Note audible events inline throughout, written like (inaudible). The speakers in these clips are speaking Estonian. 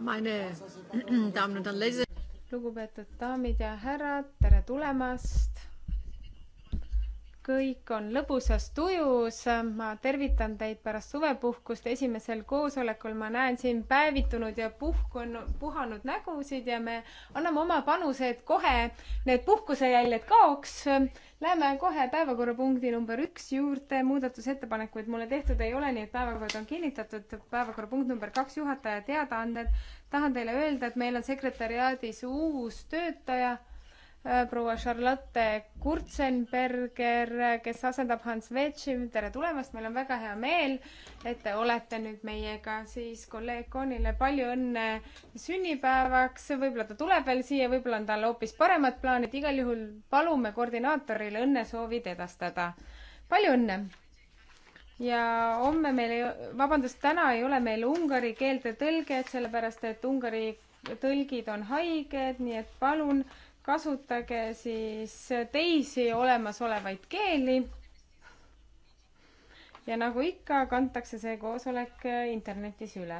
meine (clears throat) Damen und Herren, lugupeetud daamid ja härrad, tere tulemast kõik on lõbusas tujus, ma tervitan teid pärast suvepuhkust esimesel koosolekul, ma näen siin päevitunud ja puhkunud, puhanud nägusid ja me anname oma panuse, et kohe need puhkusejäljed kaoks. Läheme kohe päevakorrapunkti number üks juurde, muudatusettepanekuid mulle tehtud ei ole, nii et päevakord on kinnitatud. päevakorrapunkt number kaks, juhataja teadaanded. tahan teile öelda, et meil on sekretäriaadis uus töötaja Äh, proua Charlotte Kurtsenberger, kes asendab Hans Vetši. tere tulemast, meil on väga hea meel, et te olete nüüd meiega, siis kolleeg Konile palju õnne sünnipäevaks, võib-olla ta tuleb veel siia, võib-olla on tal hoopis paremad plaanid, igal juhul palume koordinaatorile õnnesoovid edastada. palju õnne! ja homme meil ei, vabandust, täna ei ole meil ungari keelde tõlget, sellepärast et ungari tõlgid on haiged, nii et palun kasutage siis teisi olemasolevaid keeli. ja nagu ikka, kantakse see koosolek internetis üle.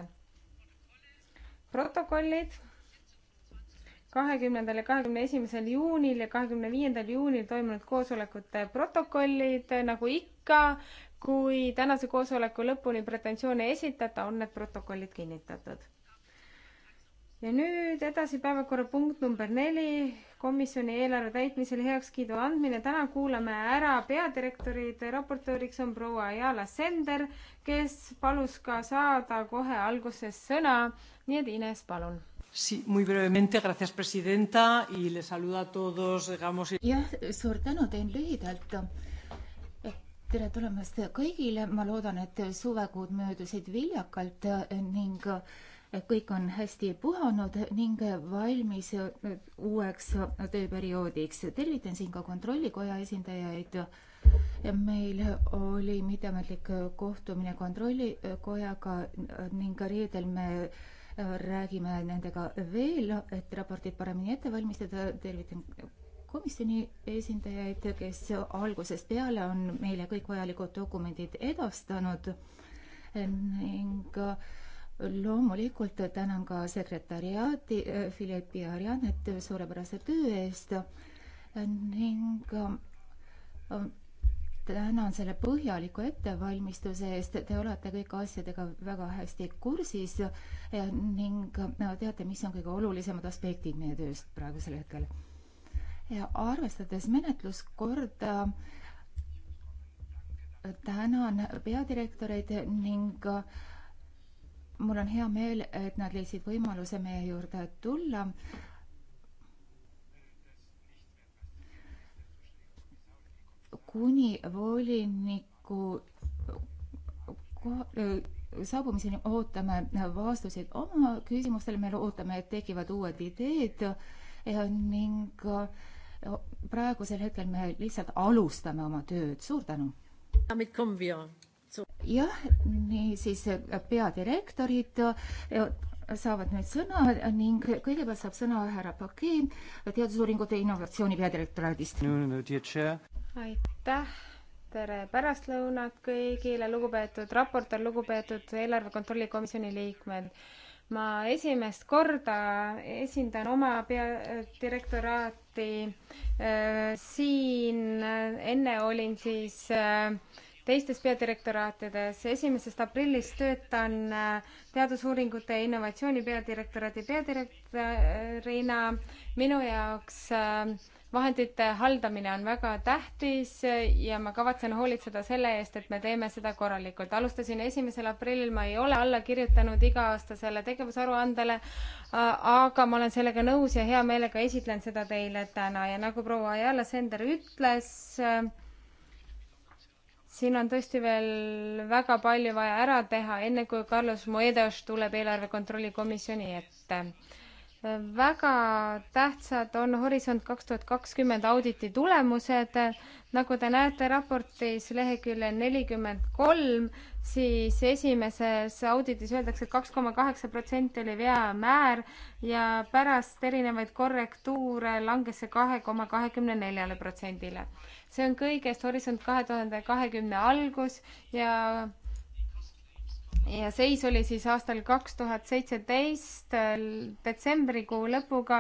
protokollid kahekümnendal ja kahekümne esimesel juunil ja kahekümne viiendal juunil toimunud koosolekute protokollid, nagu ikka, kui tänase koosoleku lõpuni pretensioone ei esitata, on need protokollid kinnitatud. ja nüüd edasi päevakorrapunkt number neli, komisjoni eelarve täitmisele heakskiidu andmine. täna kuulame ära peadirektorid, raportööriks on proua Ayala Sender, kes palus ka saada kohe alguses sõna. nii et Ines, palun. Sí, muy brevemente, gracias presidenta y les saluda a todos, digamos. jah, suur tänu, teen lühidalt. tere tulemast kõigile, ma loodan, et suvekuud möödusid viljakalt ning äh, kõik on hästi puhanud ning valmis uueks tööperioodiks. tervitan siin ka Kontrollikoja esindajaid. meil oli mitteametlik kohtumine Kontrollikojaga ning ka reedel me räägime nendega veel, et raportit paremini ette valmistada. tervitan komisjoni esindajaid, kes algusest peale on meile kõik vajalikud dokumendid edastanud ning loomulikult tänan ka sekretäriaati äh, Philippi ja Arianet suurepärase töö eest ning äh, tänan selle põhjaliku ettevalmistuse eest, te olete kõik asjadega väga hästi kursis ning äh, teate, mis on kõige olulisemad aspektid meie tööst praegusel hetkel. ja arvestades menetluskorda, tänan peadirektoreid ning äh, mul on hea meel, et nad leidsid võimaluse meie juurde tulla. kuni voliniku saabumiseni ootame vastuseid oma küsimustele, me ootame, et tekivad uued ideed ning praegusel hetkel me lihtsalt alustame oma tööd. suur tänu jah, niisiis peadirektorid eh, saavad nüüd sõna ning kõigepealt saab sõna härra Paki teadusuuringute innovatsiooni peadirektoraadist. aitäh, tere pärastlõunat kõigile, lugupeetud raportöör, lugupeetud eelarve kontrolli komisjoni liikmed. ma esimest korda esindan oma peadirektoraati äh, siin, enne olin siis äh, teistes peadirektoraatides. esimesest aprillist töötan äh, teadusuuringute ja innovatsiooni peadirektoraadi peadirektorina. minu jaoks äh, vahendite haldamine on väga tähtis äh, ja ma kavatsen hoolitseda selle eest, et me teeme seda korralikult. alustasin esimesel aprillil, ma ei ole alla kirjutanud iga-aastasele tegevusaruandele, aga ma olen sellega nõus ja hea meelega esitlen seda teile täna ja nagu proua Ayala Sender ütles, siin on tõesti veel väga palju vaja ära teha, enne kui Carlos Moedas tuleb eelarve kontrolli komisjoni ette väga tähtsad on Horisont kaks tuhat kakskümmend auditi tulemused. nagu te näete raportis leheküljel nelikümmend kolm, siis esimeses auditis öeldakse et, et kaks koma kaheksa protsenti oli veamäär ja pärast erinevaid korrektuure langes see kahe koma kahekümne neljale protsendile. see on kõigest Horisont kahe tuhande kahekümne algus ja ja seis oli siis aastal kaks tuhat seitseteist äh, detsembrikuu lõpuga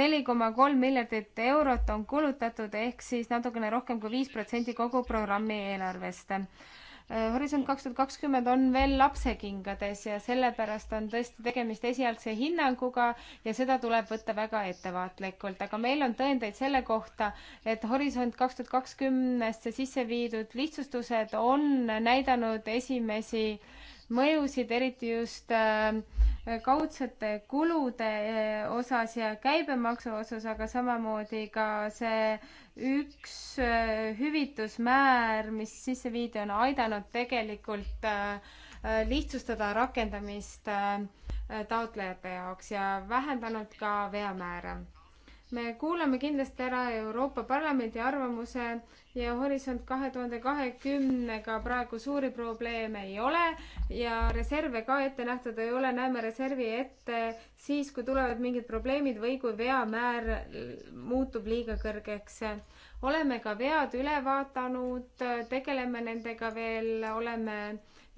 neli koma kolm miljardit eurot on kulutatud ehk siis natukene rohkem kui viis protsenti kogu programmi eelarvest. Äh, Horisont kaks tuhat kakskümmend on veel lapsekingades ja sellepärast on tõesti tegemist esialgse hinnanguga ja seda tuleb võtta väga ettevaatlikult, aga meil on tõendeid selle kohta, et Horisont kaks tuhat kakskümnesse sisse viidud lihtsustused on näidanud esimesi äh, mõjusid, eriti just äh, kaudsete kulude äh, osas ja käibemaksu osas, aga samamoodi ka see üks äh, hüvitusmäär, mis sisse viidi, on aidanud tegelikult lihtsustada rakendamist taotlejate jaoks ja vähendanud ka veamäära me kuulame kindlasti ära Euroopa Parlamendi arvamuse ja Horisont kahe tuhande kahekümnega praegu suuri probleeme ei ole ja reserve ka ette nähtud ei ole, näeme reservi ette siis, kui tulevad mingid probleemid või kui veamäär muutub liiga kõrgeks. oleme ka vead üle vaadanud, tegeleme nendega veel, oleme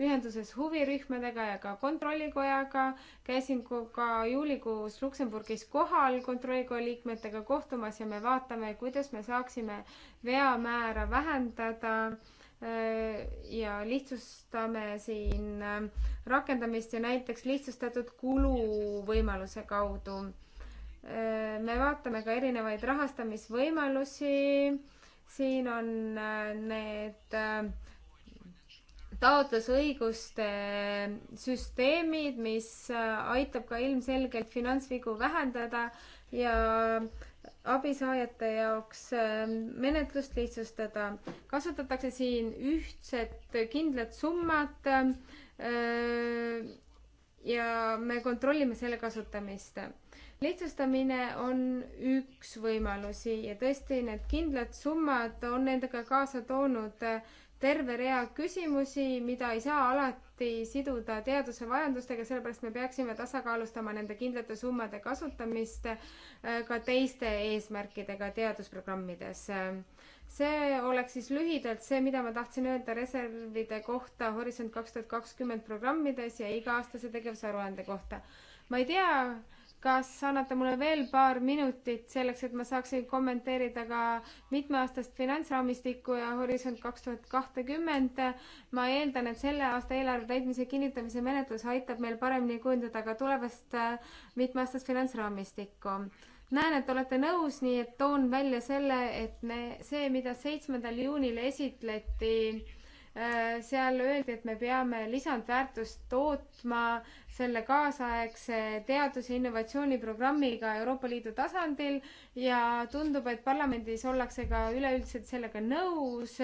ühenduses huvirühmadega ja ka kontrollikojaga. käisin ka juulikuus Luksemburgis kohal kontrollikoja liikmetega kohtumas ja me vaatame, kuidas me saaksime veamäära vähendada äh, ja lihtsustame siin äh, rakendamist ja näiteks lihtsustatud kuluvõimaluse kaudu. Äh, me vaatame ka erinevaid rahastamisvõimalusi. siin on need taotlusõiguste süsteemid, mis äh, aitab ka ilmselgelt finantsvigu vähendada ja abisaajate jaoks äh, menetlust lihtsustada. kasutatakse siin ühtset kindlat summat. Äh, ja me kontrollime selle kasutamist. lihtsustamine on üks võimalusi ja tõesti need kindlad summad on endaga kaasa toonud terve rea küsimusi, mida ei saa alati siduda teaduse vajadustega, sellepärast me peaksime tasakaalustama nende kindlate summade kasutamist äh, ka teiste eesmärkidega teadusprogrammides. see oleks siis lühidalt see, mida ma tahtsin öelda reservide kohta Horisont kaks tuhat kakskümmend programmides ja iga-aastase tegevusaruande kohta. ma ei tea, kas annate mulle veel paar minutit selleks, et ma saaksin kommenteerida ka mitmeaastast finantsraamistikku ja Horisont kaks tuhat kahtekümmend. ma eeldan, et selle aasta eelarve täitmise kinnitamise menetlus aitab meil paremini kujundada ka tulevast äh, mitmeaastast finantsraamistikku. näen, et olete nõus, nii et toon välja selle, et me, see, mida seitsmendal juunil esitleti Äh, seal öeldi, et me peame lisandväärtust tootma selle kaasaegse teadus- ja innovatsiooniprogrammiga Euroopa Liidu tasandil ja tundub, et parlamendis ollakse ka üleüldiselt sellega nõus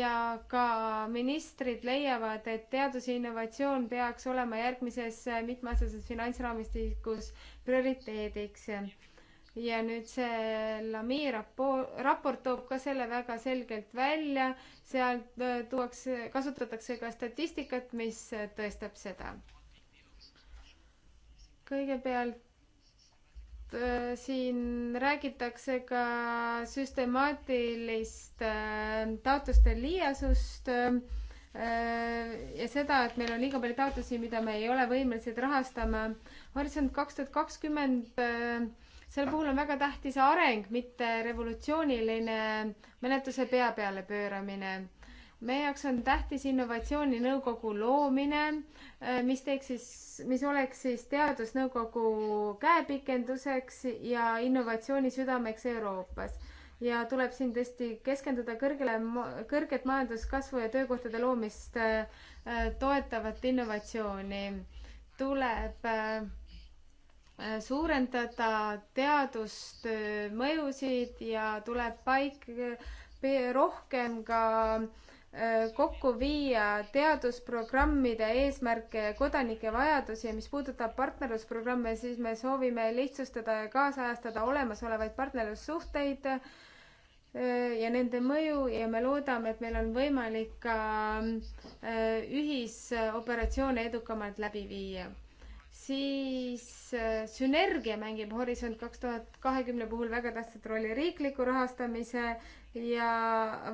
ja ka ministrid leiavad, et teadus ja innovatsioon peaks olema järgmises mitmeaastases finantsraamistikus prioriteediks ja nüüd see Lami rapor-, raport toob ka selle väga selgelt välja, seal äh, tuuakse, kasutatakse ka statistikat, mis äh, tõestab seda. kõigepealt äh, siin räägitakse ka süstemaatilist äh, taotluste liiasust äh, ja seda, et meil on liiga palju taotlusi, mida me ei ole võimelised rahastama. Horisont kaks tuhat kakskümmend äh, selle puhul on väga tähtis areng, mitte revolutsiooniline menetluse pea peale pööramine. meie jaoks on tähtis innovatsiooninõukogu loomine, eh, mis teeks siis, mis oleks siis teadusnõukogu käepikenduseks ja innovatsiooni südameks Euroopas ja tuleb siin tõesti keskenduda kõrgele, kõrget majanduskasvu ja töökohtade loomist eh, eh, toetavat innovatsiooni. tuleb äh, suurendada teadustöö mõjusid ja tuleb paik rohkem ka äh, kokku viia teadusprogrammide eesmärke ja kodanike vajadusi ja mis puudutab partnerlusprogramme, siis me soovime lihtsustada ja kaasajastada olemasolevaid partnerlussuhteid äh, ja nende mõju ja me loodame, et meil on võimalik ka äh, ühisoperatsioone edukamalt läbi viia siis äh, sünergia mängib Horisont kaks tuhat kahekümne puhul väga tähtsat rolli riikliku rahastamise ja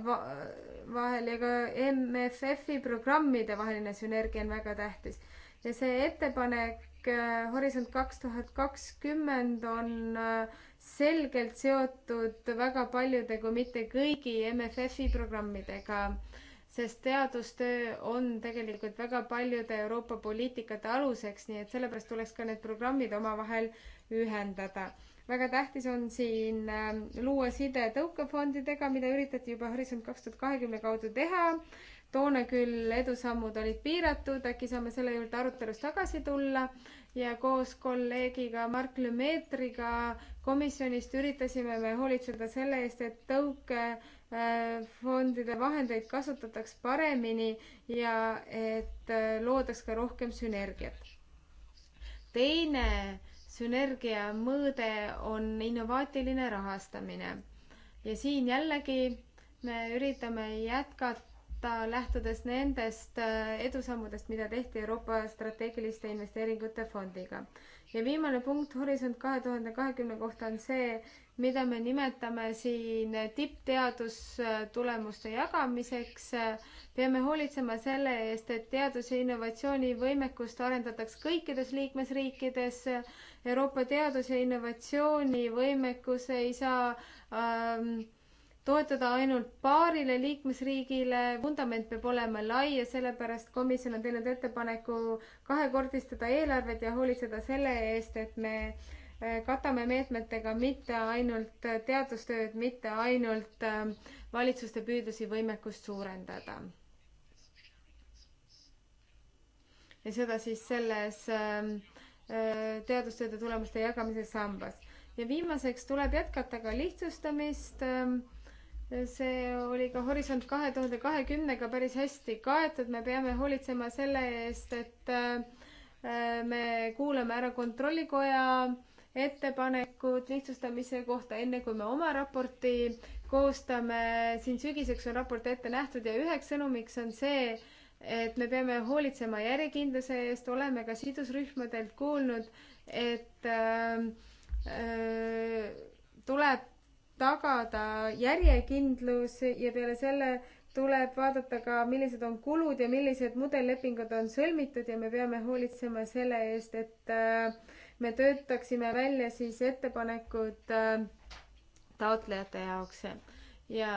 va vahel ja ka MFF-i programmide vaheline sünergia on väga tähtis. ja see ettepanek äh, Horisont kaks tuhat kakskümmend on äh, selgelt seotud väga paljude, kui mitte kõigi MFF-i programmidega sest teadustöö on tegelikult väga paljude Euroopa poliitikate aluseks, nii et sellepärast tuleks ka need programmid omavahel ühendada. väga tähtis on siin äh, luua side tõukefondidega, mida üritati juba Horisont kaks tuhat kahekümne kaudu teha toona küll edusammud olid piiratud, äkki saame selle juurde arutelus tagasi tulla ja koos kolleegiga Mark Lemeetriga komisjonist üritasime me hoolitseda selle eest, et tõuke Äh, fondide vahendeid kasutataks paremini ja et äh, loodaks ka rohkem sünergiat. teine sünergia mõõde on innovaatiline rahastamine ja siin jällegi me üritame jätkata lähtudes nendest äh, edusammudest, mida tehti Euroopa strateegiliste investeeringute fondiga. ja viimane punkt Horisont kahe tuhande kahekümne kohta on see, mida me nimetame siin tippteadustulemuste jagamiseks. peame hoolitsema selle eest, et teadus- ja innovatsioonivõimekust arendataks kõikides liikmesriikides. Euroopa teadus- ja innovatsioonivõimekus ei saa ähm, toetada ainult paarile liikmesriigile, vundament peab olema lai ja sellepärast komisjon on teinud ettepaneku kahekordistada eelarvet ja hoolitseda selle eest, et me äh, katame meetmetega mitte ainult teadustööd, mitte ainult ähm, valitsuste püüdlusi võimekust suurendada. ja seda siis selles ähm, äh, teadustööde tulemuste jagamise sambas. ja viimaseks tuleb jätkata ka lihtsustamist. Ähm, see oli ka Horisont kahe tuhande kahekümnega päris hästi kaetud, me peame hoolitsema selle eest, et äh, äh, me kuulame ära kontrollikoja ettepanekud lihtsustamise kohta, enne kui me oma raporti koostame. siin sügiseks on raport ette nähtud ja üheks sõnumiks on see, et me peame hoolitsema järjekindluse eest, oleme ka sidusrühmadelt kuulnud, et äh, äh, tuleb tagada järjekindlus ja peale selle tuleb vaadata ka, millised on kulud ja millised mudellepingud on sõlmitud ja me peame hoolitsema selle eest, et äh, me töötaksime välja siis ettepanekud äh, taotlejate jaoks ja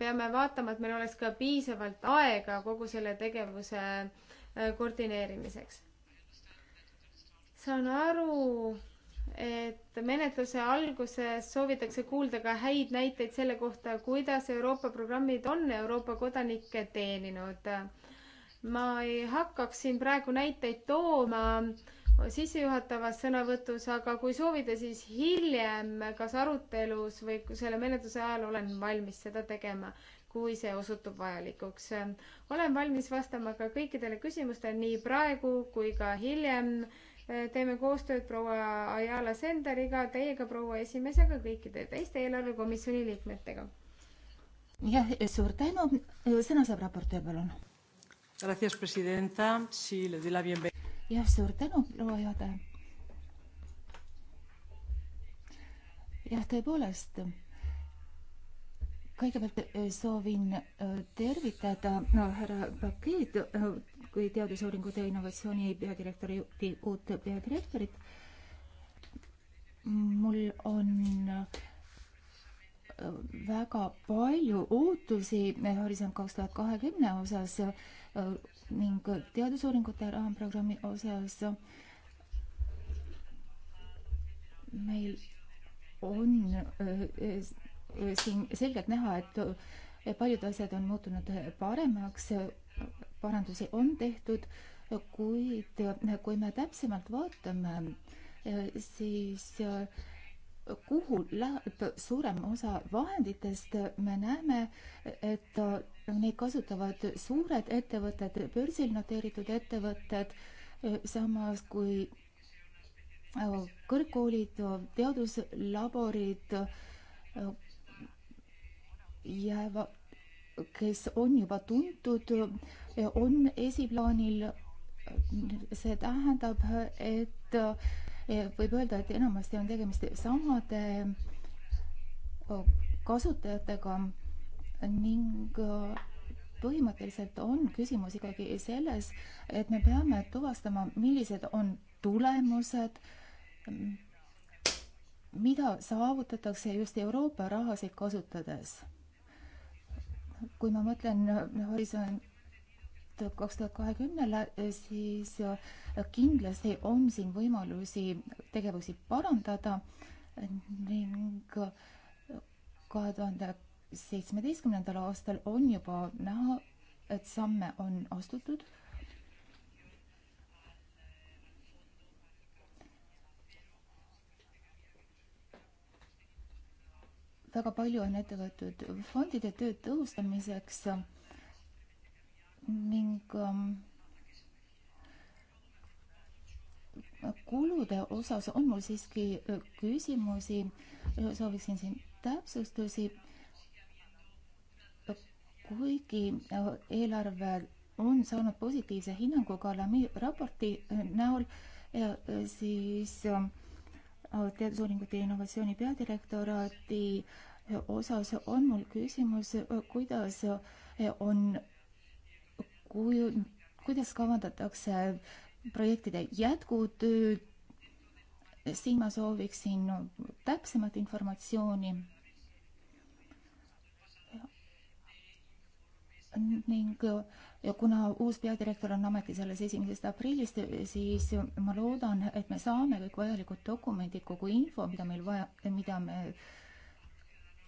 peame vaatama, et meil oleks ka piisavalt aega kogu selle tegevuse äh, koordineerimiseks. saan aru, et menetluse alguses soovitakse kuulda ka häid näiteid selle kohta, kuidas Euroopa programmid on Euroopa kodanikke teeninud. ma ei hakkaks siin praegu näiteid tooma sissejuhatavas sõnavõtus, aga kui soovite, siis hiljem, kas arutelus või selle menetluse ajal olen valmis seda tegema, kui see osutub vajalikuks. olen valmis vastama ka kõikidele küsimustele nii praegu kui ka hiljem. teeme koostööd proua Ayala Senderiga, teiega, proua esimees, aga kõikide teiste eelarvekomisjoni liikmetega. jah, suur tänu. sõna saab raportöö, palun. Gracias, presidenta. Sí, le doy la bienvenida jah, suur tänu, proua juhataja. jah, tõepoolest, kõigepealt äh, soovin äh, tervitada no, härra Pakeed äh, kui teadusuuringute ja innovatsiooni peadirektori uut peadirektorit. mul on väga palju ootusi Horisont kaks tuhat kahekümne osas Äh, ning teadusuuringute raamprogrammi osas meil on äh, äh, siin selgelt näha, et paljud asjad on muutunud paremaks, parandusi on tehtud, kuid kui me täpsemalt vaatame, siis kuhu läheb suurem osa vahenditest, me näeme, et neid kasutavad suured ettevõtted, börsil noteeritud ettevõtted, samas kui äh, kõrgkoolid, teaduslaborid äh, jäävad, kes on juba tuntud, äh, on esiplaanil. see tähendab, et võib öelda, et enamasti on tegemist samade kasutajatega ning äh, põhimõtteliselt on küsimus ikkagi selles, et me peame tuvastama, millised on tulemused, mida saavutatakse just Euroopa rahasid kasutades. kui ma mõtlen äh, horisont kaks tuhat kahekümnele, siis äh, kindlasti on siin võimalusi tegevusi parandada ning kahe tuhande seitsmeteistkümnendal aastal on juba näha, et samme on astutud. väga palju on ette võetud fondide tööd tõhustamiseks ning ähm, kulude osas on mul siiski küsimusi, sooviksin siin täpsustusi kuigi äh, eelarve on saanud positiivse hinnangu Kalami raporti äh, näol, äh, siis teadusuuringute ja innovatsiooni peadirektoraadi osas on mul küsimus, kuidas on, kuju-, kuidas kavandatakse projektide jätkutööd, siin ma sooviksin täpsemat informatsiooni ning äh, ja kuna uus peadirektor on ametis alles esimesest aprillist, äh, siis ma loodan, et me saame kõik vajalikud dokumendid, kogu info, mida meil vaja, mida me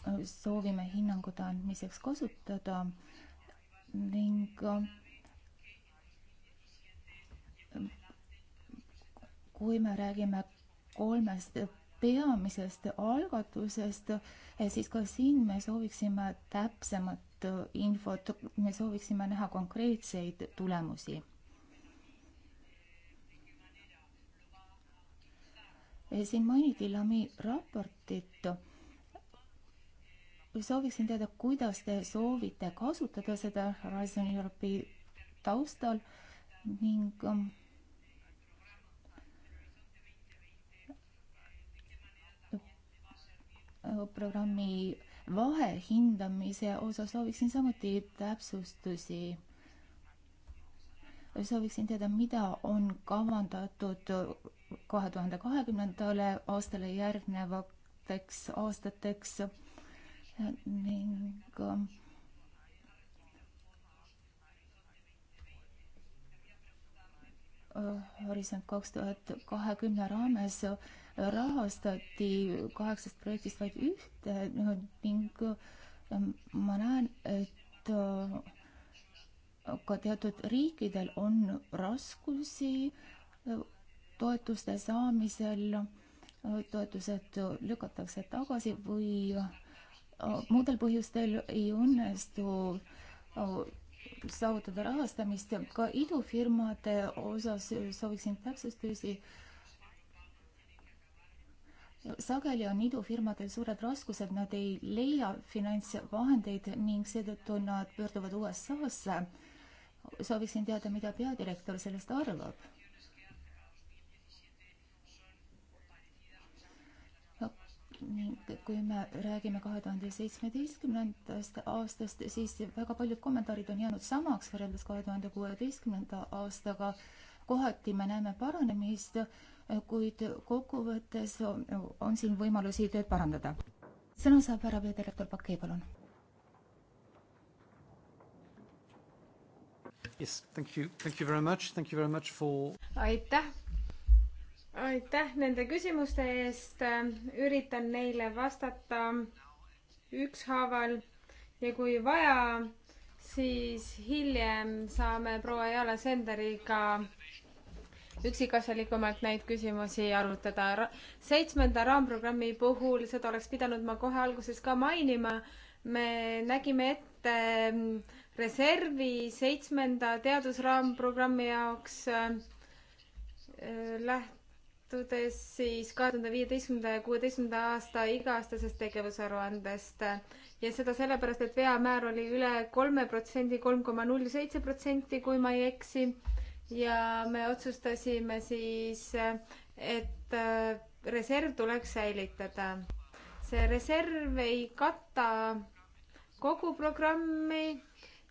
äh, soovime hinnangute andmiseks kasutada ning kui me räägime kolmest peamisest algatusest, siis ka siin me sooviksime täpsemat uut infot, me sooviksime näha konkreetseid tulemusi. siin mainiti Lami raportit. sooviksin teada, kuidas te soovite kasutada seda Horizon Europe'i taustal ning um, programmi vahehindamise osas sooviksin samuti täpsustusi. sooviksin teada, mida on kavandatud kahe tuhande kahekümnendale aastale järgnevateks aastateks ning äh, Horisont kaks tuhat kahekümne raames rahastati kaheksast projektist vaid ühte noh, ning ähm, ma näen, et äh, ka teatud riikidel on raskusi äh, toetuste saamisel, äh, toetused lükatakse tagasi või muudel põhjustel ei õnnestu saavutada rahastamist. ka idufirmade osas sooviksin täpsustusi sageli on idufirmadel suured raskused, nad ei leia finantsvahendeid ning seetõttu nad pöörduvad USA-sse. sooviksin teada, mida peadirektor sellest arvab. ning kui me räägime kahe tuhande seitsmeteistkümnendast aastast, siis väga paljud kommentaarid on jäänud samaks võrreldes kahe tuhande kuueteistkümnenda aastaga. kohati me näeme paranemist Äh, kuid kokkuvõttes on, on siin võimalusi tööd parandada. sõna saab härra peadirektor Pakei, palun. Yes, thank you, thank you very much, thank you very much for. aitäh, aitäh nende küsimuste eest. üritan neile vastata ükshaaval ja kui vaja, siis hiljem saame proua Jala Senderiga ka üksikasjalikumalt neid küsimusi arutada. seitsmenda raamprogrammi puhul, seda oleks pidanud ma kohe alguses ka mainima, me nägime ette mm, reservi seitsmenda teadusraamprogrammi jaoks äh, lähtudes siis kahe tuhande viieteistkümnenda ja kuueteistkümnenda aasta iga-aastasest tegevusaruandest ja seda sellepärast, et veamäär oli üle kolme protsendi, kolm koma null seitse protsenti, kui ma ei eksi ja me otsustasime siis, et äh, reserv tuleks säilitada. see reserv ei kata kogu programmi,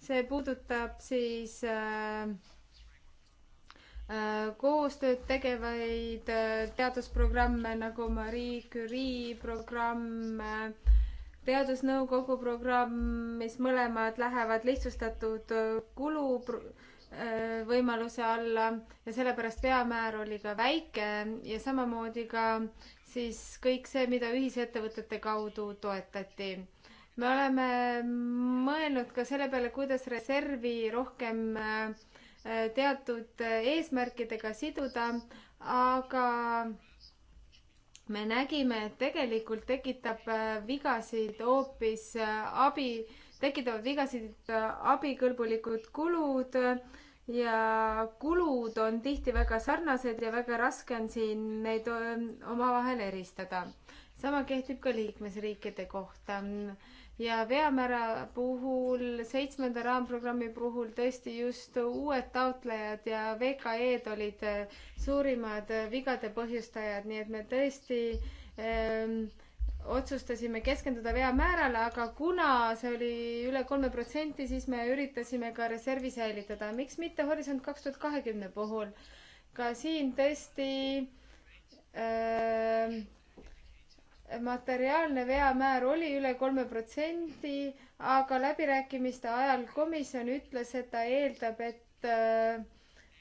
see puudutab siis äh, äh koostööd tegevaid äh, teadusprogramme nagu Marie Curie programm, teadusnõukogu programm, mis mõlemad lähevad lihtsustatud kulu Äh, võimaluse alla ja sellepärast veamäär oli ka väike ja samamoodi ka siis kõik see, mida ühisettevõtete kaudu toetati. me oleme mõelnud ka selle peale, kuidas reservi rohkem äh, teatud äh, eesmärkidega siduda, aga me nägime, et tegelikult tekitab vigasid hoopis abi, tekitavad vigasid abikõlbulikud kulud ja kulud on tihti väga sarnased ja väga raske on siin neid omavahel eristada. sama kehtib ka liikmesriikide kohta ja veamäära puhul, seitsmenda raamprogrammi puhul tõesti just uued taotlejad ja VKE-d olid äh, suurimad äh, vigade põhjustajad, nii et me tõesti ähm, otsustasime keskenduda veamäärale, aga kuna see oli üle kolme protsendi, siis me üritasime ka reservi säilitada. miks mitte Horisont kaks tuhat kahekümne puhul? ka siin tõesti äh, materiaalne veamäär oli üle kolme protsendi, aga läbirääkimiste ajal komisjon ütles, et ta eeldab, et äh,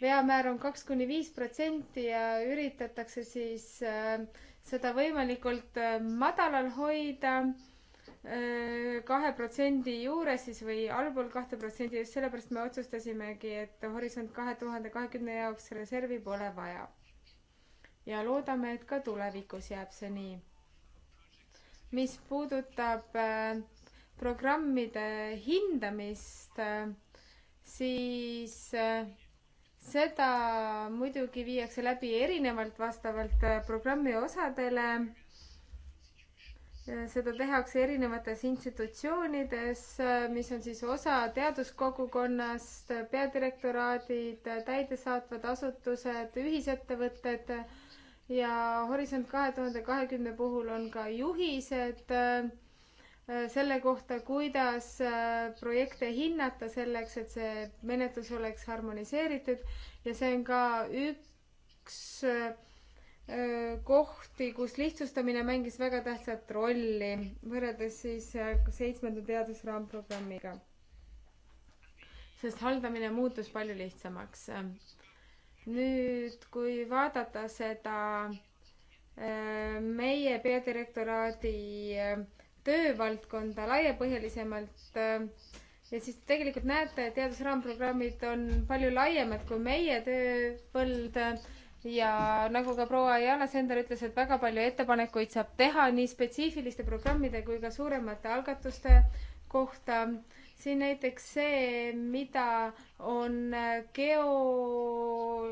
veamäär on kaks kuni viis protsenti ja üritatakse siis äh, seda võimalikult äh, madalal hoida äh, kahe protsendi juures siis või allpool kahte protsendi, just sellepärast me otsustasimegi, et Horisont kahe tuhande kahekümne jaoks reservi pole vaja. ja loodame, et ka tulevikus jääb see nii. mis puudutab äh, programmide hindamist, siis seda muidugi viiakse läbi erinevalt vastavalt äh, programmi osadele. Äh, seda tehakse erinevates institutsioonides, äh, mis on siis osa teaduskogukonnast, peadirektoraadid, täidesaatvad asutused, ühisettevõtted ja Horisont kahe tuhande kahekümne puhul on ka juhised Äh, selle kohta, kuidas äh, projekte hinnata selleks, et see menetlus oleks harmoniseeritud ja see on ka üks äh, kohti, kus lihtsustamine mängis väga tähtsat rolli võrreldes siis seitsmenda teadusraamprogrammiga. sest haldamine muutus palju lihtsamaks. nüüd, kui vaadata seda meie peadirektoraadi äh, töövaldkonda laiapõhjalisemalt äh, ja siis te tegelikult näete, et teadusraamprogrammid on palju laiemad kui meie tööpõld äh, ja nagu ka proua Jana Sender ütles, et väga palju ettepanekuid saab teha nii spetsiifiliste programmide kui ka suuremate algatuste kohta. siin näiteks see, mida on äh, geo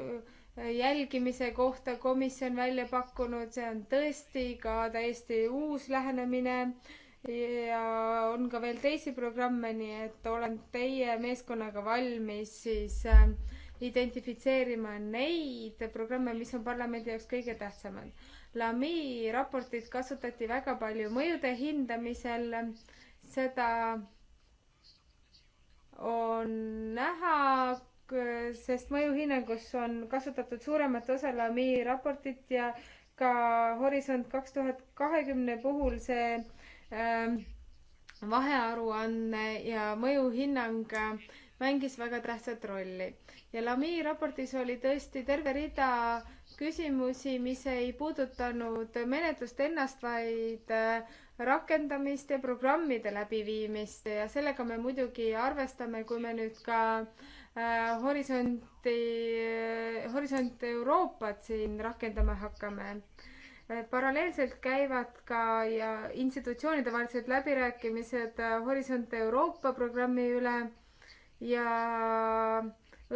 jälgimise kohta komisjon välja pakkunud, see on tõesti ka täiesti uus lähenemine ja on ka veel teisi programme, nii et olen teie meeskonnaga valmis siis äh, identifitseerima neid programme, mis on parlamendi jaoks kõige tähtsamad. Lami raportit kasutati väga palju mõjude hindamisel, seda on näha Äh, sest mõjuhinnangus on kasutatud suuremat osa LAMI raportit ja ka Horisont kaks tuhat kahekümne puhul see äh, vahearuanne ja mõjuhinnang äh, mängis väga tähtsat rolli. ja LAMI raportis oli tõesti terve rida küsimusi, mis ei puudutanud menetlust ennast, vaid äh, rakendamist ja programmide läbiviimist ja sellega me muidugi arvestame, kui me nüüd ka äh, Äh, horisonti, Horisont Euroopat siin rakendama hakkame äh, paralleelselt käivad ka ja institutsioonide vahelised läbirääkimised äh, Horisont Euroopa programmi üle ja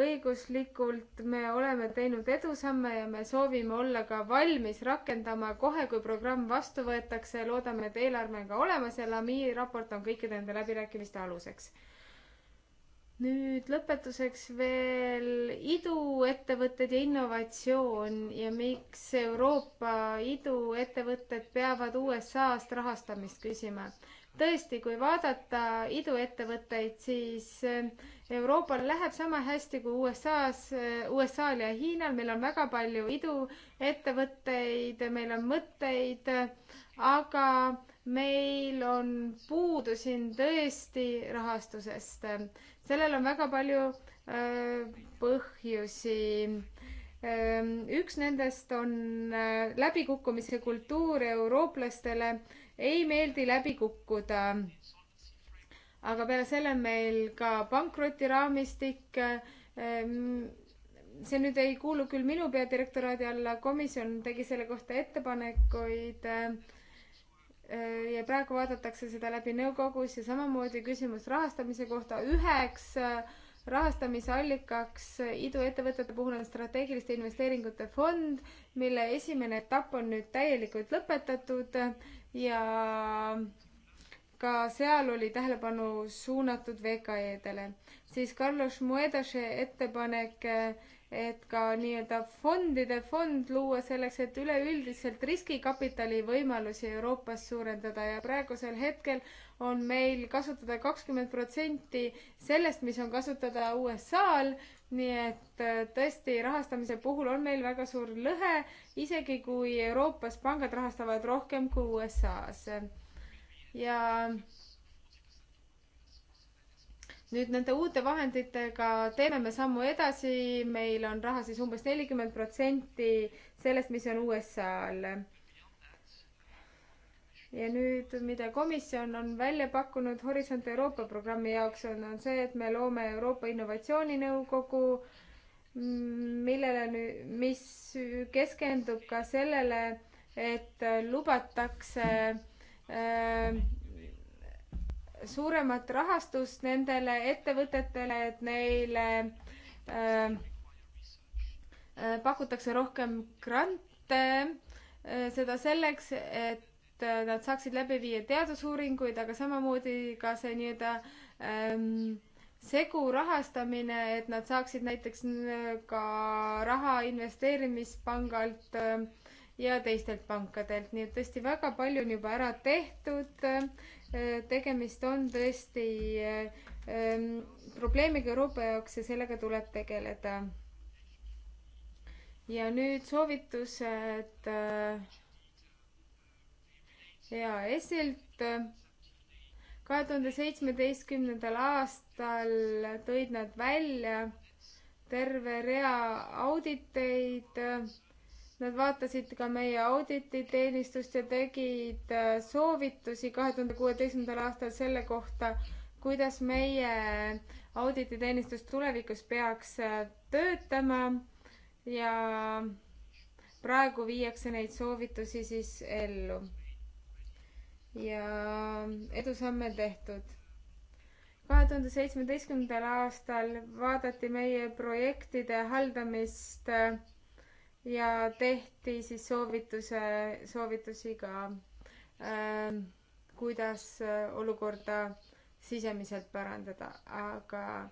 õiguslikult me oleme teinud edusamme ja me soovime olla ka valmis rakendama kohe, kui programm vastu võetakse. loodame, et eelarve on ka olemas ja LAMI raport on kõikide nende läbirääkimiste aluseks nüüd lõpetuseks veel iduettevõtted ja innovatsioon ja miks Euroopa iduettevõtted peavad USA-st rahastamist küsima. tõesti, kui vaadata iduettevõtteid, siis eh, Euroopal läheb sama hästi kui USA-s, eh, USA-l ja Hiinal, meil on väga palju iduettevõtteid, meil on mõtteid, aga meil on puudu siin tõesti rahastusest sellel on väga palju äh, põhjusi. Ähm, üks nendest on äh, läbikukkumise kultuur eurooplastele, ei meeldi läbi kukkuda. aga peale selle on meil ka pankrotiraamistik. Ähm, see nüüd ei kuulu küll minu peadirektoraadi alla, komisjon tegi selle kohta ettepanekuid et äh, Äh, ja praegu vaadatakse seda läbi nõukogus ja samamoodi küsimus rahastamise kohta. üheks äh, rahastamisallikaks äh, iduettevõtete puhul on strateegiliste investeeringute fond, mille esimene etapp on nüüd täielikult lõpetatud ja ka seal oli tähelepanu suunatud VKE-dele. siis Carlos Muedase ettepanek äh, et ka nii-öelda fondide fond luua selleks, et üleüldiselt riskikapitali võimalusi Euroopas suurendada ja praegusel hetkel on meil kasutada kakskümmend protsenti sellest, mis on kasutada USA-l, nii et äh, tõesti rahastamise puhul on meil väga suur lõhe, isegi kui Euroopas pangad rahastavad rohkem kui USA-s. ja nüüd nende uute vahenditega teeme me sammu edasi, meil on raha siis umbes nelikümmend protsenti sellest, mis on USA-l. ja nüüd, mida komisjon on välja pakkunud Horisont Euroopa programmi jaoks, on, on see, et me loome Euroopa Innovatsiooninõukogu, millele nüüd, mis keskendub ka sellele, et lubatakse äh, suuremat rahastust nendele ettevõtetele, et neile äh, äh pakutakse rohkem grante, äh, seda selleks, et äh, nad saaksid läbi viia teadusuuringuid, aga samamoodi ka see nii-öelda ähm, segu rahastamine, et nad saaksid näiteks ka raha investeerimispangalt ja teistelt pankadelt, nii et tõesti väga palju on juba ära tehtud Äh, tegemist on tõesti äh, ähm, probleemiga Euroopa jaoks ja sellega tuleb tegeleda. ja nüüd soovitused äh, EAS-ilt. kahe tuhande seitsmeteistkümnendal aastal tõid nad välja terve rea auditeid Nad vaatasid ka meie audititeenistust ja tegid äh, soovitusi kahe tuhande kuueteistkümnendal aastal selle kohta, kuidas meie audititeenistus tulevikus peaks äh, töötama ja praegu viiakse neid soovitusi siis ellu. ja edusamme tehtud. kahe tuhande seitsmeteistkümnendal aastal vaadati meie projektide haldamist äh, ja tehti siis soovituse, soovitusi ka ähm, äh,, kuidas olukorda sisemiselt parandada, aga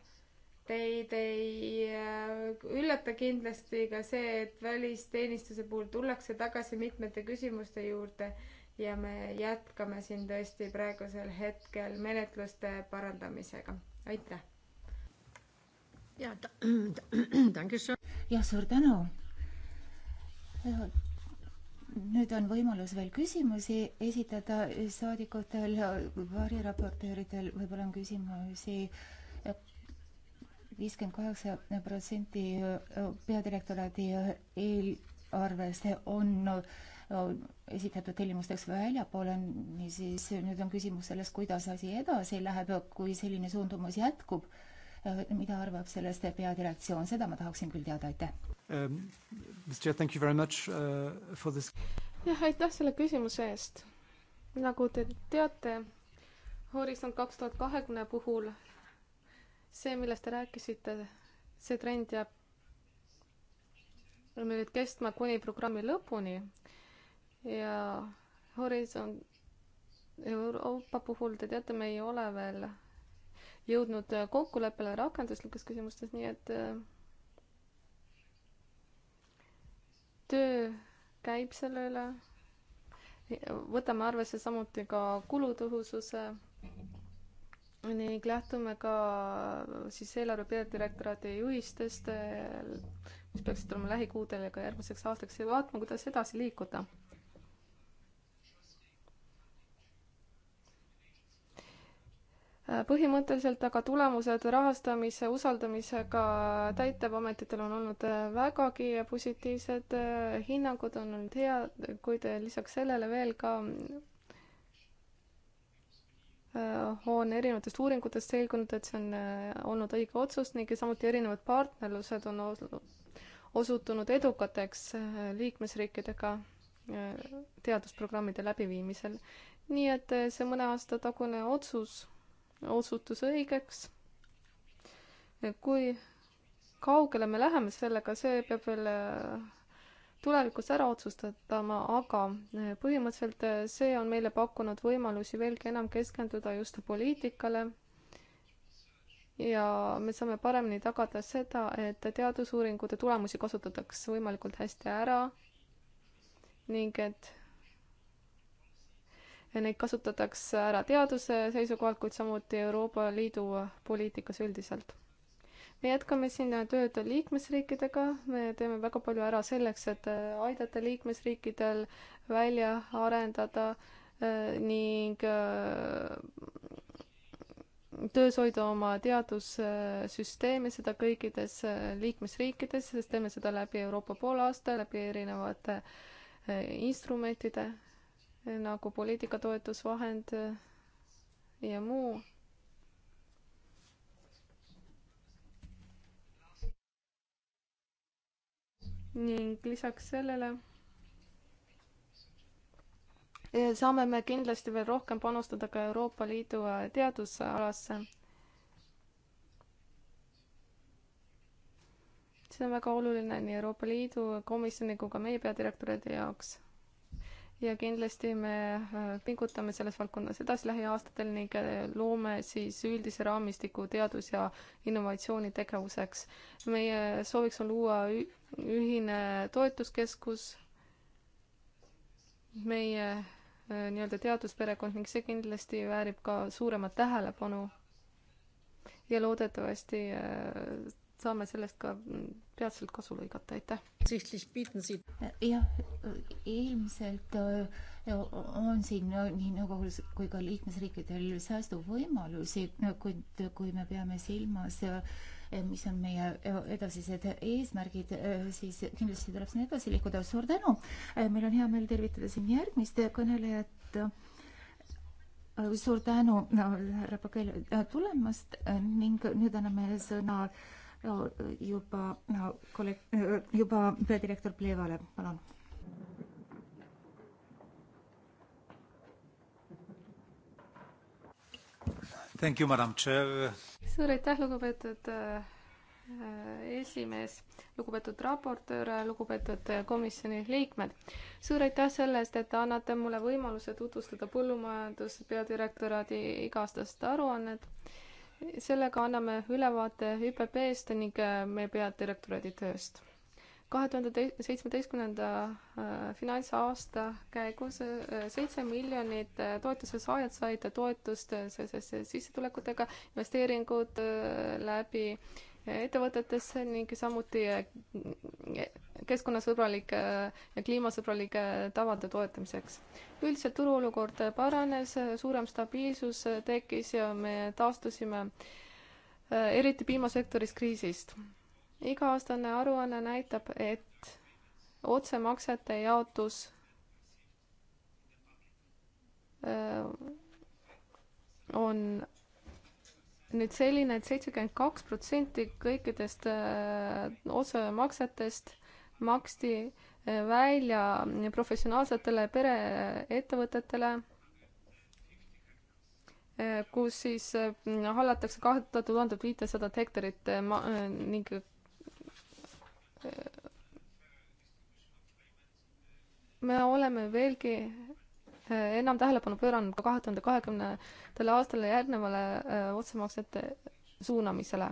teid ei äh, üllata kindlasti ka see, et välisteenistuse puhul tullakse tagasi mitmete küsimuste juurde ja me jätkame siin tõesti praegusel hetkel menetluste parandamisega. aitäh! jah, (clears throat) (clears throat) suur tänu! nüüd on võimalus veel küsimusi esitada saadikutel, variraportööridel võib-olla on küsimusi eh, viiskümmend kaheksa protsenti eh, peadirektoraadi eh, eelarvest on esitatud tellimusteks väljapoole, niisiis nüüd on küsimus selles, kuidas asi edasi läheb, kui selline suundumus jätkub Äh, mida arvab sellest peadirektsioon, seda ma tahaksin küll teada, aitäh um,. Uh, jah, aitäh selle küsimuse eest. nagu te teate, Horisont kaks tuhat kahekümne puhul see, millest te rääkisite, see trend jääb nüüd kestma kuni programmi lõpuni ja Horisont Euroopa puhul te teate, me ei ole veel jõudnud äh, kokkuleppele rakenduslikes küsimustes, nii et äh, töö käib selle üle. võtame arvesse samuti ka kulutõhususe ning lähtume ka äh, siis eelarve peadirektoraadi juhistest, mis peaksid olema lähikuudel ja ka järgmiseks aastaks ja vaatame, kuidas edasi liikuda põhimõtteliselt aga tulemused rahastamise usaldamisega täitevametitel on olnud äh, vägagi positiivsed, äh, hinnangud on olnud head, kuid äh, lisaks sellele veel ka on erinevatest uuringutest selgunud, et see on olnud õige otsus ning samuti erinevad partnerlused on osutunud edukateks liikmesriikidega teadusprogrammide läbiviimisel. nii et see mõne aasta tagune otsus osutus õigeks. kui kaugele me läheme sellega, see peab veel äh, tulevikus ära otsustatama, aga äh, põhimõtteliselt äh, see on meile pakkunud võimalusi veelgi enam keskenduda just poliitikale. ja me saame paremini tagada seda, et teadusuuringute tulemusi kasutatakse võimalikult hästi ära ning et neid kasutatakse ära teaduse seisukohalt, kuid samuti Euroopa Liidu poliitikas üldiselt. me jätkame siin tööd liikmesriikidega, me teeme väga palju ära selleks, et aidata liikmesriikidel välja arendada äh, ning äh, töös hoida oma teadussüsteemi, seda kõikides äh, liikmesriikides, sest teeme seda läbi Euroopa poolaasta, läbi erinevate instrumentide nagu poliitikatoetusvahend äh, ja muu. ning lisaks sellele äh, saame me kindlasti veel rohkem panustada ka Euroopa Liidu äh, teadusalasse. see on väga oluline nii Euroopa Liidu komisjoni kui ka meie peadirektoride jaoks ja kindlasti me äh, pingutame selles valdkonnas edasi lähiaastatel ning äh, loome siis üldise raamistiku teadus- ja innovatsioonitegevuseks. meie sooviks on luua ühine toetuskeskus, meie äh, nii-öelda teadusperekond ning see kindlasti väärib ka suuremat tähelepanu. ja loodetavasti saame sellest ka peatselt kasu lõigata, aitäh. jah, ilmselt äh, on siin no, nii nõukogus nagu, kui ka liikmesriikidel säästuvõimalusi, kuid kui me peame silmas, äh, mis on meie äh, edasised eesmärgid, siis kindlasti tuleb siin edasi liikuda. suur tänu, meil on hea meel tervitada siin järgmist kõnelejat suur tänu härra Pagel tulemast ning nüüd anname sõna juba no, kolleeg, äh, juba peadirektor Plevale, palun Thank you, madam chair. suur aitäh, lugupeetud äh, esimees, lugupeetud raportöör, lugupeetud komisjoni liikmed. suur aitäh selle eest, et te annate mulle võimaluse tutvustada põllumajandus peadirektoraadi iga-aastast aruannet sellega anname ülevaate ÜPP-st ning äh, meie peadirektoraadi tööst. kahe tuhande seitsmeteistkümnenda äh, finantsaasta käigus äh, seitse miljonit toetuse saajad said toetust seoses sissetulekutega, investeeringud läbi äh, ettevõtetesse ning samuti eh, keskkonnasõbralike eh, ja kliimasõbralike eh, tavade toetamiseks. üldiselt turuolukord paranes, suurem stabiilsus tekkis ja me taastusime eriti piimasektoris kriisist. iga-aastane aruanne näitab, et otsemaksete jaotus on nüüd selline et, et seitsekümmend kaks protsenti kõikidest äh, otsemaksetest maksti äh, välja professionaalsetele pereettevõtetele, äh, kus siis hallatakse kahte tuhandet viitesadat hektarit ma-, ning me oleme veelgi Äh, enam tähelepanu pööranud ka kahe tuhande kahekümnendale aastale järgnevale äh, otsemaksete suunamisele.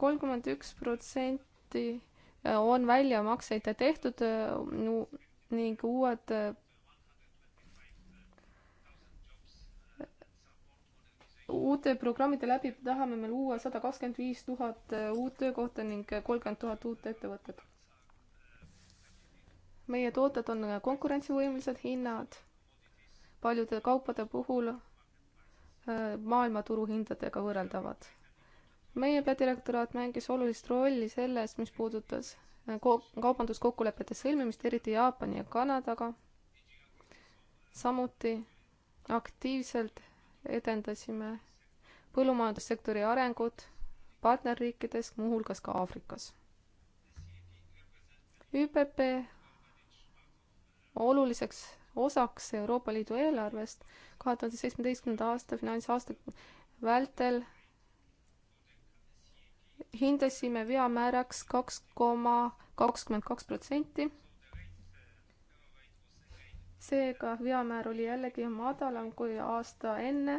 kolmkümmend üks protsenti äh, on väljamakseid tehtud ning uued uute programmide läbi tahame me luua sada kakskümmend viis tuhat uut töökohta ning kolmkümmend tuhat uut ettevõtet meie tooted on konkurentsivõimelised hinnad paljude kaupade puhul äh, maailmaturu hindadega võrreldavad. meie peadirektoraat mängis olulist rolli selles, mis puudutas äh, kaubanduskokkulepete sõlmimist, eriti Jaapani ja Kanadaga. samuti aktiivselt edendasime põllumajandussektori arengut partnerriikides, muuhulgas ka Aafrikas. ÜPP oluliseks osaks Euroopa Liidu eelarvest kahe tuhande seitsmeteistkümnenda aasta finantsaasta vältel hindasime veamääraks kaks koma kakskümmend kaks protsenti. seega veamäär oli jällegi madalam kui aasta enne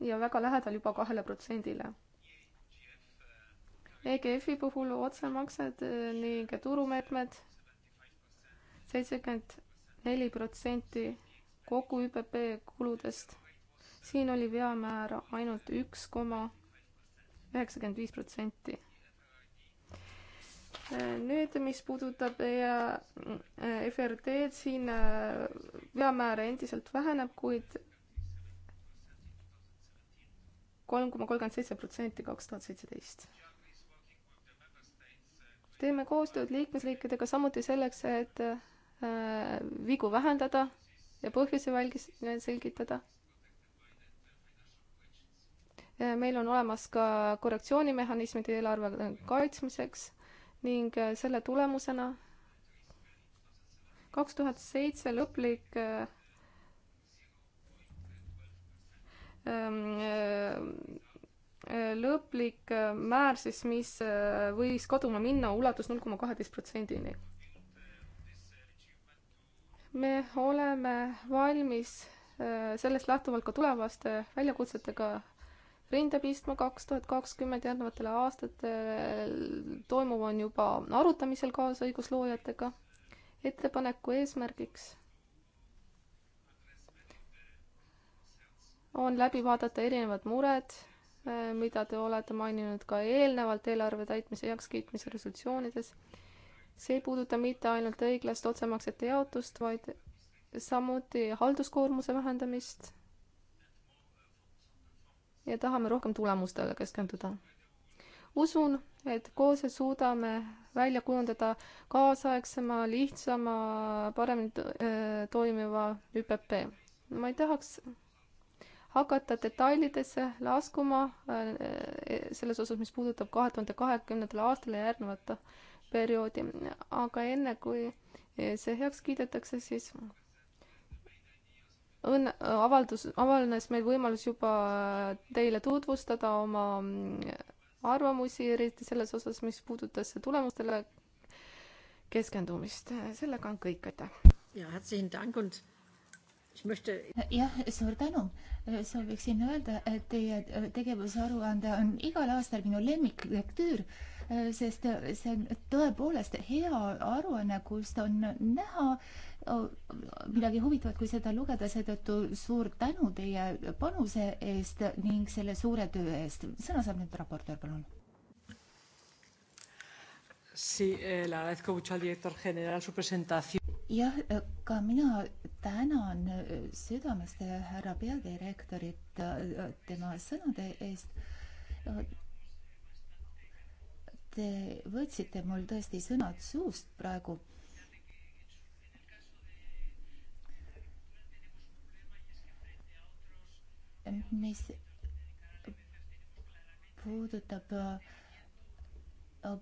ja väga lähedal juba kahele protsendile. EGF-i puhul otsemaksed eh, ning turumeetmed seitsekümmend neli protsenti kogu ÜPP kuludest. siin oli veamäär ainult üks koma üheksakümmend viis protsenti. nüüd, mis puudutab EFRD-d, äh, siin äh, veamäär endiselt väheneb, kuid kolm koma kolmkümmend seitse protsenti kaks tuhat seitseteist. teeme koostööd liikmesriikidega samuti selleks, et Äh, vigu vähendada ja põhjuse välgis-, selgitada. Äh, meil on olemas ka korrektsioonimehhanismid eelarve kaitsmiseks ning äh, selle tulemusena kaks tuhat seitse lõplik ähm, lõplik määr siis, mis võis kaduma minna ulatus, ulatus null koma kaheteist protsendini me oleme valmis äh, sellest lähtuvalt ka tulevaste väljakutsetega rinde pistma kaks tuhat kakskümmend järgnevatel aastatel toimuv on juba arutamisel kaasõigusloojatega. ettepaneku eesmärgiks on läbi vaadata erinevad mured, äh, mida te olete maininud ka eelnevalt eelarve täitmise heakskiitmise resolutsioonides see ei puuduta mitte ainult õiglast otsemaksete jaotust, vaid samuti halduskoormuse vähendamist. ja tahame rohkem tulemustele keskenduda. usun, et koos suudame välja kujundada kaasaegsema, lihtsama, paremini äh, toimiva ÜPP. ma ei tahaks hakata detailidesse laskuma äh, äh, selles osas, mis puudutab kahe tuhande kahekümnendal aastal ja järgnevat perioodi, aga enne kui see heaks kiidetakse, siis õnn-, avaldus, avaldas meil võimalus juba teile tutvustada oma arvamusi, eriti selles osas, mis puudutas tulemustele keskendumist. sellega on kõik, aitäh! ja herzlichen Dank und jah, suur tänu. sooviksin öelda, et teie tegevusaruande on igal aastal minu lemmiklektüür, sest see on tõepoolest hea aruanne, kust on näha oh, midagi huvitavat, kui seda lugeda, seetõttu suur tänu teie panuse eest ning selle suure töö eest. sõna saab nüüd raportöör, palun. Sí, eh, le agradezco mucho al director general su presentación jah, ka mina tänan südamest härra peadirektorit äh, tema sõnade eest. Te võtsite mul tõesti sõnad suust praegu. mis puudutab äh,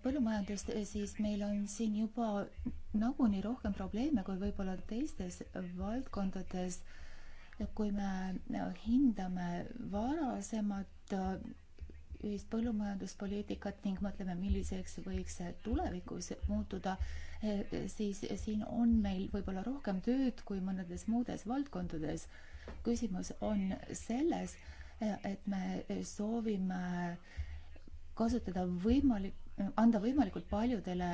põllumajandust, eh, siis meil on siin juba nagunii rohkem probleeme kui võib-olla teistes valdkondades. kui me eh, hindame varasemat eh, ühist põllumajanduspoliitikat ning mõtleme, milliseks võiks see tulevikus muutuda, siis siin on meil võib-olla rohkem tööd kui mõnedes muudes valdkondades. küsimus on selles, et me soovime kasutada võimalik, anda võimalikult paljudele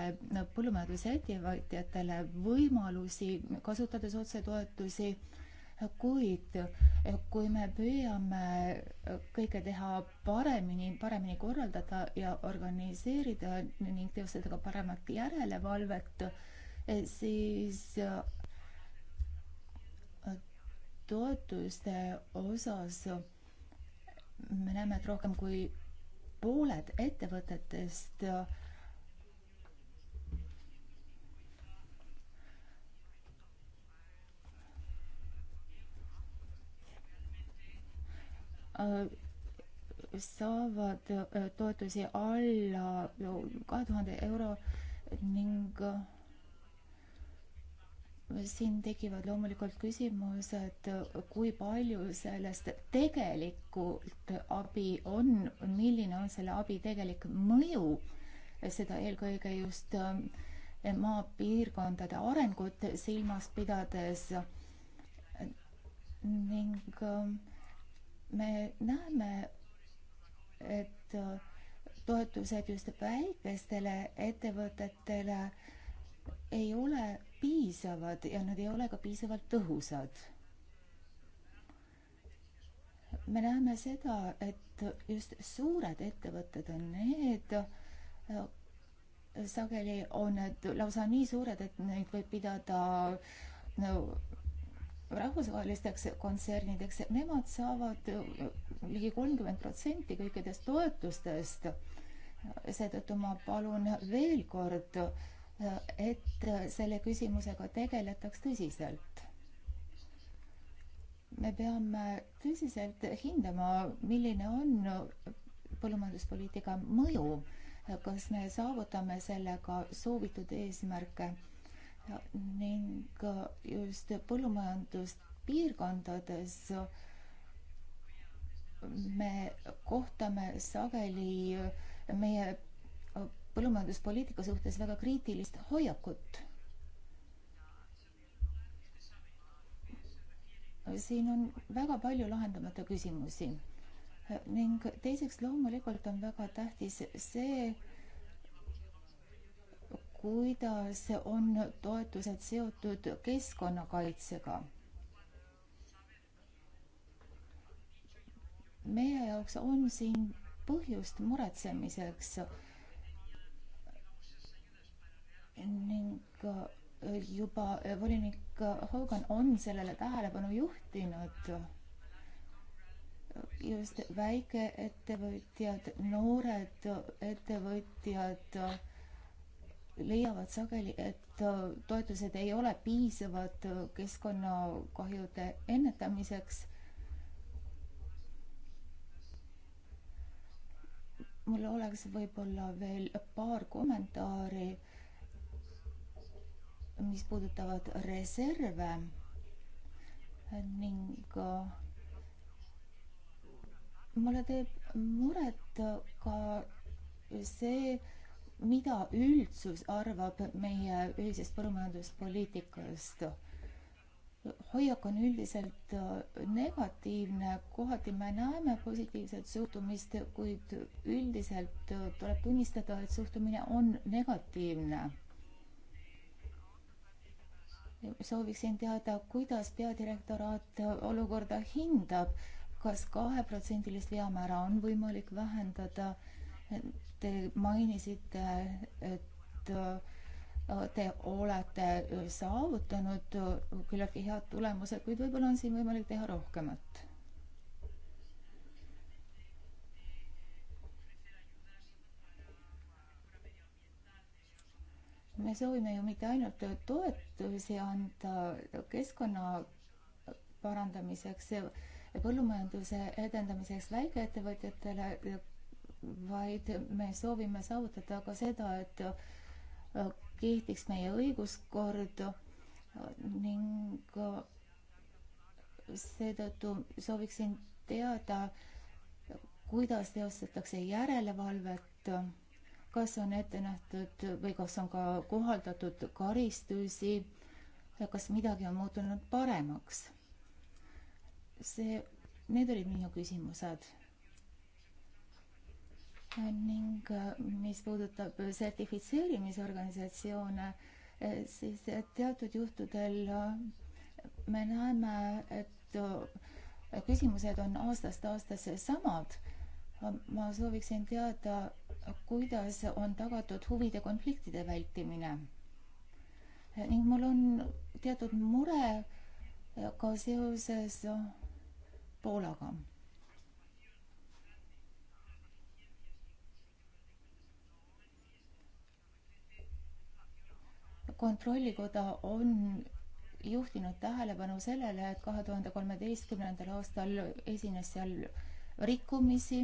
põllumajandusettevõtjatele võimalusi, kasutades otsetoetusi, kuid kui me püüame kõike teha paremini, paremini korraldada ja organiseerida ning teostada ka paremat järelevalvet, siis toetuste osas me näeme, et rohkem kui pooled ettevõtetest äh, saavad äh, toetusi alla kahe tuhande euro ning äh, siin tekivad loomulikult küsimused, kui palju sellest tegelikult abi on, milline on selle abi tegelik mõju, seda eelkõige just eh, maapiirkondade arengut silmas pidades. ning eh, me näeme, et eh, toetused just väikestele ettevõtetele ei ole piisavad ja nad ei ole ka piisavalt tõhusad. me näeme seda, et just suured ettevõtted on need, äh, sageli on need lausa nii suured, et neid võib pidada no, rahvusvahelisteks kontsernideks, nemad saavad äh, ligi kolmkümmend protsenti kõikidest toetustest. seetõttu ma palun veel kord äh, et äh, selle küsimusega tegeletaks tõsiselt. me peame tõsiselt hindama, milline on põllumajanduspoliitika mõju, kas me saavutame sellega soovitud eesmärke ning just põllumajanduspiirkondades me kohtame sageli meie põllumajanduspoliitika suhtes väga kriitilist hoiakut. siin on väga palju lahendamata küsimusi ning teiseks loomulikult on väga tähtis see, kuidas on toetused seotud keskkonnakaitsega. meie jaoks on siin põhjust muretsemiseks ning äh, juba äh, volinik äh, Hogan on sellele tähelepanu juhtinud. just väikeettevõtjad, noored ettevõtjad leiavad sageli, et toetused ei ole piisavad keskkonnakahjude ennetamiseks. mul oleks võib-olla veel paar kommentaari mis puudutavad reserve ning äh, mulle teeb muret ka see, mida üldsus arvab meie ühisest põllumajanduspoliitikast. hoiak on üldiselt äh, negatiivne, kohati me näeme positiivset suhtumist, kuid üldiselt äh, tuleb tunnistada, et suhtumine on negatiivne sooviksin teada, kuidas peadirektoraat olukorda hindab kas, kas kaheprotsendilist veamäära on võimalik vähendada? Te mainisite, et äh, te olete äh, saavutanud äh, küllaltki head tulemused, kuid võib-olla on siin võimalik teha rohkemat me soovime ju mitte ainult toetusi anda keskkonna parandamiseks ja põllumajanduse edendamiseks väikeettevõtjatele, vaid me soovime saavutada ka seda, et kehtiks meie õiguskord ning seetõttu sooviksin teada, kuidas teostatakse järelevalvet kas on ette nähtud või kas on ka kohaldatud karistusi ja kas midagi on muutunud paremaks? see, need olid minu küsimused. ning äh, mis puudutab sertifitseerimisorganisatsioone, äh, siis äh, teatud juhtudel me näeme, et küsimused on aastast aastasse samad. ma sooviksin teada, kuidas on tagatud huvide konfliktide vältimine. ning mul on teatud mure eh, ka seoses eh, Poolaga. kontrollikoda on juhtinud tähelepanu sellele, et kahe tuhande kolmeteistkümnendal aastal esines seal rikkumisi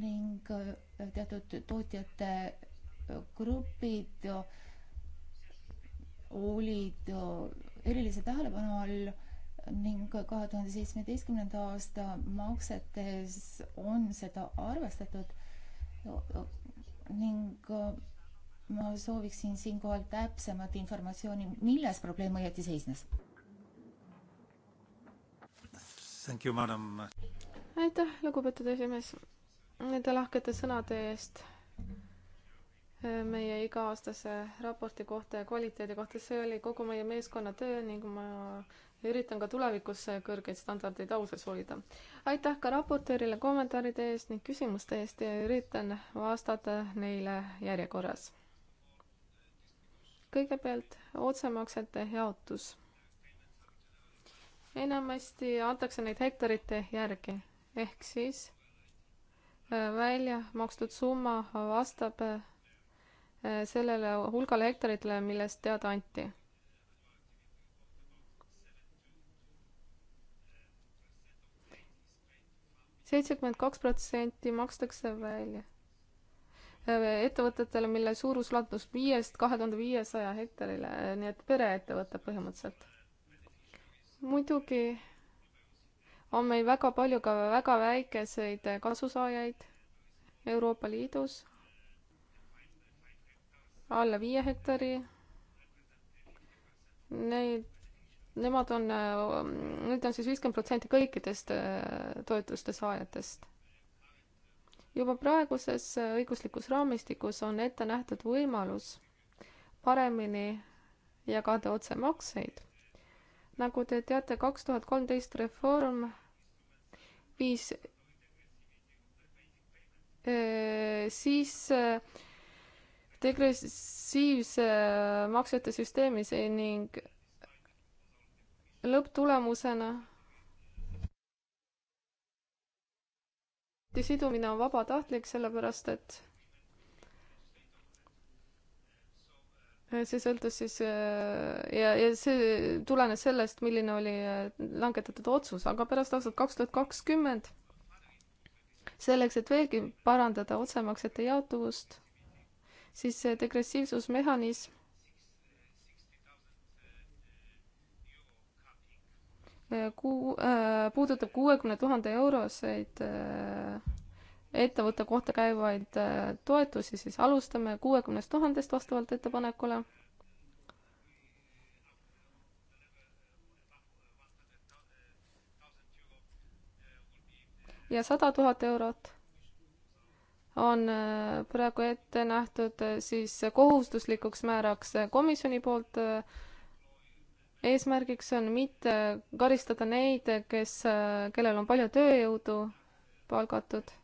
ning äh, teatud tootjate äh, grupid äh, olid erilise tähelepanu all ning kahe tuhande seitsmeteistkümnenda aasta maksetes on seda arvestatud ning ma sooviksin siinkohal täpsemat informatsiooni, milles probleem õieti seisnes aitäh, lugupeetud esimees, nende lahkete sõnade eest meie iga-aastase raporti kohta ja kvaliteedi kohta, see oli kogu meie meeskonna töö ning ma üritan ka tulevikus kõrgeid standardeid ausas hoida. aitäh ka raportöörile kommentaaride eest ning küsimuste eest ja üritan vastata neile järjekorras. kõigepealt otsemaksete jaotus. enamasti antakse neid hektarite järgi ehk siis äh, välja makstud summa vastab äh, sellele hulgale hektaritele, millest teada anti. seitsekümmend kaks protsenti makstakse välja äh, ettevõtetele, mille suurusulatus viiest kahe tuhande viiesaja hektarile, nii et pereettevõte põhimõtteliselt. muidugi on meil väga palju ka väga väikeseid kasusaajaid Euroopa Liidus, alla viie hektari. Neid, nemad on, nüüd on siis viiskümmend protsenti kõikidest äh, toetuste saajatest. juba praeguses äh, õiguslikus raamistikus on ette nähtud võimalus paremini jagada otsemakseid. nagu te teate, kaks tuhat kolmteist reform viis, siis degressiivse maksete süsteemi ning lõpptulemusena sidumine on vabatahtlik, sellepärast et see sõltus siis äh, ja, ja see tulenes sellest, milline oli äh, langetatud otsus, aga pärast aastat kaks tuhat kakskümmend selleks, et veelgi parandada otsemaksete jaotuvust, siis see degressiivsusmehhanism äh, kuu äh,, puudutab kuuekümne tuhande euroseid äh, ettevõtte kohta käivaid äh, toetusi, siis alustame kuuekümnest tuhandest vastavalt ettepanekule. ja sada tuhat eurot on äh, praegu ette nähtud äh, siis kohustuslikuks määraks komisjoni poolt. eesmärgiks on mitte karistada neid, kes, kellel on palju tööjõudu palgatud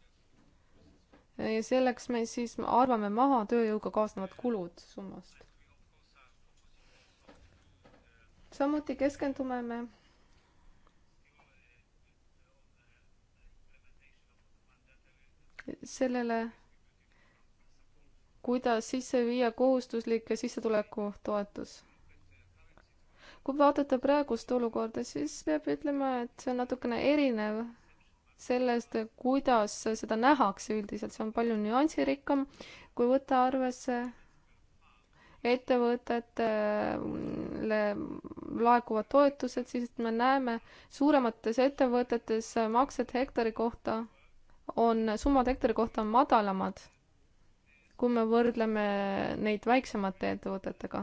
ja selleks me siis arvame maha tööjõuga kaasnevad kulud summast. samuti keskendume me sellele, kuidas sisse viia kohustuslik sissetuleku toetus. kui vaadata praegust olukorda, siis peab ütlema, et see on natukene erinev sellest, kuidas seda nähakse üldiselt, see on palju nüansirikkam, kui võtta arvesse ettevõtetele laekuvad toetused, siis me näeme suuremates ettevõtetes maksed hektari kohta on, summad hektari kohta on madalamad, kui me võrdleme neid väiksemate ettevõtetega.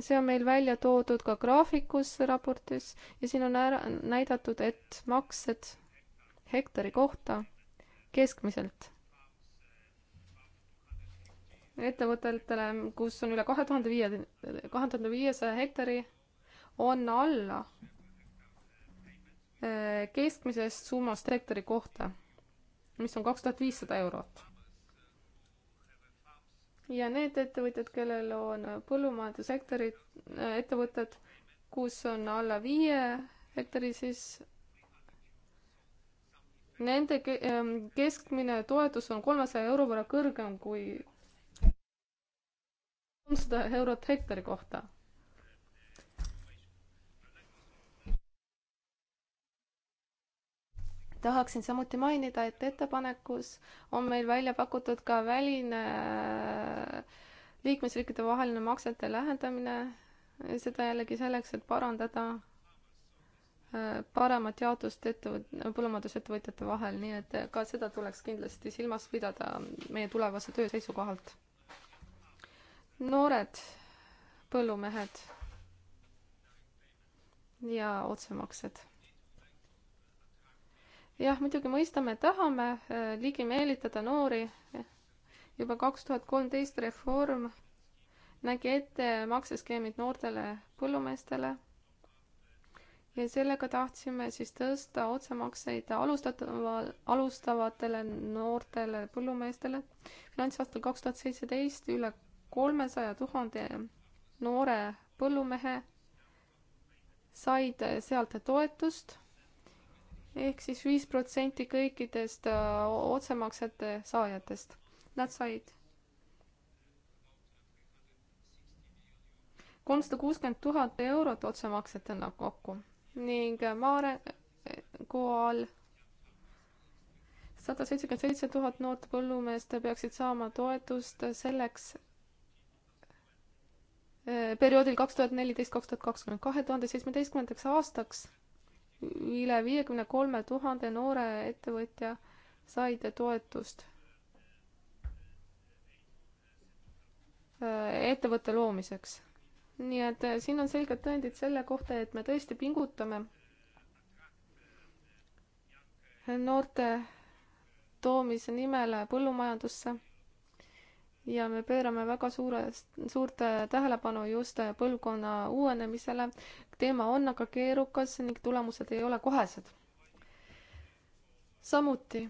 see on meil välja toodud ka graafikus raportis ja siin on ära näidatud, et maksed hektari kohta keskmiselt ettevõtetele, kus on üle kahe tuhande viie, kahe tuhande viiesaja hektari, on alla eh, keskmisest summast hektari kohta, mis on kaks tuhat viissada eurot ja need ettevõtjad, kellel on põllumajandussektori äh, ettevõtted, kus on alla viie hektari, siis nende ähm, keskmine toetus on kolmesaja euro võrra kõrgem kui kolmsada eurot hektari kohta tahaksin samuti mainida, et ettepanekus on meil välja pakutud ka väline äh, liikmesriikide vaheline maksete lähendamine, seda jällegi selleks, et parandada äh, paremat jaotust ettevõt-, põllumajandusettevõtjate vahel, nii et ka seda tuleks kindlasti silmas pidada meie tulevase töö seisukohalt. noored põllumehed ja otsemaksed jah, muidugi mõistame, tahame äh, ligi meelitada noori. juba kaks tuhat kolmteist reform nägi ette makseskeemid noortele põllumeestele. ja sellega tahtsime siis tõsta otsemakseid alustatava, alustavatele noortele põllumeestele. finantsaastal kaks tuhat seitseteist üle kolmesaja tuhande noore põllumehe said sealt toetust ehk siis viis protsenti kõikidest äh, otsemaksete saajatest. Nad said kolmsada kuuskümmend tuhat eurot otsemaksetena kokku ning maarengu äh, all sada seitsekümmend seitse tuhat noort põllumeest peaksid saama toetust selleks äh, perioodil kaks tuhat neliteist, kaks tuhat kakskümmend kahe tuhande seitsmeteistkümnendaks aastaks üle viiekümne kolme tuhande noore ettevõtja said toetust äh, ettevõtte loomiseks. nii et äh, siin on selged tõendid selle kohta, et me tõesti pingutame noorte toomise nimel põllumajandusse ja me pöörame väga suure, suurt tähelepanu just põlvkonna uuenemisele teema on aga keerukas ning tulemused ei ole kohesed. samuti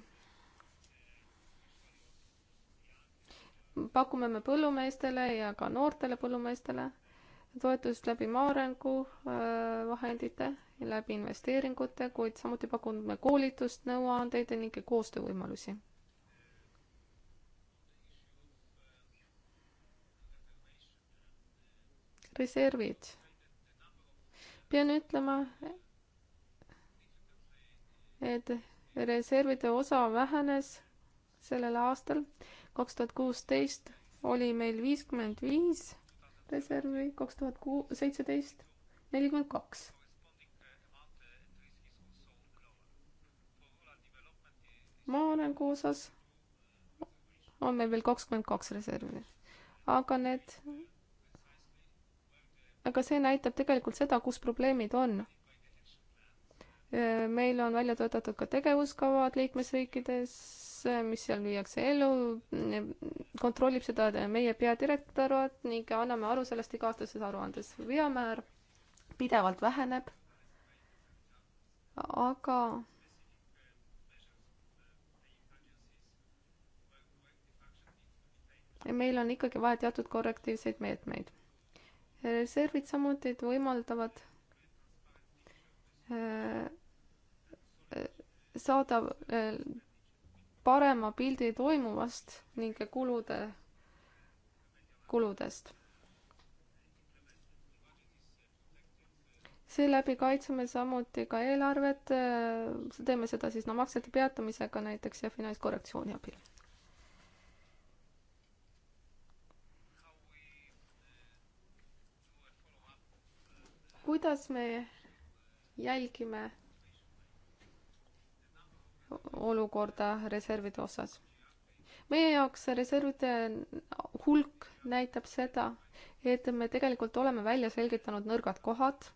pakume me põllumeestele ja ka noortele põllumeestele toetust läbi maaarengu äh, vahendite ja läbi investeeringute, kuid samuti pakume koolitust, nõuandeid ning koostöövõimalusi reservid pean ütlema, et reservide osa vähenes sellel aastal. kaks tuhat kuusteist oli meil viiskümmend viis reservi, kaks tuhat ku-, seitseteist nelikümmend kaks. maaarengu osas on meil veel kakskümmend kaks reservi, aga need aga see näitab tegelikult seda, kus probleemid on. Äh, meil on välja töötatud ka tegevuskavad liikmesriikides, äh, mis seal viiakse ellu, äh, kontrollib seda meie peadirektorat ning anname aru sellest iga-aastases aruandes. veamäär pidevalt väheneb, aga meil on ikkagi vaja teatud korrektiivseid meetmeid reservid samuti võimaldavad äh, äh, saada äh, parema pildi toimuvast ning kulude, kuludest. seeläbi kaitseme samuti ka eelarvet, teeme seda siis no maksete peatamisega näiteks ja finantskorrektsiooni abil kuidas me jälgime olukorda reservide osas? meie jaoks reservide hulk näitab seda, et me tegelikult oleme välja selgitanud nõrgad kohad.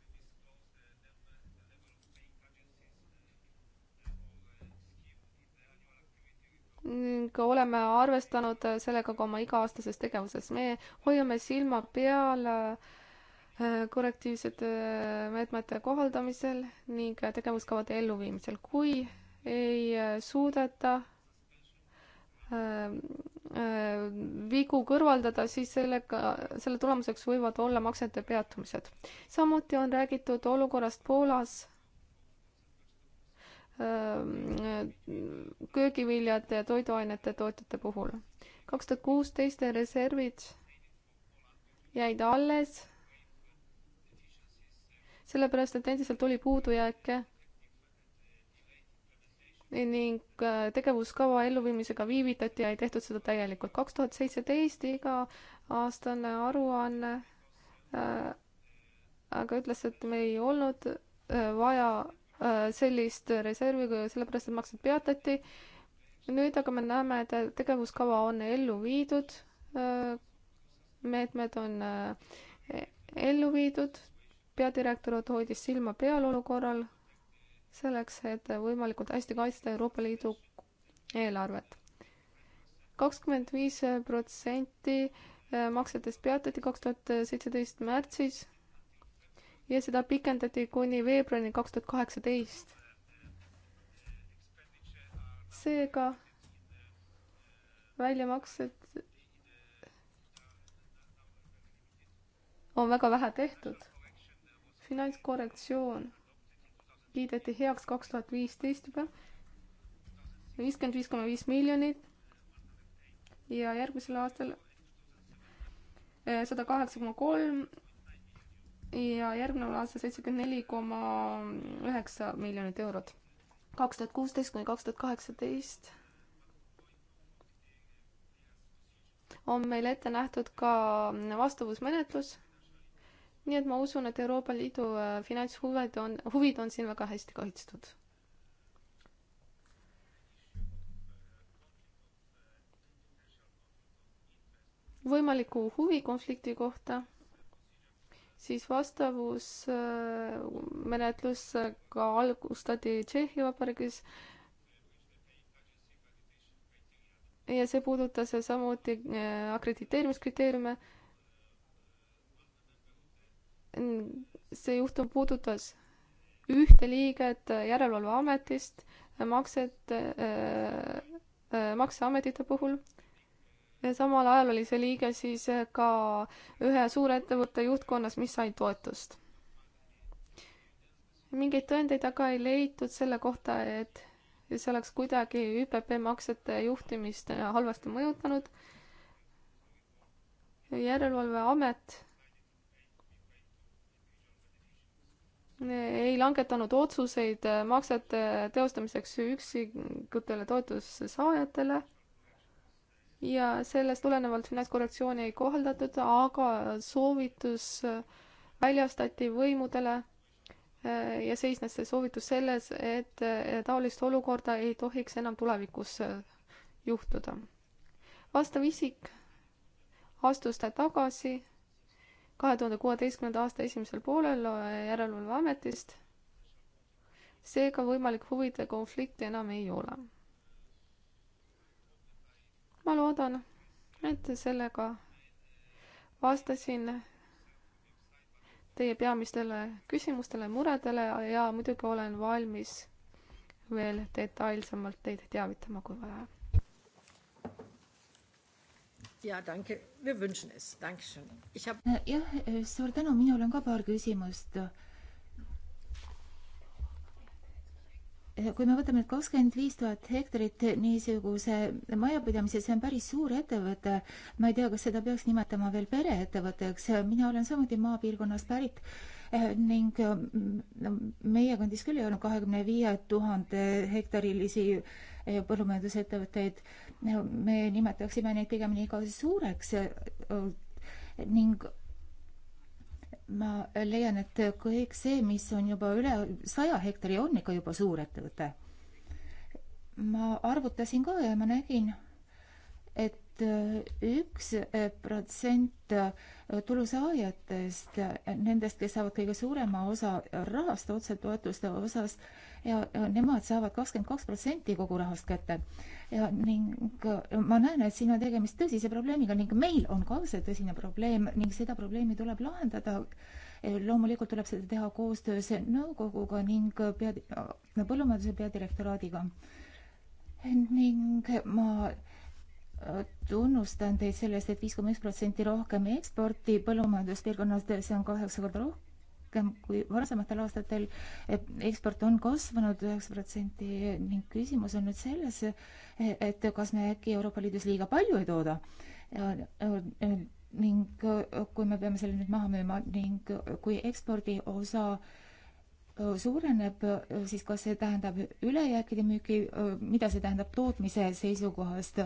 ning oleme arvestanud sellega ka oma iga-aastases tegevuses. me hoiame silma peal äh, korrektiivsete äh, meetmete kohaldamisel ning äh, tegevuskavade elluviimisel. kui ei äh, suudeta vigu kõrvaldada, siis sellega, selle tulemuseks võivad olla maksete peatumised. samuti on räägitud olukorrast Poolas ähm, köögiviljade ja toiduainete tootjate puhul. kaks tuhat kuusteist reservid jäid alles sellepärast et endiselt oli puudujääke ning äh, tegevuskava elluviimisega viivitati ja ei tehtud seda täielikult. kaks tuhat seitseteist iga-aastane aruanne äh, aga ütles, et me ei olnud äh, vaja äh, sellist reservi, sellepärast et maksed peatati. nüüd aga me näeme, et tegevuskava on ellu viidud, äh, meetmed on äh, e-, ellu viidud peadirektorat hoidis silma peal olukorral selleks, et võimalikult hästi kaitsta Euroopa Liidu eelarvet. kakskümmend viis protsenti äh, maksetest peatati kaks tuhat seitseteist märtsis ja seda pikendati kuni veebruarini kaks tuhat kaheksateist. seega väljamaksed on väga vähe tehtud finantskorrektsioon kiideti heaks kaks tuhat viisteist juba, viiskümmend viis koma viis miljonit ja järgmisel aastal eh, sada kaheksa koma kolm ja järgneval aastal seitsekümmend neli koma üheksa miljonit eurot. kaks tuhat kuusteist kuni kaks tuhat kaheksateist on meil ette nähtud ka vastavusmenetlus nii et ma usun, et Euroopa Liidu äh, finantshuvid on, huvid on siin väga hästi kaitstud. võimaliku huvikonflikti kohta, siis vastavusmenetlus äh, äh, ka algustati Tšehhi Vabariigis ja see puudutas samuti akrediteerimiskriteeriume see juhtum puudutas ühte liiget Järelevalveametist maksete, äh, äh, makseametite puhul. ja samal ajal oli see liige siis ka ühe suurettevõtte juhtkonnas, mis sai toetust. mingeid tõendeid aga ei leitud selle kohta, et see oleks kuidagi ÜPP maksete juhtimist halvasti mõjutanud. järelevalveamet ei langetanud otsuseid äh, maksete teostamiseks üksikutele toetussaajatele ja sellest tulenevalt finantskorrektsiooni ei kohaldatud, aga soovitus äh, väljastati võimudele äh, ja seisnes see soovitus selles, et taolist olukorda ei tohiks enam tulevikus juhtuda. vastav isik astus ta tagasi kahe tuhande kuueteistkümnenda aasta esimesel poolel Järelevalveametist. seega võimalik huvide konflikti enam ei ole. ma loodan, et sellega vastasin teie peamistele küsimustele, muredele ja muidugi olen valmis veel detailsemalt teid teavitama, kui vaja ja danke, me wünschen es, dankeschön. Äh, jah, äh, suur tänu, minul on ka paar küsimust. Äh, kui me võtame nüüd kakskümmend viis tuhat hektarit niisuguse majapidamise, see on päris suur ettevõte. ma ei tea, kas seda peaks nimetama veel pereettevõtteks, mina olen samuti maapiirkonnast pärit Eh, ning eh, meie kandis küll ei olnud kahekümne viie tuhande hektarilisi eh, põllumajandusettevõtteid. me nimetaksime neid pigemini ka suureks ning ma leian, et kõik see, mis on juba üle saja hektari, on ikka juba suurettevõte. ma arvutasin ka ja ma nägin et üks eh, protsent eh, tulusaajatest, eh, nendest, kes saavad kõige suurema osa rahast otsetoetuste osas ja nemad saavad kakskümmend kaks protsenti kogu rahast kätte. ja ning ma näen, et siin on tegemist tõsise probleemiga ning meil on ka see tõsine probleem ning seda probleemi tuleb lahendada loomulikult tuleb seda teha koostöös nõukoguga ning pea, põllumajanduse peadirektoraadiga. ning ma tunnustan teid selle eest, et viis koma üks protsenti rohkem eksporti põllumajanduspiirkonnast, see on kaheksa korda rohkem kui varasematel aastatel. eksport on kasvanud üheksa protsenti ning küsimus on nüüd selles, et kas me äkki Euroopa Liidus liiga palju ei tooda. ning kui me peame selle nüüd maha müüma ning kui ekspordi osa äh, suureneb, siis kas see tähendab ülejääkide müüki, mida see tähendab tootmise seisukohast?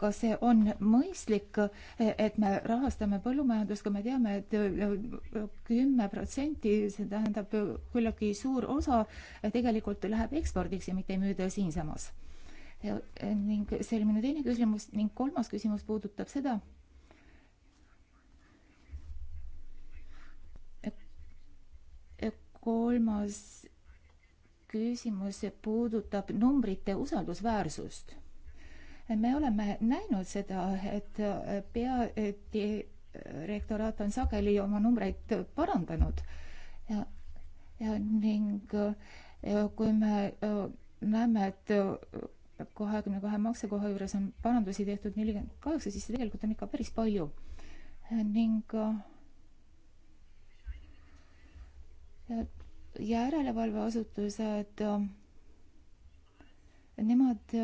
kas see on mõistlik, et me rahastame põllumajandust, kui me teame et, et kümme protsenti, see tähendab küllaltki suur osa, tegelikult läheb ekspordiks ja mitte ei müüda siinsamas? ning see oli minu teine küsimus ning kolmas küsimus puudutab seda, kolmas küsimus puudutab numbrite usaldusväärsust. me oleme näinud seda, et peadirektoraat on sageli oma numbreid parandanud ja, ja ning kui me näeme, et kahekümne kahe maksekoha juures on parandusi tehtud nelikümmend kaheksa, siis see tegelikult on ikka päris palju ning järelevalveasutused, nemad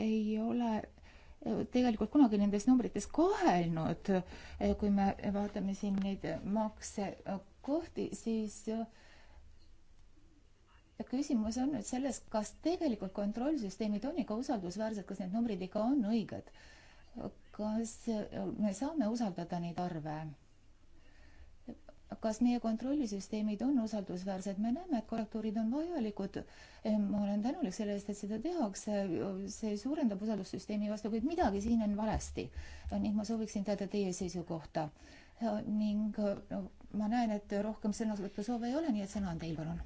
ei ole tegelikult kunagi nendes numbrites kahelnud. kui me vaatame siin neid maksekohti, siis ja küsimus on nüüd selles, kas tegelikult kontrollsüsteemid on ikka usaldusväärsed, kas need numbrid ikka on õiged? kas me saame usaldada neid arve? kas meie kontrollisüsteemid on usaldusväärsed, me näeme, et korrektuurid on vajalikud. Eh, ma olen tänulik selle eest, et seda tehakse, see suurendab usaldust süsteemi vastu, kuid midagi siin on valesti. ning ma sooviksin teada teie seisukohta. Eh, ning no, ma näen, et rohkem sõnavõtusoove ei ole, nii et sõna on teil, palun.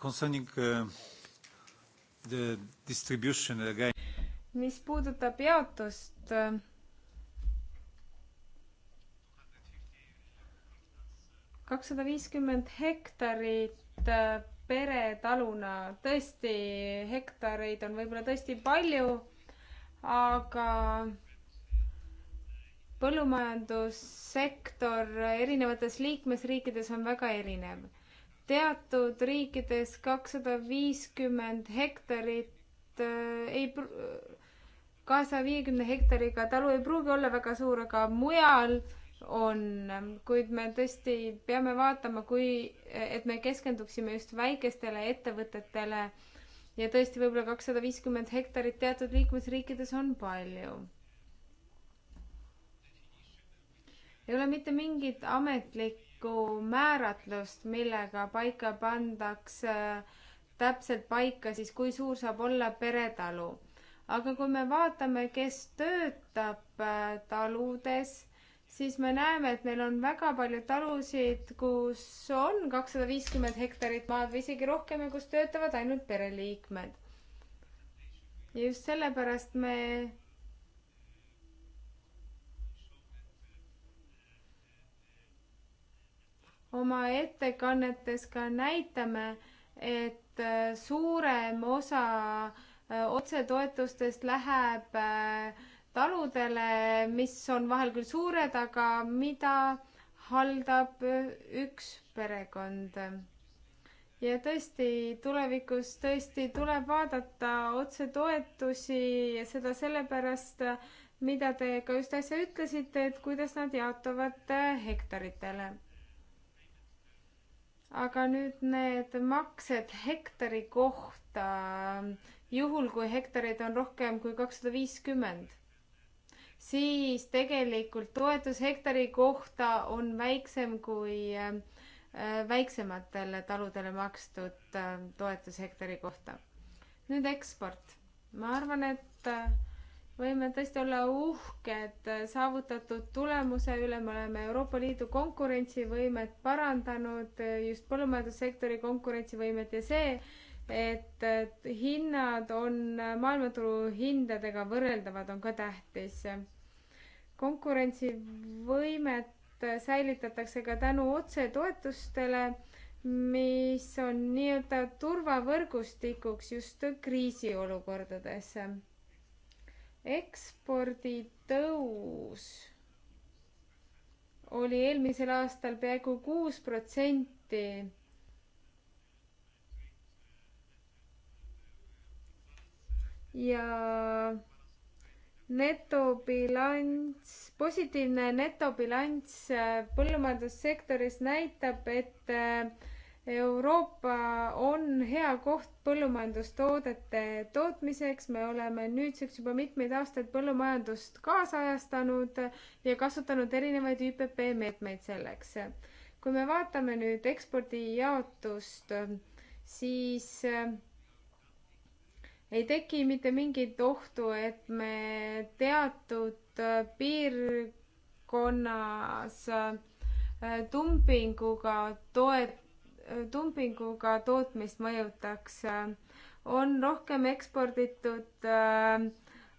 Concerning uh, mis puudutab jaotust, äh, kakssada viiskümmend hektarit äh, peretaluna, tõesti, hektareid on võib-olla tõesti palju, aga põllumajandussektor erinevates liikmesriikides on väga erinev teatud riikides kakssada viiskümmend hektarit äh, ei, äh, kahesaja viiekümne hektariga talu ei pruugi olla väga suur, aga mujal on, kuid me tõesti peame vaatama, kui, et me keskenduksime just väikestele ettevõtetele ja tõesti võib-olla kakssada viiskümmend hektarit teatud liikmesriikides on palju. ei ole mitte mingit ametlikku õiguslikku määratlust, millega paika pandakse täpselt paika siis, kui suur saab olla peretalu. aga kui me vaatame, kes töötab äh, taludes, siis me näeme, et meil on väga palju talusid, kus on kakssada viiskümmend hektarit maad või isegi rohkem ja kus töötavad ainult pereliikmed. ja just sellepärast me oma ettekannetes ka näitame, et äh, suurem osa äh, otsetoetustest läheb äh, taludele, mis on vahel küll suured, aga mida haldab üks perekond. ja tõesti, tulevikus tõesti tuleb vaadata otsetoetusi ja seda sellepärast, mida te ka just äsja ütlesite, et kuidas nad jaotuvad hektaritele aga nüüd need maksed hektari kohta, juhul kui hektareid on rohkem kui kakssada viiskümmend, siis tegelikult toetus hektari kohta on väiksem kui äh, väiksematele taludele makstud äh, toetus hektari kohta. nüüd eksport. ma arvan, et äh, võime tõesti olla uhked saavutatud tulemuse üle, me oleme Euroopa Liidu konkurentsivõimet parandanud, just põllumajandussektori konkurentsivõimet ja see, et hinnad on maailmaturu hindadega võrreldavad, on ka tähtis. konkurentsivõimet säilitatakse ka tänu otsetoetustele, mis on nii-öelda turvavõrgustikuks just kriisiolukordades ekspordi tõus oli eelmisel aastal peaaegu kuus protsenti. ja netobilanss, positiivne netobilanss põllumajandussektoris näitab, et Euroopa on hea koht põllumajandustoodete tootmiseks, me oleme nüüdseks juba mitmeid aastaid põllumajandust kaasajastanud ja kasutanud erinevaid ÜPP meetmeid selleks. kui me vaatame nüüd ekspordijaotust, siis äh, ei teki mitte mingit ohtu, et me teatud piirkonnas äh, dumpinguga toet-, dumpinguga tootmist mõjutaks. on rohkem eksporditud äh,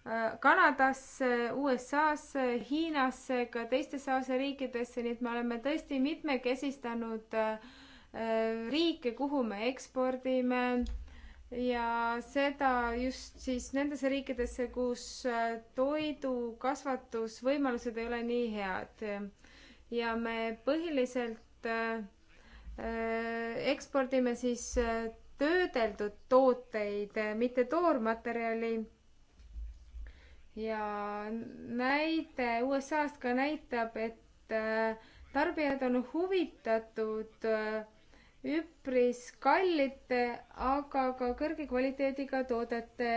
äh, Kanadasse, USA-sse, Hiinasse, ka teistesse Aasia riikidesse, nii et me oleme tõesti mitmekesistanud äh, riike, kuhu me ekspordime ja seda just siis nendesse riikidesse, kus toidukasvatusvõimalused ei ole nii head. ja me põhiliselt Äh, ekspordime siis äh, töödeldud tooteid, äh, mitte toormaterjali. ja näide USA-st ka näitab, et tarbijad on huvitatud üpris kallite, aga ka kõrge kvaliteediga toodete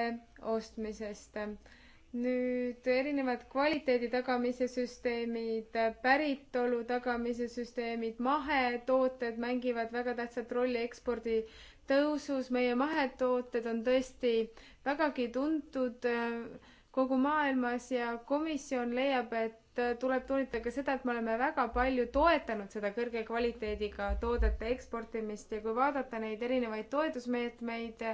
ostmisest nüüd erinevad kvaliteedi tagamise süsteemid, päritolu tagamise süsteemid, mahetooted mängivad väga tähtsat rolli ekspordi tõusus. meie mahetooted on tõesti vägagi tuntud äh, kogu maailmas ja komisjon leiab, et äh, tuleb toonitada ka seda, et me oleme väga palju toetanud seda kõrge kvaliteediga toodete eksportimist ja kui vaadata neid erinevaid toetusmeetmeid, meid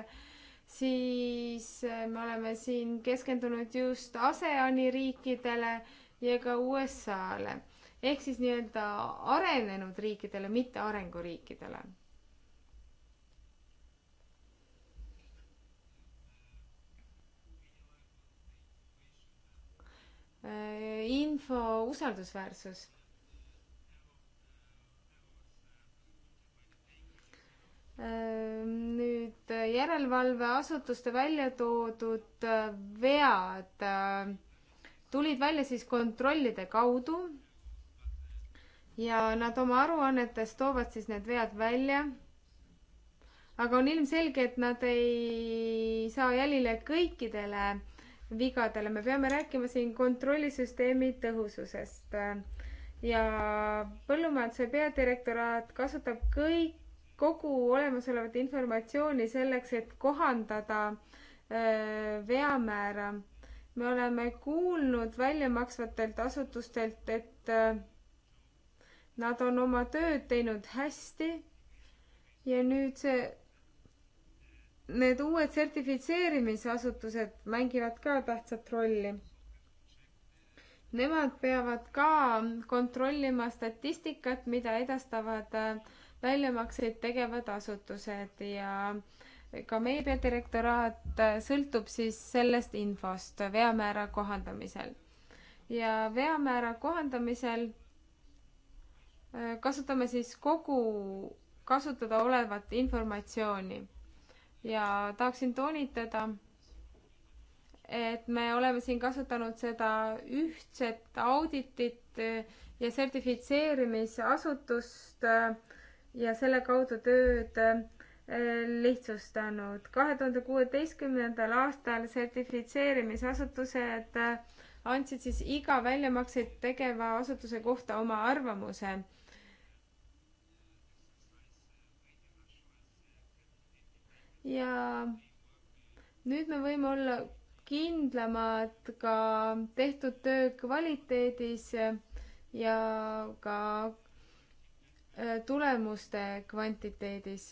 siis äh, me oleme siin keskendunud just ASEAN-i riikidele ja ka USA-le ehk siis nii-öelda arenenud riikidele, mitte arenguriikidele. Äh, info usaldusväärsus Ehm, nüüd äh, järelevalveasutuste välja toodud äh, vead äh, tulid välja siis kontrollide kaudu ja nad oma aruannetes toovad siis need vead välja. aga on ilmselge, et nad ei saa jälile kõikidele vigadele, me peame rääkima siin kontrollisüsteemi tõhususest ja põllumajanduse peadirektoraat kasutab kõik kogu olemasolevat informatsiooni selleks, et kohandada öö, veamäära. me oleme kuulnud väljamaksvatelt asutustelt, et öö, nad on oma tööd teinud hästi ja nüüd see, need uued sertifitseerimisasutused mängivad ka tähtsat rolli. Nemad peavad ka kontrollima statistikat, mida edastavad äh, väljamakseid tegevad asutused ja ka meie peadirektoraat sõltub siis sellest infost veamäära kohandamisel. ja veamäära kohandamisel äh, kasutame siis kogu kasutada olevat informatsiooni ja tahaksin toonitada, et me oleme siin kasutanud seda ühtset auditit äh, ja sertifitseerimisasutust äh, ja selle kaudu tööd eh, lihtsustanud. kahe tuhande kuueteistkümnendal aastal sertifitseerimisasutused eh, andsid siis iga väljamakseid tegeva asutuse kohta oma arvamuse. ja nüüd me võime olla kindlamad ka tehtud töö kvaliteedis ja ka Äh, tulemuste kvantiteedis.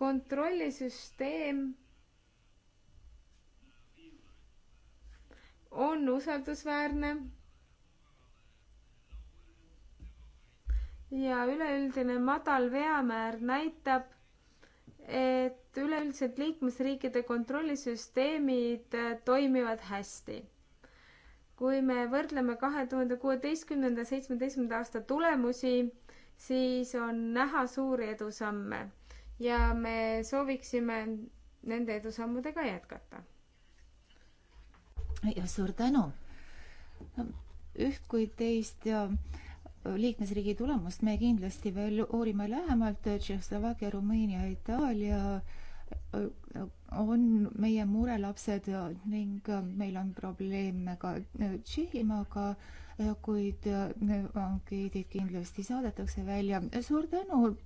kontrollisüsteem on usaldusväärne ja üleüldine madal veamäär näitab, et üleüldiselt liikmesriikide kontrollisüsteemid äh, toimivad hästi kui me võrdleme kahe tuhande kuueteistkümnenda, seitsmeteistkümnenda aasta tulemusi, siis on näha suuri edusamme ja me sooviksime nende edusammudega jätkata. ja suur tänu. üht kui teist ja liikmesriigi tulemust me kindlasti veel uurime lähemalt, Tšehhoslovakkia, Rumeenia, Itaalia on meie murelapsed ning äh, meil on probleeme ka äh, Tšehhimaaga, äh, kuid ankeedid kindlasti saadetakse välja. suur tänu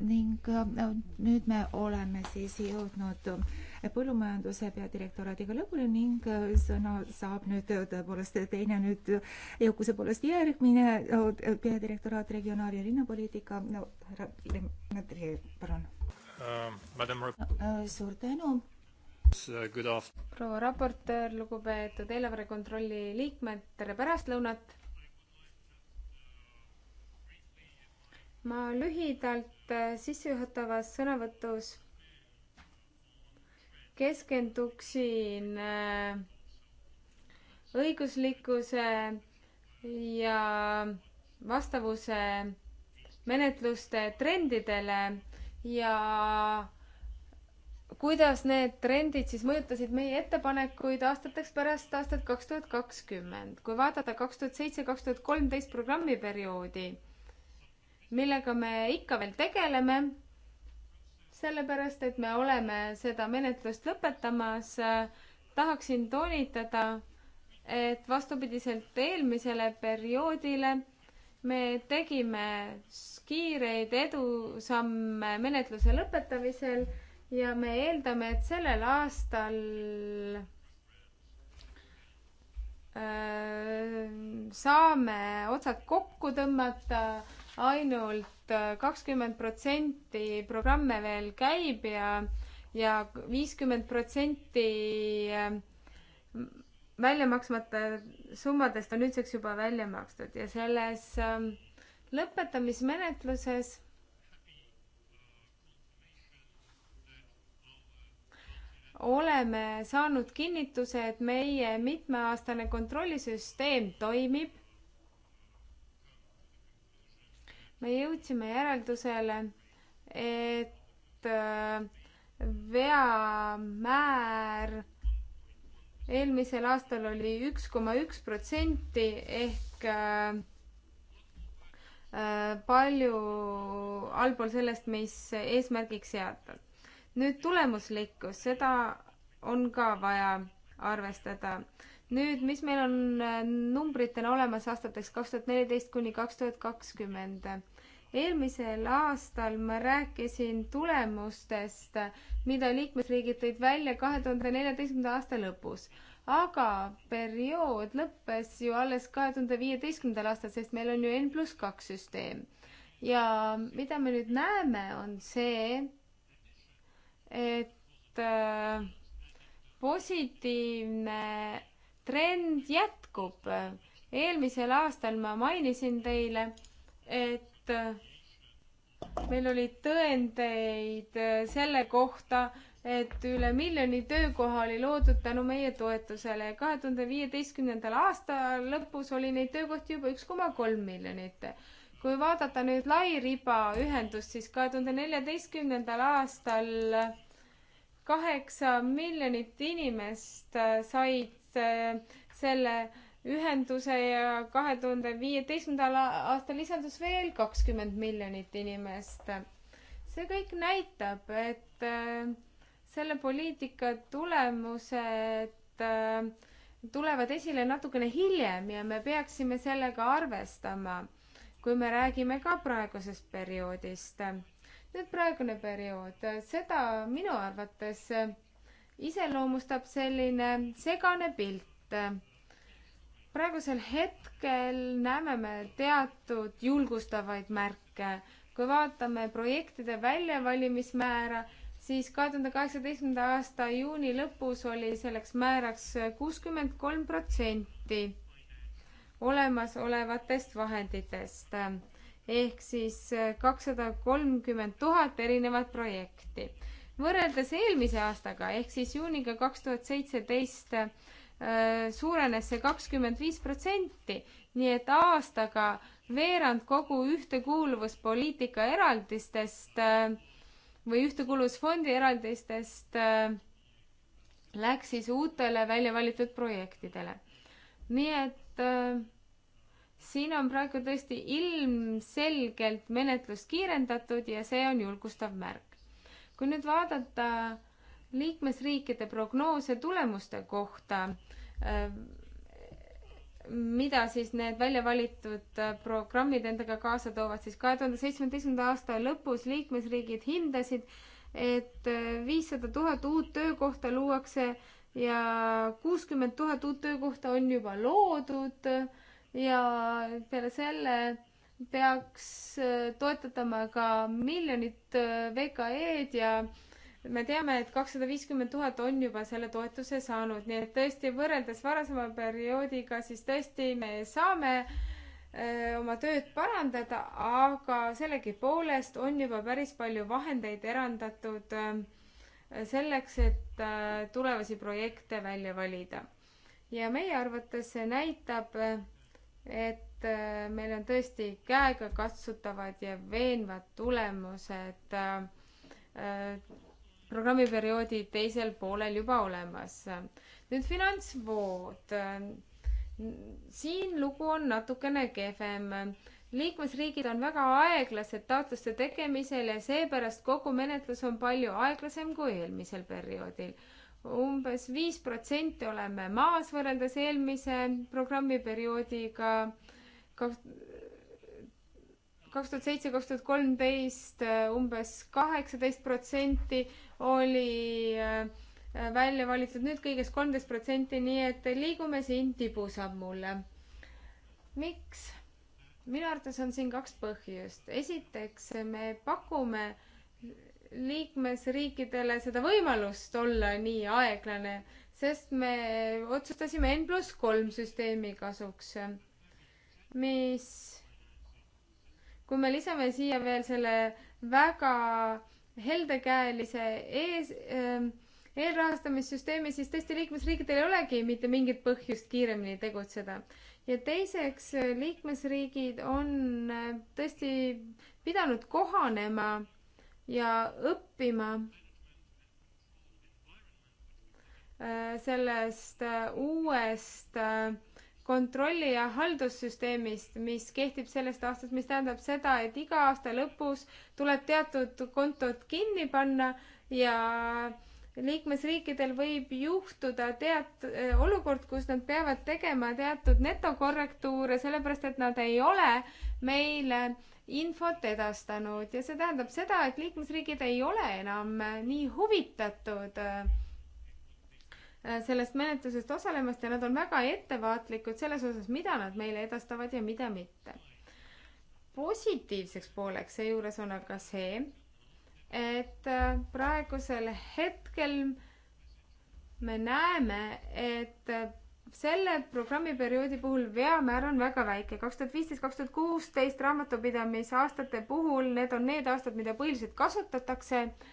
ning nüüd me oleme siis jõudnud põllumajanduse peadirektoraadiga lõpuni ning sõna saab nüüd tõepoolest teine nüüd jõukuse poolest järgmine peadirektoraat regionaal- ja linnapoliitika no,, härra Lemmetri, palun Uh, äh, suur tänu. Uh, proua raportöör, lugupeetud eelarve kontrolli liikmed, tere pärastlõunat. ma lühidalt äh, sissejuhatavas sõnavõtus keskenduksin äh, õiguslikkuse ja vastavuse menetluste trendidele ja kuidas need trendid siis mõjutasid meie ettepanekuid aastateks pärast aastat kaks tuhat kakskümmend. kui vaadata kaks tuhat seitse, kaks tuhat kolmteist programmiperioodi, millega me ikka veel tegeleme, sellepärast et me oleme seda menetlust lõpetamas, tahaksin toonitada, et vastupidiselt eelmisele perioodile me tegime kiireid edusamme menetluse lõpetamisel ja me eeldame, et sellel aastal äh, saame otsad kokku tõmmata ainult, ainult äh, kakskümmend protsenti programme veel käib ja, ja viiskümmend protsenti äh, välja maksmata summadest on nüüdseks juba välja makstud ja selles ähm, lõpetamismenetluses oleme saanud kinnituse, et meie mitmeaastane kontrollisüsteem toimib. me jõudsime järeldusele, et äh, veamäär eelmisel aastal oli üks koma üks protsenti ehk äh, äh, palju allpool sellest, mis eesmärgiks seatud. nüüd tulemuslikkus, seda on ka vaja arvestada. nüüd, mis meil on äh, numbritena olemas aastateks kaks tuhat neliteist kuni kaks tuhat kakskümmend eelmisel aastal ma rääkisin tulemustest, mida liikmesriigid tõid välja kahe tuhande neljateistkümnenda aasta lõpus. aga periood lõppes ju alles kahe tuhande viieteistkümnendal aastal, sest meil on ju N pluss kaks süsteem. ja mida me nüüd näeme, on see, et äh, positiivne trend jätkub. eelmisel aastal ma mainisin teile, et et äh, meil oli tõendeid äh, selle kohta, et üle miljoni töökoha oli loodud tänu meie toetusele ja kahe tuhande viieteistkümnendal aasta lõpus oli neid töökohti juba üks koma kolm miljonit. kui vaadata nüüd lairiba ühendust, siis kahe tuhande neljateistkümnendal aastal kaheksa miljonit inimest äh, said selle ühenduse ja kahe tuhande viieteistkümnendal aastal lisandus veel kakskümmend miljonit inimest. see kõik näitab, et äh, selle poliitika tulemused äh, tulevad esile natukene hiljem ja me peaksime sellega arvestama, kui me räägime ka praegusest perioodist. nüüd praegune periood, seda minu arvates iseloomustab selline segane pilt praegusel hetkel näeme me teatud julgustavaid märke. kui vaatame projektide väljavalimismäära, siis kahe tuhande kaheksateistkümnenda aasta juuni lõpus oli selleks määraks kuuskümmend kolm protsenti olemasolevatest vahenditest ehk siis kakssada kolmkümmend tuhat erinevat projekti. võrreldes eelmise aastaga ehk siis juuniga kaks tuhat seitseteist Äh, suurenes see kakskümmend viis protsenti, nii et aastaga veerand kogu ühtekuuluvuspoliitika eraldistest äh, või ühtekuuluvusfondi eraldistest äh, läks siis uutele välja valitud projektidele. nii et siin on praegu tõesti ilmselgelt menetlust kiirendatud ja see on julgustav märk. kui nüüd vaadata äh, liikmesriikide prognoose tulemuste kohta, äh, mida siis need välja valitud äh, programmid endaga kaasa toovad, siis kahe tuhande seitsmeteistkümnenda aasta lõpus liikmesriigid hindasid, et äh, viissada tuhat uut töökohta luuakse ja kuuskümmend tuhat uut töökohta on juba loodud ja peale selle peaks toetatama ka miljonit VKE-d ja me teame, et kakssada viiskümmend tuhat on juba selle toetuse saanud, nii et tõesti võrreldes varasema perioodiga, siis tõesti me saame öö, oma tööd parandada, aga sellegipoolest on juba päris palju vahendeid erandatud öö, selleks, et öö, tulevasi projekte välja valida. ja meie arvates see näitab, et meil on tõesti käegakatsutavad ja veenvad tulemused programmiperioodi teisel poolel juba olemas. nüüd finantsvood. siin lugu on natukene kehvem. liikmesriigid on väga aeglased taotluste tegemisel ja seepärast kogu menetlus on palju aeglasem kui eelmisel perioodil umbes viis protsenti oleme maas võrreldes eelmise programmiperioodiga kaks kaks tuhat seitse, kaks tuhat kolmteist äh, umbes kaheksateist protsenti oli äh, välja valitud, nüüd kõigest kolmteist protsenti, nii et liigume siin tibusammule. miks? minu arvates on siin kaks põhjust. esiteks, me pakume liikmesriikidele seda võimalust olla nii aeglane, sest me otsustasime N pluss kolm süsteemi kasuks, mis kui me lisame siia veel selle väga heldekäelise ees äh,, eelrahastamissüsteemi, siis tõesti liikmesriikidel ei olegi mitte mingit põhjust kiiremini tegutseda. ja teiseks, liikmesriigid on äh, tõesti pidanud kohanema ja õppima äh, sellest äh, uuest äh, kontrolli- ja haldussüsteemist, mis kehtib sellest aastast, mis tähendab seda, et iga aasta lõpus tuleb teatud kontod kinni panna ja liikmesriikidel võib juhtuda teat-, olukord, kus nad peavad tegema teatud netokorrektuure, sellepärast et nad ei ole meile infot edastanud ja see tähendab seda, et liikmesriigid ei ole enam nii huvitatud äh, Äh, sellest menetlusest osalemast ja nad on väga ettevaatlikud selles osas, mida nad meile edastavad ja mida mitte. positiivseks pooleks seejuures on aga see, et äh, praegusel hetkel me näeme, et äh, selle programmiperioodi puhul veamäär on väga väike. kaks tuhat viisteist, kaks tuhat kuusteist raamatupidamisaastate puhul, need on need aastad, mida põhiliselt kasutatakse äh,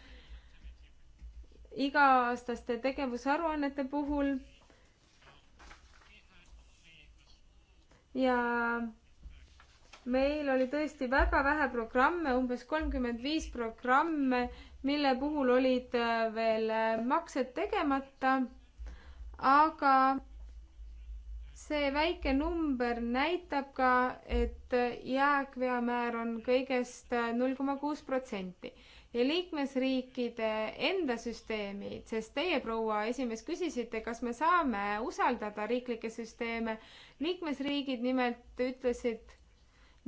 iga-aastaste tegevusaruannete puhul ja meil oli tõesti väga vähe programme, umbes kolmkümmend viis programme, mille puhul olid äh, veel äh, maksed tegemata. aga see väike number näitab ka, et äh, jääkveamäär on kõigest null koma kuus protsenti ja liikmesriikide enda süsteemid, sest teie, proua esimees, küsisite, kas me saame usaldada riiklikke süsteeme. liikmesriigid nimelt ütlesid,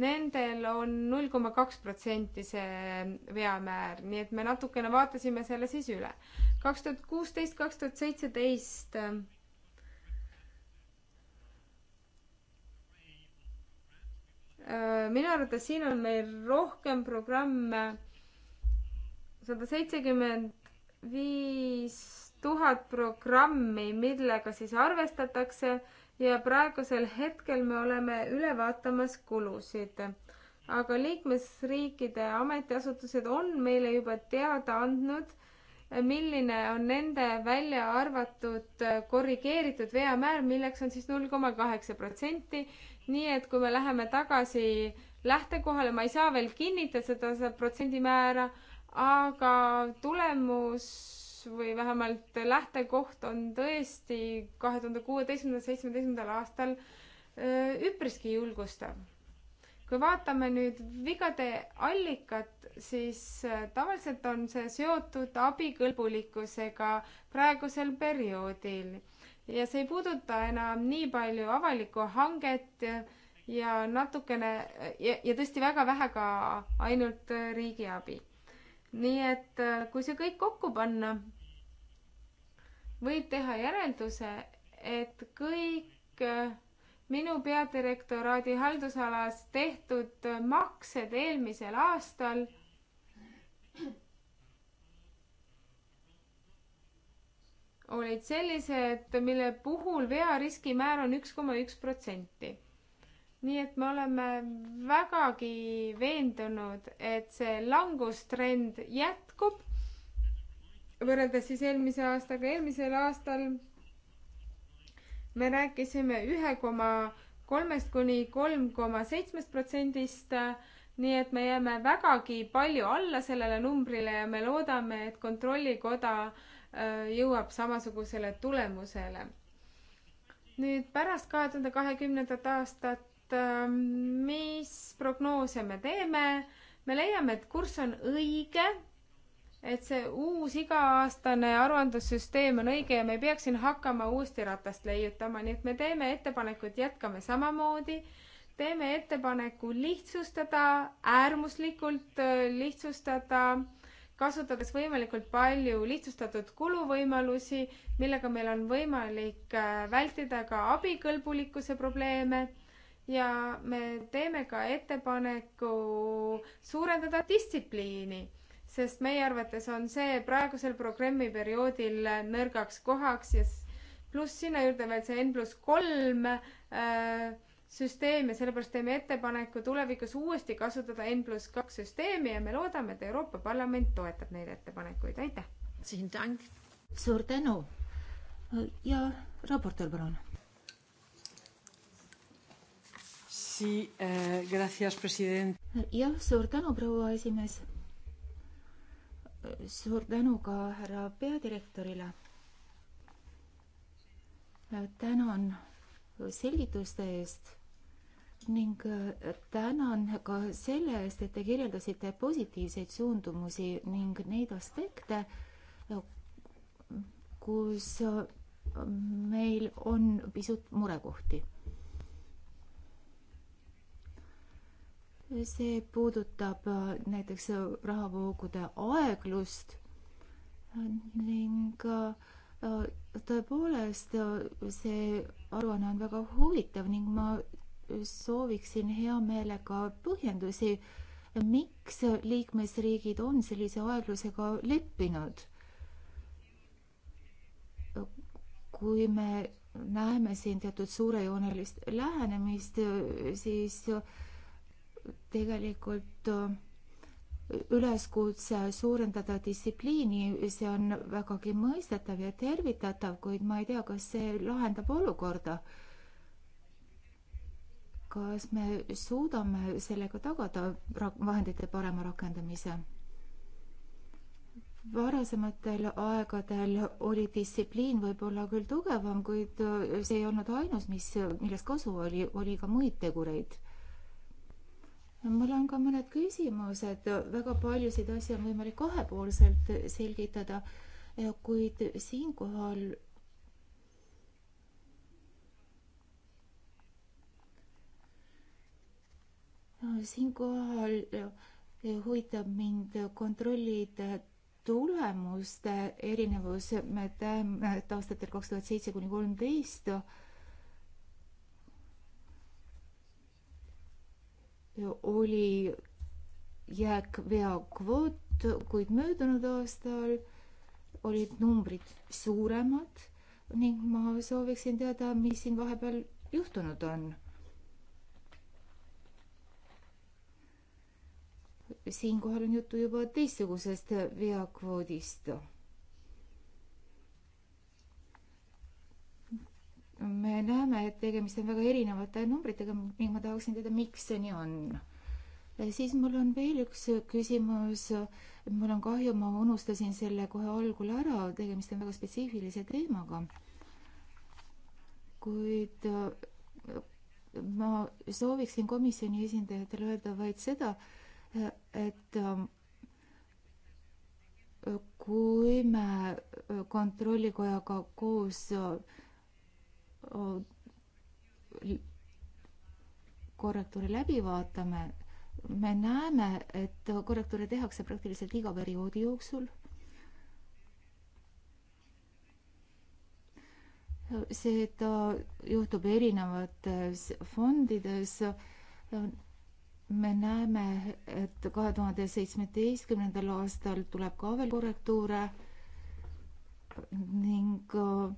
nendel on null koma kaks protsenti see veamäär, nii et me natukene vaatasime selle siis üle. kaks tuhat kuusteist, kaks tuhat seitseteist äh, minu arvates siin on meil rohkem programme sada seitsekümmend viis tuhat programmi, millega siis arvestatakse ja praegusel hetkel me oleme üle vaatamas kulusid. aga liikmesriikide ametiasutused on meile juba teada andnud, milline on nende välja arvatud korrigeeritud veamäär, milleks on siis null koma kaheksa protsenti. nii et kui me läheme tagasi lähtekohale, ma ei saa veel kinnitada seda protsendimäära aga tulemus või vähemalt lähtekoht on tõesti kahe tuhande kuueteistkümnendal, seitsmeteistkümnendal aastal äh, üpriski julgustav. kui vaatame nüüd vigade allikat, siis äh, tavaliselt on see seotud abikõlbulikkusega praegusel perioodil ja see ei puuduta enam nii palju avalikku hanget ja natukene ja, ja tõesti väga vähe ka ainult äh, riigiabi nii et äh, kui see kõik kokku panna, võib teha järelduse, et kõik äh, minu peadirektoraadi haldusalas tehtud äh, maksed eelmisel aastal olid sellised, mille puhul veariski määr on üks koma üks protsenti nii et me oleme vägagi veendunud, et see langustrend jätkub võrreldes siis eelmise aastaga. eelmisel aastal me rääkisime ühe koma kolmest kuni kolm koma seitsmest protsendist, nii et me jääme vägagi palju alla sellele numbrile ja me loodame, et Kontrollikoda äh, jõuab samasugusele tulemusele. nüüd pärast kahe tuhande kahekümnendat aastat Ähm, mis prognoose me teeme, me leiame, et kurss on õige, et see uus iga-aastane aruandlussüsteem on õige ja me ei peaks siin hakkama uuesti ratast leiutama, nii et me teeme ettepaneku, et jätkame samamoodi, teeme ettepaneku lihtsustada, äärmuslikult äh, lihtsustada kasutades võimalikult palju lihtsustatud kuluvõimalusi, millega meil on võimalik äh, vältida ka abikõlbulikkuse probleeme ja me teeme ka ettepaneku suurendada distsipliini, sest meie arvates on see praegusel programmi perioodil nõrgaks kohaks ja pluss sinna juurde veel see N pluss kolm äh, süsteem ja sellepärast teeme ettepaneku tulevikus uuesti kasutada N pluss kaks süsteemi ja me loodame, et Euroopa Parlament toetab neid ettepanekuid, aitäh! suur tänu ja raportöör, palun! Eh, jah, suur tänu, proua esimees. suur tänu ka härra peadirektorile. tänan selgituste eest ning tänan ka selle eest, et te kirjeldasite positiivseid suundumusi ning neid aspekte, kus meil on pisut murekohti see puudutab äh, näiteks äh, rahavoogude aeglust äh, ning tõepoolest see aruanne on väga huvitav ning ma sooviksin hea meelega põhjendusi, miks liikmesriigid on sellise aeglusega leppinud. kui me näeme siin teatud suurejoonelist lähenemist, siis äh, tegelikult äh, üleskutse suurendada distsipliini, see on vägagi mõistetav ja tervitatav, kuid ma ei tea, kas see lahendab olukorda. kas me suudame sellega tagada vahendite parema rakendamise? varasematel aegadel oli distsipliin võib-olla küll tugevam, kuid äh, see ei olnud ainus, mis, millest kasu oli, oli ka muid tegureid mul on ka mõned küsimused, väga paljusid asju on võimalik kahepoolselt selgitada, kuid siinkohal siinkohal huvitab mind kontrollide tulemuste erinevus, me teame, et aastatel kaks tuhat seitse kuni kolmteist oli jääkveokvoot, kuid möödunud aastal olid numbrid suuremad ning ma sooviksin teada, mis siin vahepeal juhtunud on. siinkohal on juttu juba teistsugusest veakvoodist me näeme, et tegemist on väga erinevate numbritega ning ma tahaksin teada, miks see nii on. siis mul on veel üks küsimus. mul on kahju, ma unustasin selle kohe algul ära, tegemist on väga spetsiifilise teemaga. kuid ma sooviksin komisjoni esindajatele öelda vaid seda, et kui me kontrollikojaga koos korrektuuri läbi vaatame, me näeme, et korrektuure tehakse praktiliselt iga perioodi jooksul. seda juhtub erinevates fondides. me näeme, et kahe tuhande seitsmeteistkümnendal aastal tuleb ka veel korrektuure ning äh,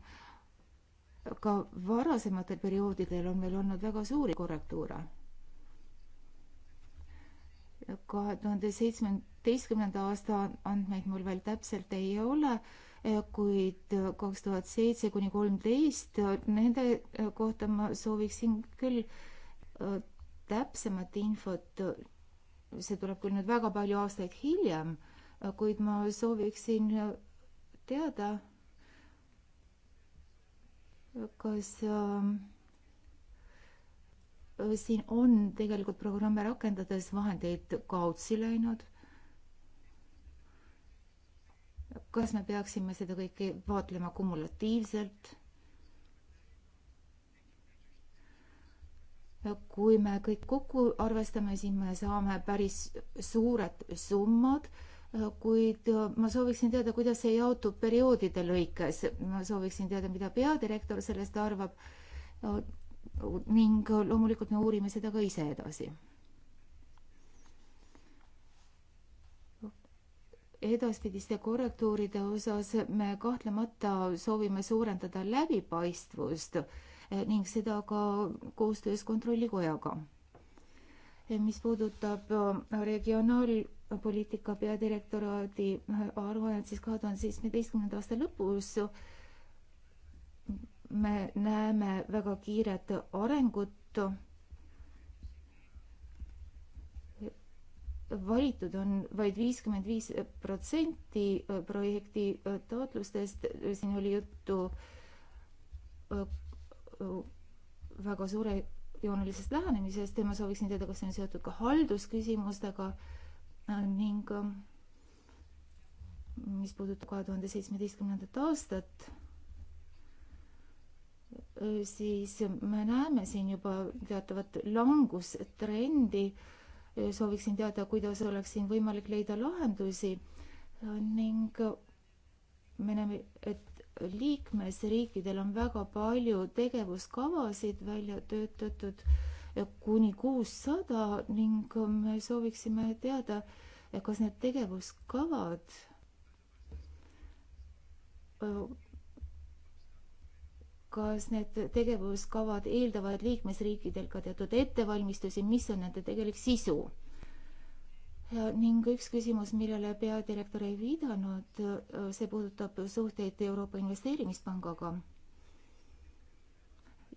ka varasematel perioodidel on meil olnud väga suuri korrektuure. kahe tuhande seitsmeteistkümnenda aasta andmeid mul veel täpselt ei ole, kuid kaks tuhat seitse kuni kolmteist, nende kohta ma sooviksin küll äh, täpsemat infot. see tuleb küll nüüd väga palju aastaid hiljem, äh, kuid ma sooviksin äh, teada kas ähm, äh, siin on tegelikult programme rakendades vahendeid kaotsi läinud? kas me peaksime seda kõike vaatlema kumulatiivselt? kui me kõik kokku arvestame, siis me saame päris suured summad Äh, kuid äh, ma sooviksin teada, kuidas see jaotub perioodide lõikes. ma sooviksin teada, mida peadirektor sellest arvab. Äh, ning loomulikult me uurime seda ka ise edasi. edaspidiste korrektuuride osas me kahtlemata soovime suurendada läbipaistvust ning seda ka koostöös Kontrollikojaga mis puudutab äh, regionaalpoliitika peadirektoraadi äh, aruannet, siis kahe tuhande seitsmeteistkümnenda aasta lõpus me näeme väga kiiret arengut. valitud on vaid viiskümmend viis protsenti äh, projekti taotlustest, siin oli juttu väga suure joonelisest lähenemisest ja ma sooviksin teada, kas see on seotud ka haldusküsimustega äh, ning äh, mis puudutab kahe tuhande seitsmeteistkümnendat aastat, äh, siis me näeme siin juba teatavat langustrendi. sooviksin teada, kuidas oleks siin võimalik leida lahendusi ning me näeme, et liikmesriikidel on väga palju tegevuskavasid välja töötatud, kuni kuussada ning me sooviksime teada, kas need tegevuskavad kas need tegevuskavad eeldavad liikmesriikidel ka teatud ettevalmistusi, mis on nende tegelik sisu? ning üks küsimus, millele peadirektor ei viidanud, see puudutab suhteid Euroopa Investeerimispangaga.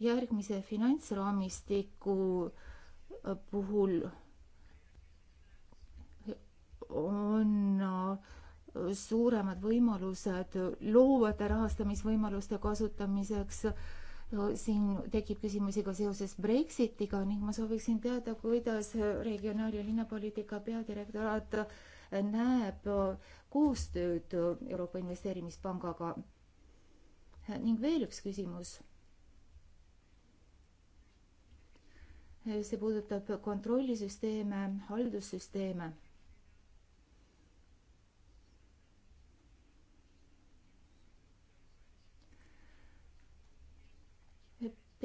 järgmise finantsraamistiku äh, puhul on äh, suuremad võimalused loovate rahastamisvõimaluste kasutamiseks siin tekib küsimusi ka seoses Brexitiga ning ma sooviksin teada, kuidas regionaal- ja linnapoliitika peadirektoraat näeb koostööd Euroopa Investeerimispangaga. ning veel üks küsimus. see puudutab kontrollisüsteeme, haldussüsteeme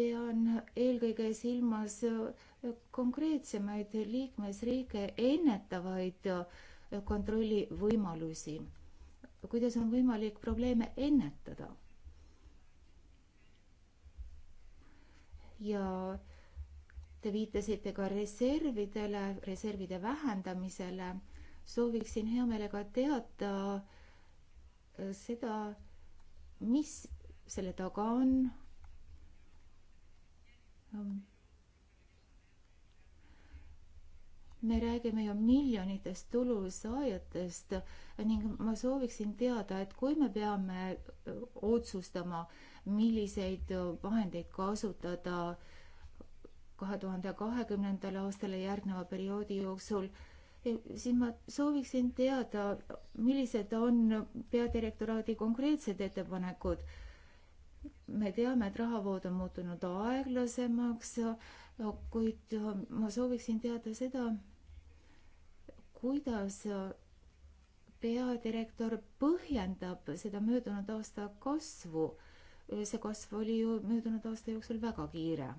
pean eelkõige silmas äh, konkreetsemaid liikmesriike ennetavaid äh, kontrollivõimalusi. kuidas on võimalik probleeme ennetada? ja te viitasite ka reservidele, reservide vähendamisele. sooviksin hea meelega teada äh, seda, mis selle taga on Ähm, me räägime ju miljonitest tulusaajatest ning ma sooviksin teada, et kui me peame äh, otsustama, milliseid äh, vahendeid kasutada kahe tuhande kahekümnendale aastale järgneva perioodi jooksul, eh, siis ma sooviksin teada, millised on peadirektoraadi konkreetsed ettepanekud me teame, et rahavood on muutunud aeglasemaks, kuid ma sooviksin teada seda, kuidas peadirektor põhjendab seda möödunud aasta kasvu. see kasv oli ju möödunud aasta jooksul väga kiire.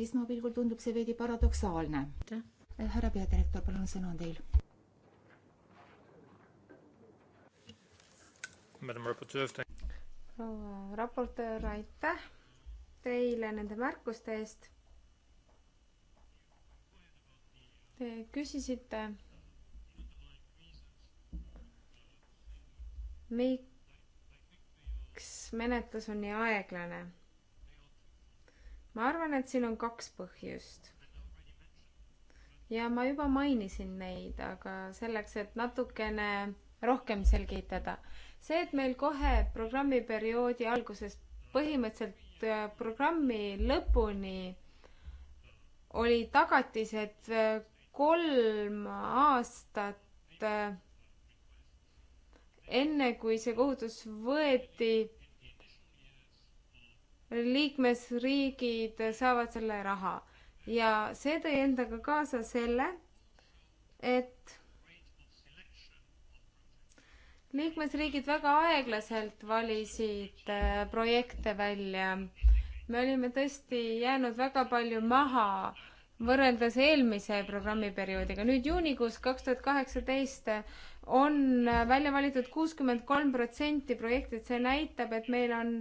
esmapilgul tundub see veidi paradoksaalne. härra peadirektor, palun, sõna on teil proua raportöör, aitäh teile nende märkuste eest. Te küsisite, miks menetlus on nii aeglane. ma arvan, et siin on kaks põhjust ja ma juba mainisin neid, aga selleks, et natukene rohkem selgitada see, et meil kohe programmiperioodi alguses põhimõtteliselt äh, programmi lõpuni oli tagatised äh, kolm aastat äh, enne, kui see kohustus võeti, liikmesriigid saavad selle raha ja see tõi endaga kaasa selle, et liikmesriigid väga aeglaselt valisid äh, projekte välja. me olime tõesti jäänud väga palju maha võrreldes eelmise programmiperioodiga. nüüd juunikuus kaks tuhat kaheksateist on välja valitud kuuskümmend kolm protsenti projektid, see näitab, et meil on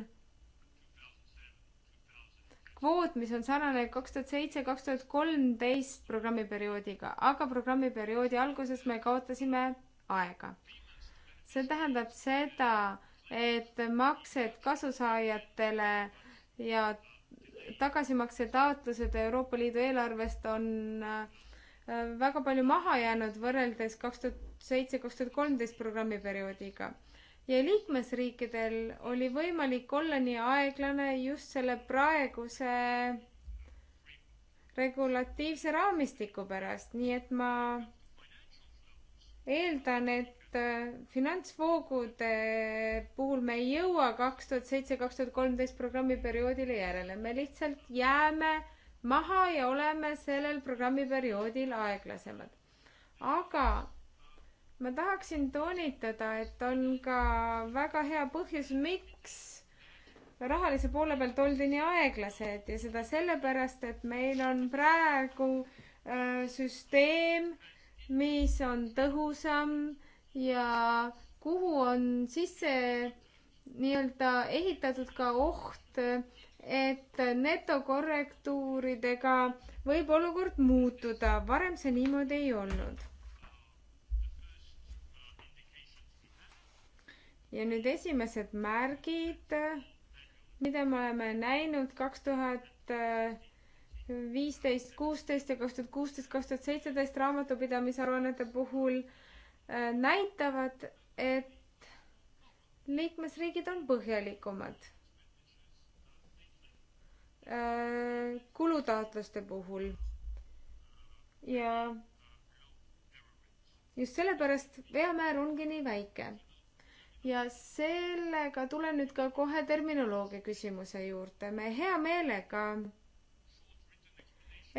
kvoot, mis on sarnane kaks tuhat seitse, kaks tuhat kolmteist programmiperioodiga, aga programmiperioodi alguses me kaotasime aega see tähendab seda, et maksed kasusaajatele ja tagasimaksetaotlused Euroopa Liidu eelarvest on äh, väga palju maha jäänud võrreldes kaks tuhat seitse, kaks tuhat kolmteist programmiperioodiga. ja liikmesriikidel oli võimalik olla nii aeglane just selle praeguse regulatiivse raamistiku pärast, nii et ma eeldan, et et äh, finantsvoogude puhul me ei jõua kaks tuhat seitse, kaks tuhat kolmteist programmi perioodile järele, me lihtsalt jääme maha ja oleme sellel programmiperioodil aeglasemad. aga ma tahaksin toonitada, et on ka väga hea põhjus, miks rahalise poole pealt oldi nii aeglased ja seda sellepärast, et meil on praegu äh, süsteem, mis on tõhusam ja kuhu on sisse nii-öelda ehitatud ka oht, et netokorrektuuridega võib olukord muutuda, varem see niimoodi ei olnud. ja nüüd esimesed märgid, mida me oleme näinud kaks tuhat viisteist, kuusteist ja kaks tuhat kuusteist, kaks tuhat seitseteist raamatupidamisaruannete puhul Äh, näitavad, et liikmesriigid on põhjalikumad äh, kulutaotluste puhul. ja just sellepärast veamäär ongi nii väike. ja sellega tulen nüüd ka kohe terminoloogia küsimuse juurde. me hea meelega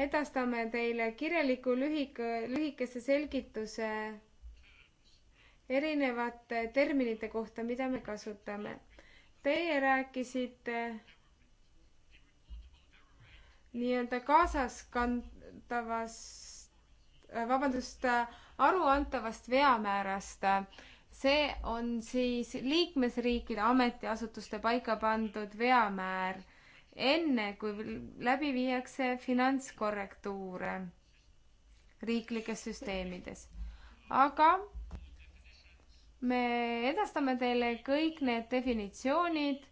edastame teile kirjaliku lühik-, lühikese selgituse erinevate terminite kohta, mida me kasutame. Teie rääkisite nii-öelda kaasaskantavast, äh, vabandust, aruantavast veamäärast. see on siis liikmesriikide ametiasutuste paika pandud veamäär, enne kui läbi viiakse finantskorrektuure riiklikes süsteemides. aga me edastame teile kõik need definitsioonid,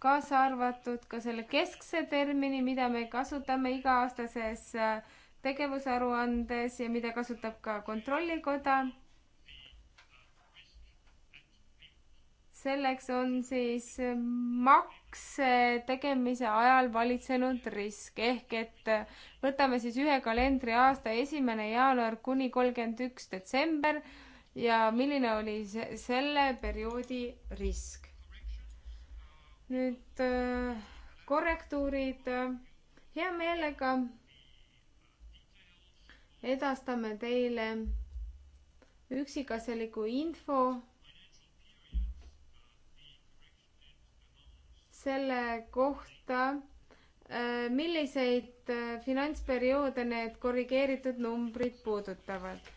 kaasa arvatud ka selle keskse termini, mida me kasutame iga-aastases äh, tegevusaruandes ja mida kasutab ka Kontrollikoda. selleks on siis äh, makk makse tegemise ajal valitsenud risk ehk et võtame siis ühe kalendriaasta esimene jaanuar kuni kolmkümmend üks detsember ja milline oli selle perioodi risk. nüüd äh, korrektuurid hea meelega edastame teile üksikasjaliku info selle kohta, äh, milliseid äh, finantsperioode need korrigeeritud numbrid puudutavad.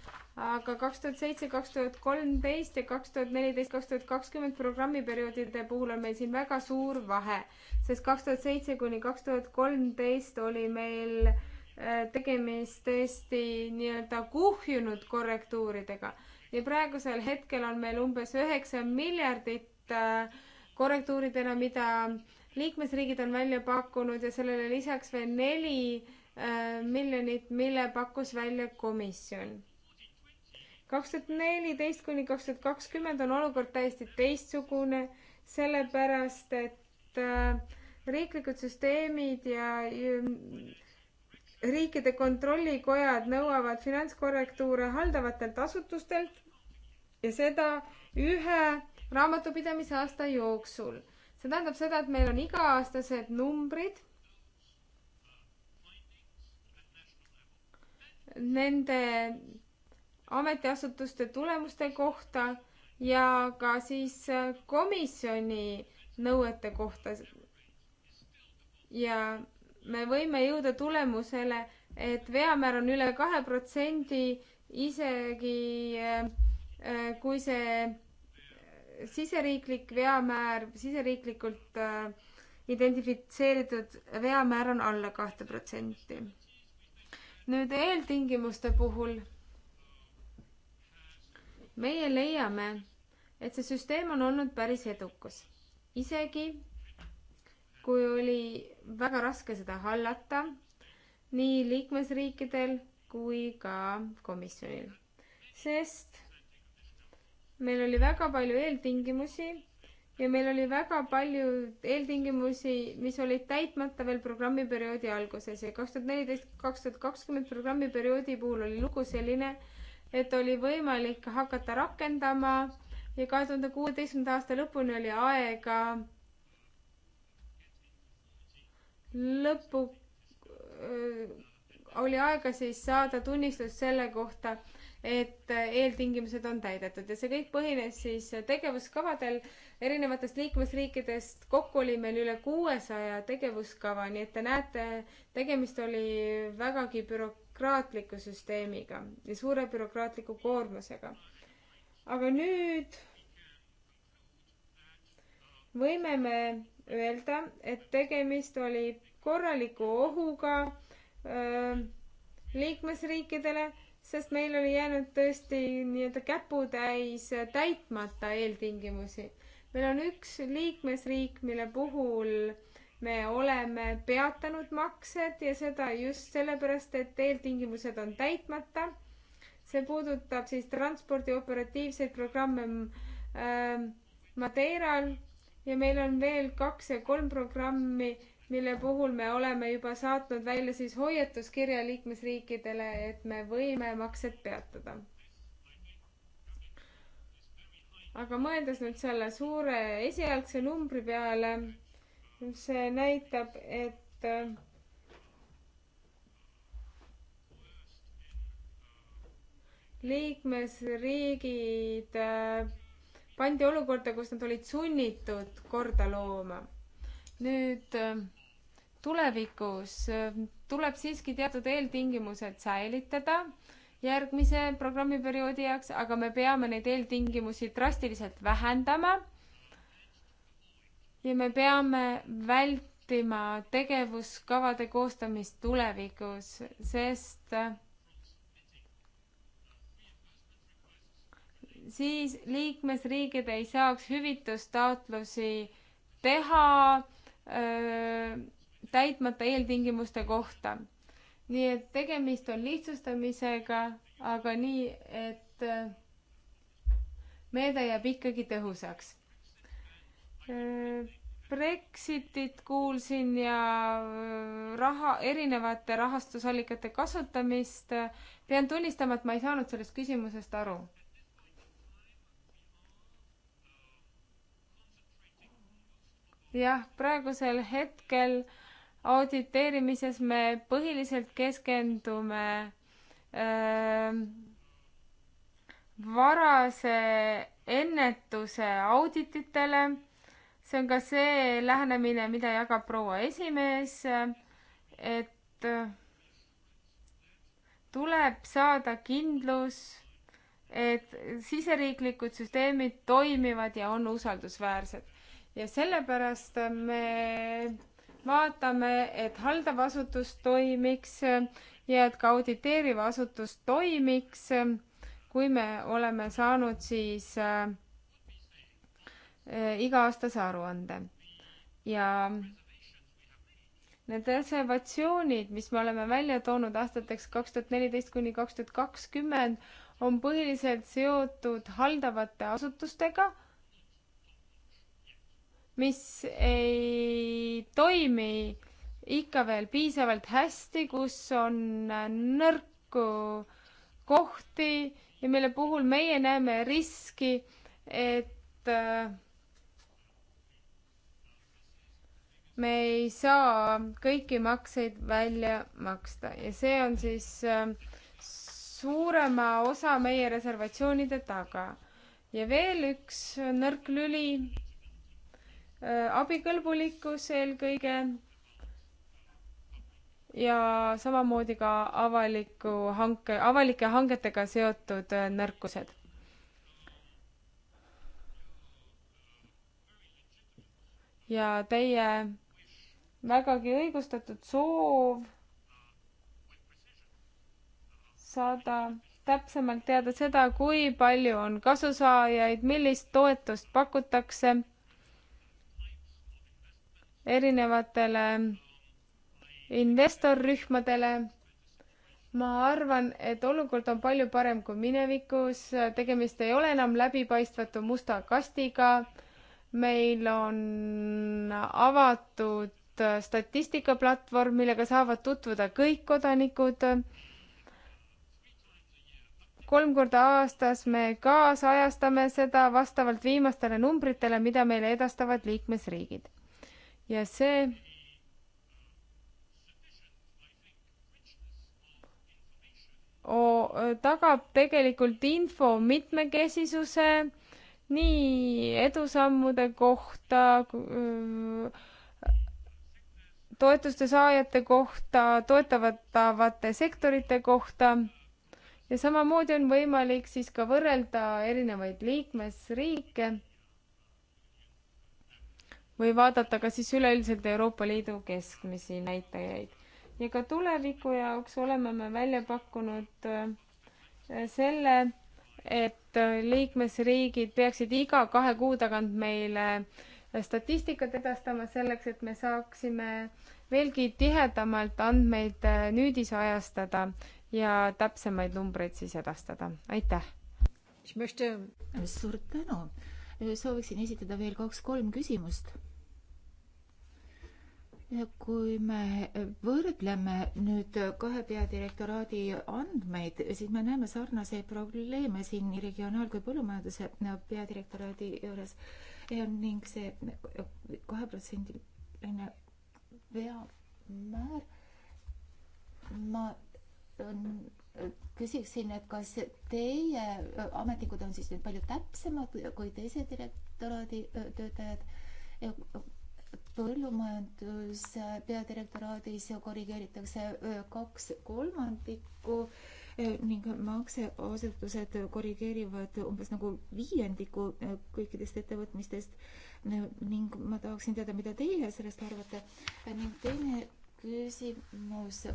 aga kaks tuhat seitse, kaks tuhat kolmteist ja kaks tuhat neliteist, kaks tuhat kakskümmend programmiperioodide puhul on meil siin väga suur vahe, sest kaks tuhat seitse kuni kaks tuhat kolmteist oli meil äh, tegemist tõesti nii-öelda kuhjunud korrektuuridega ja praegusel hetkel on meil umbes üheksa miljardit äh, korrektuuridena, mida liikmesriigid on välja pakkunud ja sellele lisaks veel neli äh, miljonit, mille pakkus välja komisjon. kaks tuhat neliteist kuni kaks tuhat kakskümmend on olukord täiesti teistsugune, sellepärast et äh, riiklikud süsteemid ja riikide kontrollikojad nõuavad finantskorrektuure haldavatelt asutustelt ja seda ühe raamatupidamise aasta jooksul. see tähendab seda, et meil on iga-aastased numbrid nende ametiasutuste tulemuste kohta ja ka siis äh, komisjoni nõuete kohta. ja me võime jõuda tulemusele, et veamäär on üle kahe protsendi, isegi äh, äh, kui see siseriiklik veamäär, siseriiklikult äh, identifitseeritud veamäär on alla kahte protsenti. nüüd eeltingimuste puhul meie leiame, et see süsteem on olnud päris edukas, isegi kui oli väga raske seda hallata nii liikmesriikidel kui ka komisjonil, sest meil oli väga palju eeltingimusi ja meil oli väga palju eeltingimusi, mis olid täitmata veel programmiperioodi alguses ja kaks tuhat neliteist, kaks tuhat kakskümmend programmiperioodi puhul oli lugu selline, et oli võimalik hakata rakendama ja kahe tuhande kuueteistkümnenda aasta lõpuni oli aega lõpu, oli aega siis saada tunnistus selle kohta, et eeltingimused on täidetud ja see kõik põhines siis tegevuskavadel erinevatest liikmesriikidest. kokku oli meil üle kuuesaja tegevuskava, nii et te näete, tegemist oli vägagi bürokraatliku süsteemiga ja suure bürokraatliku koormusega. aga nüüd võime me öelda, et tegemist oli korraliku ohuga öö, äh, liikmesriikidele sest meil oli jäänud tõesti nii-öelda käputäis täitmata eeltingimusi. meil on üks liikmesriik, mille puhul me oleme peatanud maksed ja seda just sellepärast, et eeltingimused on täitmata. see puudutab siis transpordi operatiivseid programme äh, Madeiral ja meil on veel kaks ja kolm programmi mille puhul me oleme juba saatnud välja siis hoiatuskirja liikmesriikidele, et me võime maksed peatada. aga mõeldes nüüd selle suure esialgse numbri peale, see näitab, et äh, liikmesriigid äh, pandi olukorda, kus nad olid sunnitud korda looma. nüüd äh, tulevikus ähm, tuleb siiski teatud eeltingimused säilitada järgmise programmiperioodi jaoks, aga me peame neid eeltingimusi drastiliselt vähendama. ja me peame vältima tegevuskavade koostamist tulevikus, sest äh, siis liikmesriigid ei saaks hüvitustaotlusi teha öö, äh, täitmata eeltingimuste kohta. nii et tegemist on lihtsustamisega, aga nii, et äh, meede jääb ikkagi tõhusaks. Äh, Brexitit kuulsin ja äh, raha, erinevate rahastusallikate kasutamist. pean tunnistama, et ma ei saanud sellest küsimusest aru jah, praegusel hetkel auditeerimises me põhiliselt keskendume öö, ähm, varase ennetuse audititele. see on ka see lähenemine, mida jagab proua esimees, et tuleb saada kindlus, et siseriiklikud süsteemid toimivad ja on usaldusväärsed. ja sellepärast me vaatame, et haldav asutus toimiks ja et ka auditeeriv asutus toimiks, kui me oleme saanud siis äh, iga-aastase aruande. ja need reservatsioonid, mis me oleme välja toonud aastateks kaks tuhat neliteist kuni kaks tuhat kakskümmend, on põhiliselt seotud haldavate asutustega mis ei toimi ikka veel piisavalt hästi, kus on nõrku kohti ja mille puhul meie näeme riski, et äh, me ei saa kõiki makseid välja maksta ja see on siis äh, suurema osa meie reservatsioonide taga. ja veel üks nõrk lüli Äh, abikõlbulikkus eelkõige ja samamoodi ka avaliku hanke, avalike hangetega seotud äh, nõrkused. ja teie vägagi õigustatud soov saada täpsemalt teada seda, kui palju on kasusaajaid, millist toetust pakutakse erinevatele investorrühmadele. ma arvan, et olukord on palju parem kui minevikus, tegemist ei ole enam läbipaistvatu musta kastiga. meil on avatud statistikaplatvorm, millega saavad tutvuda kõik kodanikud. kolm korda aastas me kaasajastame seda vastavalt viimastele numbritele, mida meile edastavad liikmesriigid ja see tagab tegelikult info mitmekesisuse nii edusammude kohta, toetuste saajate kohta, toetavatavate sektorite kohta ja samamoodi on võimalik siis ka võrrelda erinevaid liikmesriike või vaadata ka siis üleüldiselt Euroopa Liidu keskmisi näitajaid. ja ka tuleviku jaoks oleme me välja pakkunud äh, selle, et äh, liikmesriigid peaksid iga kahe kuu tagant meile äh, statistikat edastama selleks, et me saaksime veelgi tihedamalt andmeid nüüdisajastada ja täpsemaid numbreid siis edastada. aitäh! suur tänu! sooviksin esitada veel kaks-kolm küsimust kui me võrdleme nüüd kahe peadirektoraadi andmeid, siis me näeme sarnaseid probleeme siin nii regionaal- kui põllumajanduse peadirektoraadi juures ning see kaheprotsendiline veamäär, ma ähm, küsiksin, et kas teie ametnikud on siis nüüd palju täpsemad kui teise direktoraadi äh, töötajad? põllumajanduse peadirektoraadis korrigeeritakse kaks kolmandikku ning makseasutused korrigeerivad umbes nagu viiendiku kõikidest ettevõtmistest ning ma tahaksin teada, mida teie sellest arvate. ning teine küsimus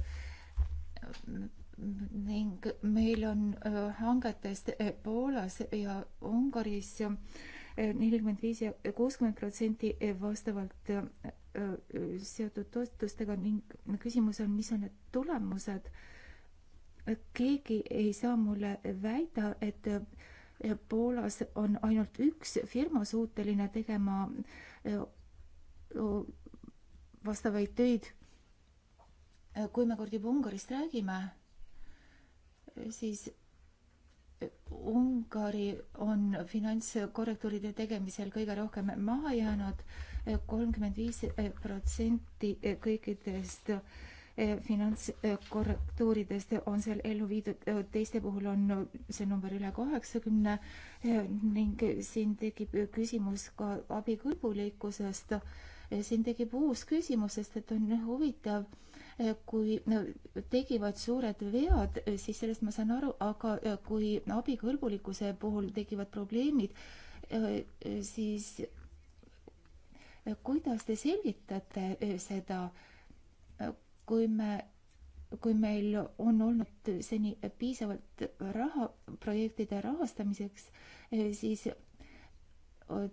ning meil on hangetest Poolas ja Ungaris nelikümmend viis ja kuuskümmend protsenti vastavalt äh, äh, seotud toetustega ning küsimus on, mis on need tulemused. keegi ei saa mulle väida, et äh, Poolas on ainult üks firma suuteline tegema vastavaid töid. kui me kord juba Ungarist räägime, siis Ungari on finantskorrektuuride tegemisel kõige rohkem maha jäänud, kolmkümmend viis protsenti kõikidest eh, finantskorrektuuridest on seal ellu viidud, teiste puhul on see number üle kaheksakümne eh, ning siin tekib küsimus ka abikõlbulikkusest. Eh, siin tekib uus küsimus, sest et on huvitav, kui tekivad suured vead, siis sellest ma saan aru, aga äh, kui abikõlbulikkuse puhul tekivad probleemid, äh, siis äh, kuidas te selgitate seda, kui me, kui meil on olnud seni piisavalt raha projektide rahastamiseks, siis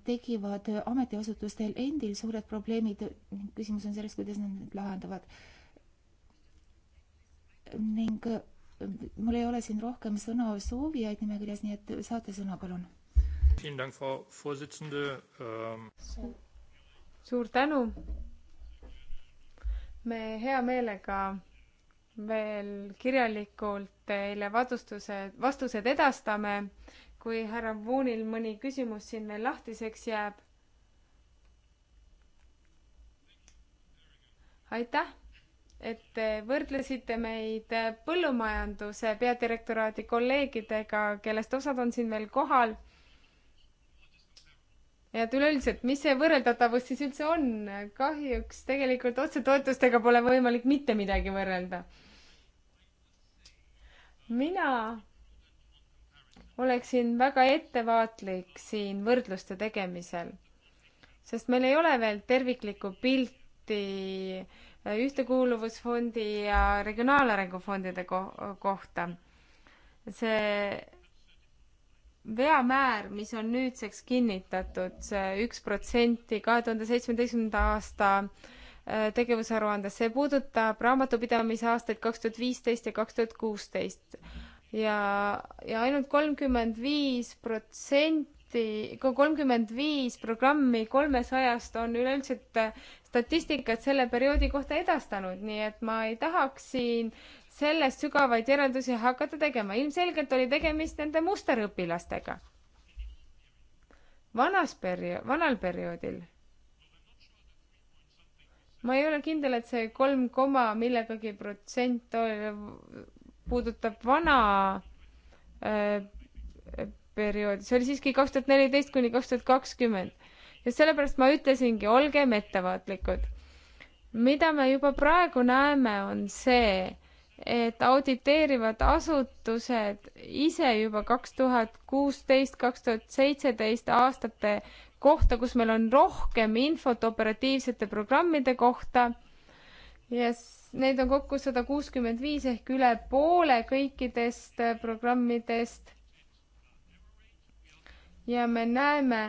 tekivad ametiasutustel endil suured probleemid. küsimus on selles, kuidas nad need lahendavad ning äh, mul ei ole siin rohkem sõna soovijaid nimekirjas, nii et saate sõna, palun. Ähm, suur tänu. me hea meelega veel kirjalikult teile vastustused, vastused edastame, kui härra Voonil mõni küsimus siin veel lahtiseks jääb. aitäh et te võrdlesite meid põllumajanduse peadirektoraadi kolleegidega, kellest osad on siin veel kohal. ja et üleüldiselt, mis see võrreldatavus siis üldse on? kahjuks tegelikult otsetoetustega pole võimalik mitte midagi võrrelda. mina oleksin väga ettevaatlik siin võrdluste tegemisel, sest meil ei ole veel terviklikku pilti äh, Ühtekuuluvusfondi ja Regionaalarengu fondide ko kohta. see veamäär, mis on nüüdseks kinnitatud, see üks protsenti kahe tuhande seitsmeteistkümnenda aasta äh, tegevusaruandes, see puudutab raamatupidamise aastaid kaks tuhat viisteist ja kaks tuhat kuusteist. ja, ja ainult kolmkümmend viis protsenti kolmkümmend viis programmi kolmesajast on üleüldiselt äh, statistikat selle perioodi kohta edastanud, nii et ma ei tahaks siin sellest sügavaid järeldusi hakata tegema. ilmselgelt oli tegemist nende musterõpilastega. vanas perio-, vanal perioodil ma ei ole kindel, et see kolm koma millegagi protsent puudutab vana äh, perioodi, see oli siiski kaks tuhat neliteist kuni kaks tuhat kakskümmend ja sellepärast ma ütlesingi, olgem ettevaatlikud. mida me juba praegu näeme, on see, et auditeerivad asutused ise juba kaks tuhat kuusteist, kaks tuhat seitseteist aastate kohta, kus meil on rohkem infot operatiivsete programmide kohta ja yes, neid on kokku sada kuuskümmend viis ehk üle poole kõikidest programmidest. ja me näeme,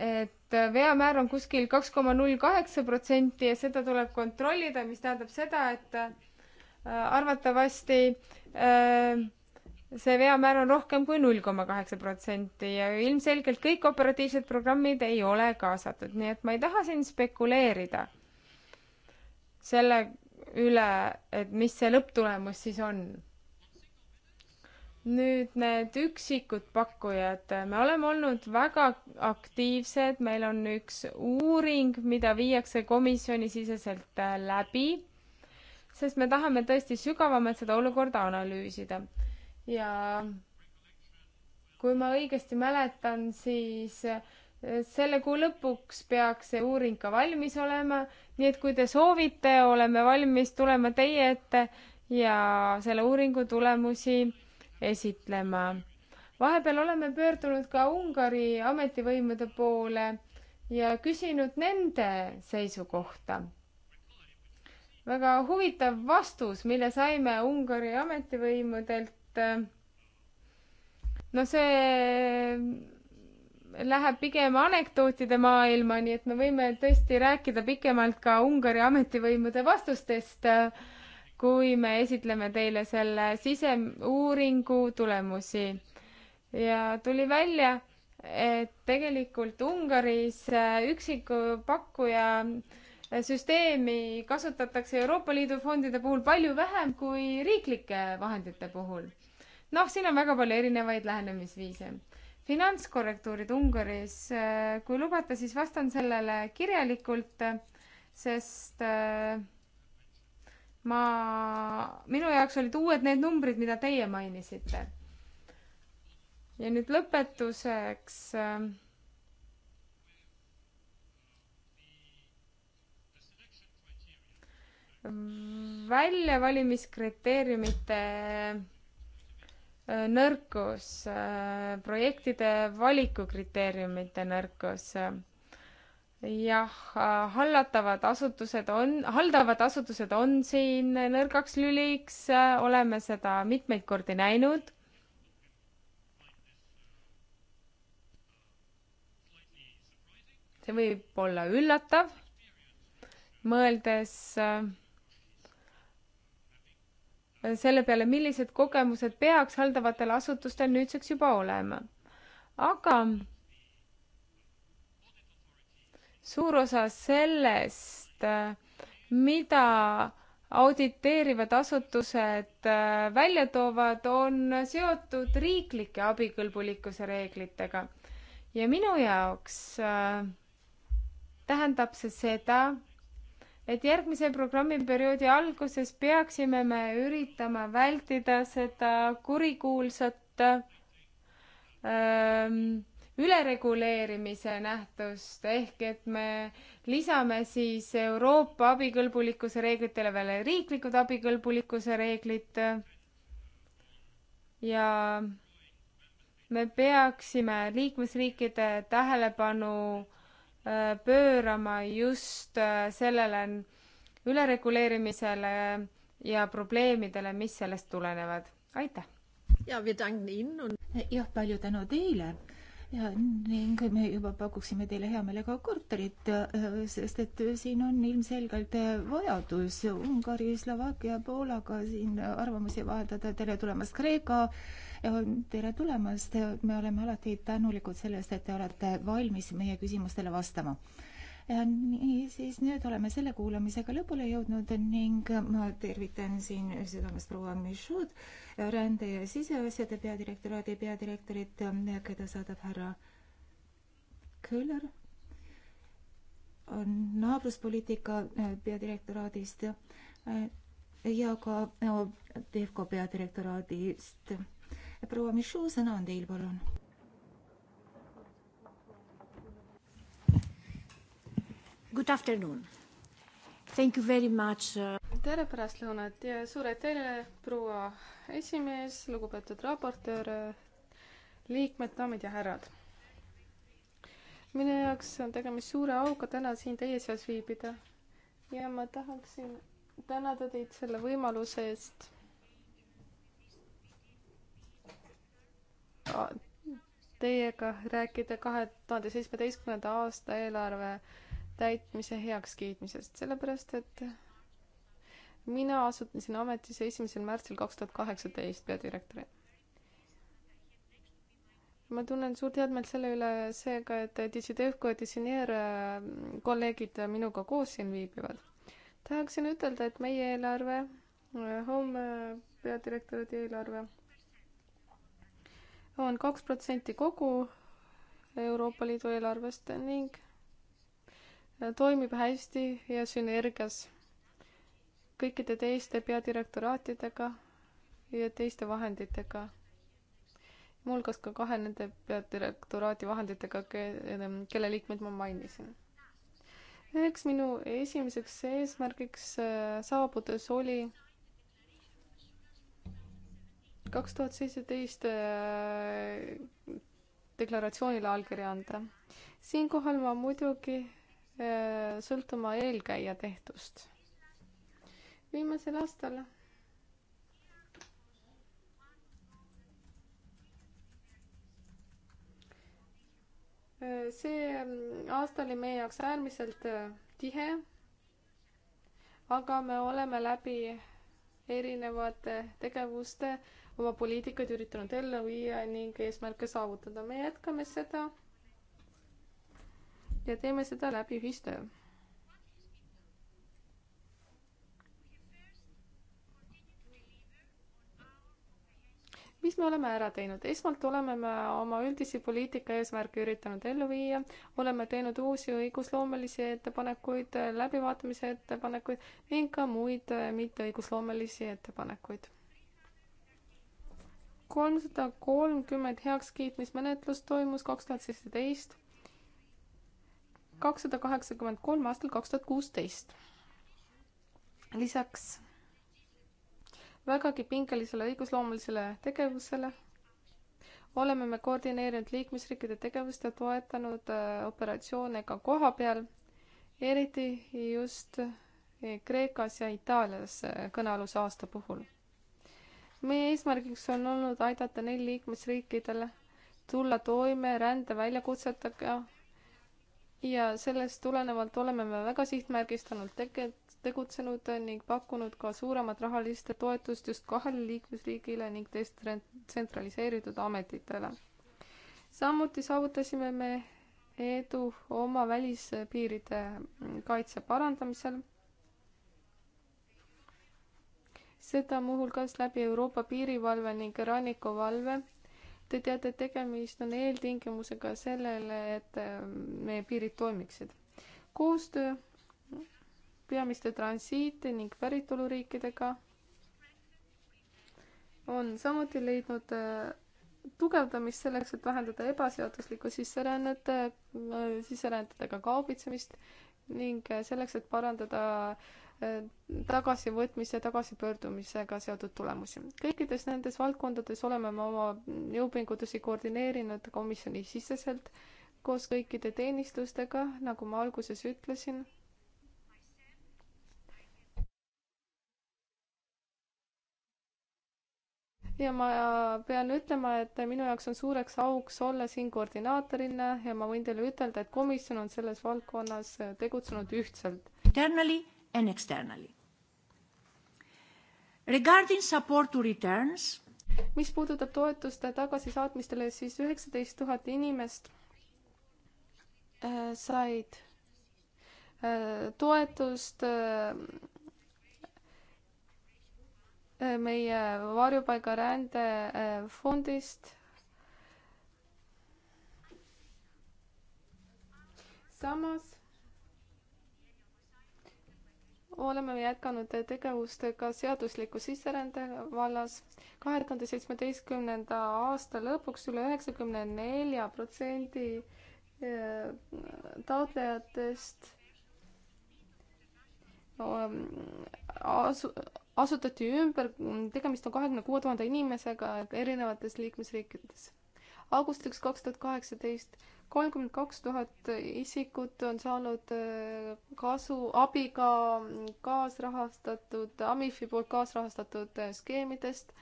et veamäär on kuskil kaks koma null kaheksa protsenti ja seda tuleb kontrollida, mis tähendab seda, et äh, arvatavasti äh, see veamäär on rohkem kui null koma kaheksa protsenti ja ilmselgelt kõik operatiivsed programmid ei ole kaasatud, nii et ma ei taha siin spekuleerida selle üle, et mis see lõpptulemus siis on nüüd need üksikud pakkujad, me oleme olnud väga aktiivsed, meil on üks uuring, mida viiakse komisjonisiseselt äh, läbi, sest me tahame tõesti sügavamalt seda olukorda analüüsida. ja kui ma õigesti mäletan, siis äh, selle kuu lõpuks peaks see uuring ka valmis olema, nii et kui te soovite, oleme valmis tulema teie ette ja selle uuringu tulemusi esitlema. vahepeal oleme pöördunud ka Ungari ametivõimude poole ja küsinud nende seisukohta. väga huvitav vastus, mille saime Ungari ametivõimudelt. no see läheb pigem anekdootide maailma, nii et me võime tõesti rääkida pikemalt ka Ungari ametivõimude vastustest äh, kui me esitleme teile selle siseuuringu tulemusi. ja tuli välja, et tegelikult Ungaris äh, üksiku pakkuja äh, süsteemi kasutatakse Euroopa Liidu fondide puhul palju vähem kui riiklike vahendite puhul. noh, siin on väga palju erinevaid lähenemisviise. finantskorrektuurid Ungaris, äh, kui lubate, siis vastan sellele kirjalikult, sest äh, ma, minu jaoks olid uued need numbrid, mida teie mainisite. ja nüüd lõpetuseks ähm, äh, väljavalimiskriteeriumite nõrkus, äh, projektide valikukriteeriumite nõrkus. Äh, jah, äh, hallatavad asutused on, haldavad asutused on siin nõrgaks lüliks, äh, oleme seda mitmeid kordi näinud. see võib olla üllatav, mõeldes äh, selle peale, millised kogemused peaks haldavatel asutustel nüüdseks juba olema. aga suur osa sellest, mida auditeerivad asutused äh, välja toovad, on seotud riiklike abikõlbulikkuse reeglitega. ja minu jaoks äh, tähendab see seda, et järgmise programmiperioodi alguses peaksime me üritama vältida seda kurikuulsat ähm, ülereguleerimise nähtust, ehk et me lisame siis Euroopa abikõlbulikkuse reeglitele veel riiklikud abikõlbulikkuse reeglid ja me peaksime liikmesriikide tähelepanu äh, pöörama just äh, sellele ülereguleerimisele ja probleemidele, mis sellest tulenevad. aitäh! ja, wir danken Ihnen und jah, palju tänu teile ning me juba pakuksime teile hea meelega korterit, äh, sest et siin on ilmselgelt äh, vajadus Ungari, Slovakkia, Poolaga siin arvamusi vahetada. tere tulemast, Kreeka! tere tulemast, me oleme alati tänulikud selle eest, et te olete valmis meie küsimustele vastama niisiis, nüüd oleme selle kuulamisega lõpule jõudnud ning ma tervitan siin südamest proua Michaud, rände- ja siseasjade peadirektoraadi peadirektorit, keda saadab härra Köhler naabruspoliitika äh, peadirektoraadist äh, ja ka no, äh, TEFCO peadirektoraadist. proua Michu, sõna on teil, palun Good afternoon. Thank you very much. Uh, tere pärastlõunat ja suur aitäh teile, proua esimees, lugupeetud raportöör, liikmed, daamid ja härrad. minu jaoks on tegemist suure auga täna siin teie seas viibida ja ma tahaksin tänada teid selle võimaluse eest teiega rääkida kahe tuhande seitsmeteistkümnenda aasta eelarve täitmise heakskiitmisest, sellepärast et mina asutasin ametisse esimesel märtsil kaks tuhat kaheksateist peadirektori. ma tunnen suurt headmeelt selle üle seega, et Digitevko ja Digineer äh, kolleegid minuga koos siin viibivad. tahaksin ütelda, et meie eelarve, äh, homme peadirektori eelarve on kaks protsenti kogu Euroopa Liidu eelarvest ning toimib hästi ja sünergias kõikide teiste peadirektoraatidega ja teiste vahenditega. muuhulgas ka kahe nende peadirektoraadi vahenditega, kelle liikmeid ma mainisin. eks minu esimeseks eesmärgiks äh, saabudes oli kaks tuhat seitseteist äh, deklaratsioonile allkirja anda. siinkohal ma muidugi Äh, sõltuma eelkäija tehtust. viimasel aastal äh, see ähm, aasta oli meie jaoks äärmiselt äh, tihe, aga me oleme läbi erinevate tegevuste oma poliitikaid üritanud ellu viia ning eesmärke saavutada. me jätkame seda ja teeme seda läbi ühistöö. mis me oleme ära teinud? esmalt oleme me oma üldisi poliitika eesmärke üritanud ellu viia, oleme teinud uusi õigusloomelisi ettepanekuid, läbivaatamise ettepanekuid ning ka muid eh, mitteõigusloomelisi ettepanekuid. kolmsada kolmkümmend heakskiitmismenetlust toimus kaks tuhat seitseteist kakssada kaheksakümmend kolm aastal kaks tuhat kuusteist. lisaks vägagi pingelisele õigusloomulisele tegevusele oleme me koordineerinud liikmesriikide tegevust ja toetanud äh, operatsioone ka kohapeal, eriti just äh, Kreekas ja Itaalias äh, kõnealuse aasta puhul. meie eesmärgiks on olnud aidata neil liikmesriikidel tulla toime rände väljakutsetega ja sellest tulenevalt oleme me väga sihtmärgistanult tege-, tegutsenud ning pakkunud ka suuremat rahalist toetust just kahele liikmesriigile ning teistele tsentraliseeritud ametitele. samuti saavutasime me edu oma välispiiride mm, kaitse parandamisel. seda muuhulgas läbi Euroopa piirivalve ning rannikuvalve Te teate, et tegemist on eeltingimusega sellele, et ähm, meie piirid toimiksid. koostöö peamiste transiiti ning päritoluriikidega on samuti leidnud äh, tugevdamist selleks, et vähendada ebaseaduslikku sisserännet, äh, sisserändajatega kaubitsemist ning äh, selleks, et parandada tagasivõtmise, tagasipöördumisega seotud tulemusi. kõikides nendes valdkondades oleme me oma jõupingutusi koordineerinud komisjoni siseselt koos kõikide teenistustega, nagu ma alguses ütlesin. ja ma pean ütlema, et minu jaoks on suureks auks olla siin koordinaatorina ja ma võin teile ütelda, et komisjon on selles valdkonnas tegutsenud ühtselt. Internally and externally. Regarding support to returns. mis puudutab toetuste tagasisaatmistele, siis üheksateist tuhat inimest äh, said äh, toetust äh, äh meie varjupaigarände äh, fondist. samas oleme me jätkanud tegevust ka seadusliku sisserände vallas. kahe tuhande seitsmeteistkümnenda aasta lõpuks üle üheksakümne nelja protsendi eh, taotlejatest ehm, asu-, asutati ümber, tegemist on kahekümne kuue tuhande inimesega erinevates liikmesriikides. augustiks kaks tuhat kaheksateist kolmkümmend kaks tuhat isikut on saanud äh, kasu, abi ka kaasrahastatud, Amifi poolt kaasrahastatud äh, skeemidest.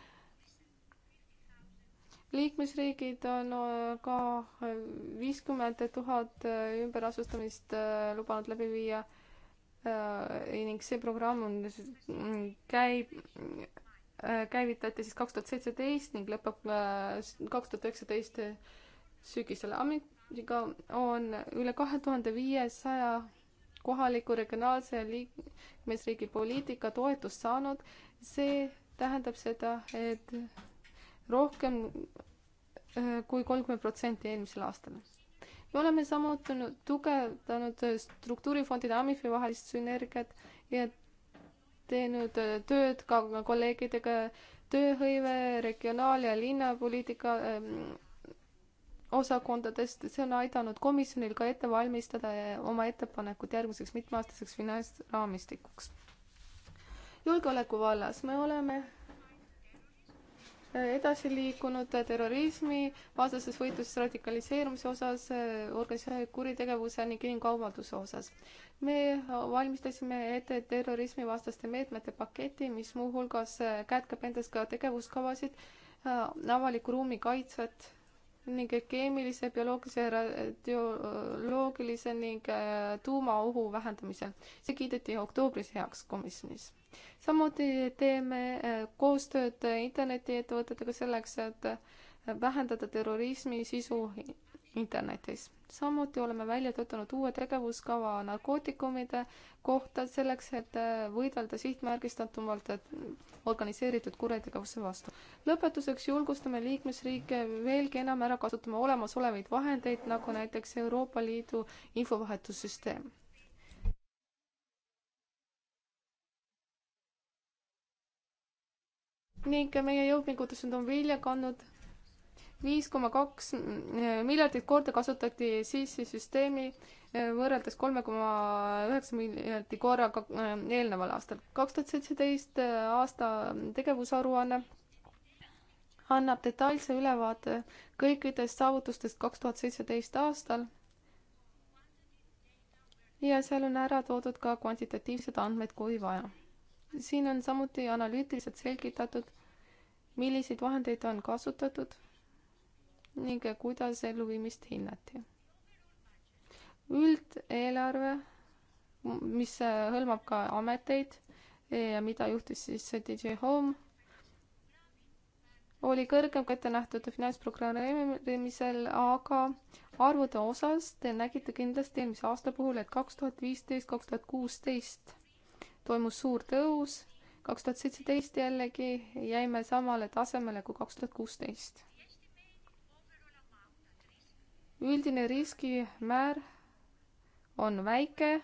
liikmesriigid on äh, ka viiskümmend tuhat ümberasustamist lubanud läbi viia ning see programm on, mm, käib, käivitati siis kaks tuhat seitseteist ning lõpeb kaks tuhat üheksateist sügisel ka on üle kahe tuhande viiesaja kohaliku regionaalse liikmesriigi poliitika toetust saanud. see tähendab seda, et rohkem äh, kui kolmkümmend protsenti eelmisel aastal. me oleme samuti tugevdanud struktuurifondide AMIF-i vahelist sünergiat ja teinud äh, tööd ka kolleegidega tööhõive, regionaal- ja linnapoliitika ähm, osakondadest, see on aidanud komisjonil ka ette valmistada oma ettepanekud järgmiseks mitmeaastaseks finantsraamistikuks. julgeoleku vallas me oleme edasi liikunud terrorismi vastases võitluses radikaliseerumise osas, organiseeritud kuritegevuse ning inimkaubanduse osas. me valmistasime ette terrorismivastaste meetmete paketi, mis muuhulgas kätkeb endas ka tegevuskavasid, avaliku ruumi kaitset ning keemilise, bioloogilise, radioloogilise ning äh, tuumaohu vähendamisel. see kiideti oktoobris heaks komisjonis. samuti teeme äh, koostööd internetiettevõtetega selleks, et äh, vähendada terrorismi sisu internetis. samuti oleme välja töötanud uue tegevuskava narkootikumide kohta selleks, et äh, võidelda sihtmärgistatumalt organiseeritud kuritegevuse vastu. lõpetuseks julgustame liikmesriike veelgi enam ära kasutama olemasolevaid vahendeid, nagu näiteks Euroopa Liidu infovahetussüsteem ning meie jõupingutused on vilja kandnud viis koma kaks miljardit korda kasutati CIS-i süsteemi eh, võrreldes kolme koma üheksa miljardi korraga eh, eelneval aastal. kaks tuhat seitseteist eh, aasta tegevusaruanne annab detailse ülevaate kõikidest saavutustest kaks tuhat seitseteist aastal. ja seal on ära toodud ka kvantitatiivsed andmed, kui vaja. siin on samuti analüütiliselt selgitatud, milliseid vahendeid on kasutatud ning kuidas elluviimist hinnati. üldeelarve, mis hõlmab ka ameteid ja mida juhtis siis DJ Home, oli kõrgem kui ette nähtud finantsprogrammeerimisel, aga arvude osas te nägite kindlasti eelmise aasta puhul, et kaks tuhat viisteist, kaks tuhat kuusteist toimus suur tõus, kaks tuhat seitseteist jällegi jäime samale tasemele kui kaks tuhat kuusteist üldine riskimäär on väike,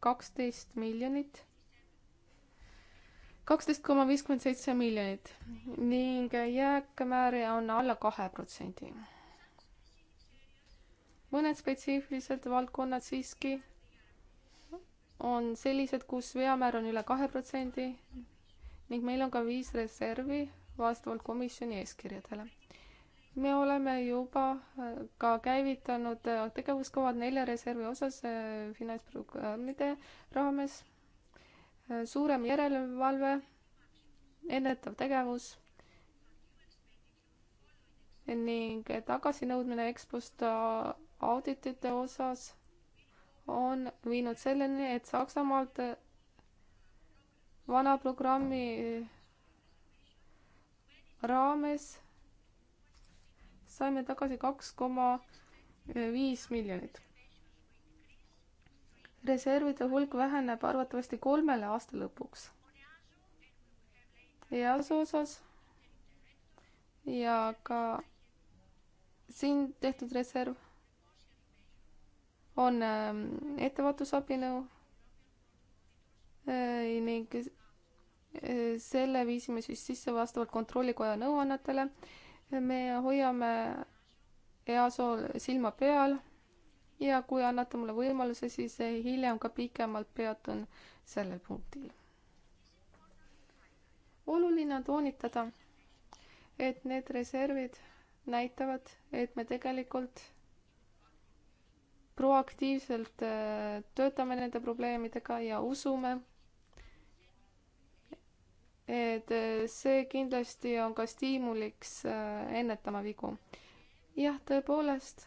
kaksteist miljonit, kaksteist koma viiskümmend seitse miljonit ning jääkmäär on alla kahe protsendi. mõned spetsiifilised valdkonnad siiski on sellised, kus veamäär on üle kahe protsendi ning meil on ka viis reservi vastavalt komisjoni eeskirjadele me oleme juba äh, ka käivitanud äh, tegevuskohad nelja reservi osas äh, finantsprogrammide raames, suurem järelevalve, ennetav tegevus ning tagasinõudmine EXPO-st auditite osas on viinud selleni, et Saksamaalt vana programmi raames saime tagasi kaks koma viis miljonit. reservide hulk väheneb arvatavasti kolmele aasta lõpuks. EAS osas ja ka siin tehtud reserv on ähm, ettevaatusabinõu äh, ning äh, selle viisime siis sisse vastavalt kontrollikoja nõuannetele me hoiame EASO silma peal ja kui annate mulle võimaluse, siis hiljem ka pikemalt peatun sellel punktil. oluline on toonitada, et need reservid näitavad, et me tegelikult proaktiivselt äh, töötame nende probleemidega ja usume, et eh, see kindlasti on ka stiimuliks eh, ennetama vigu. jah, tõepoolest.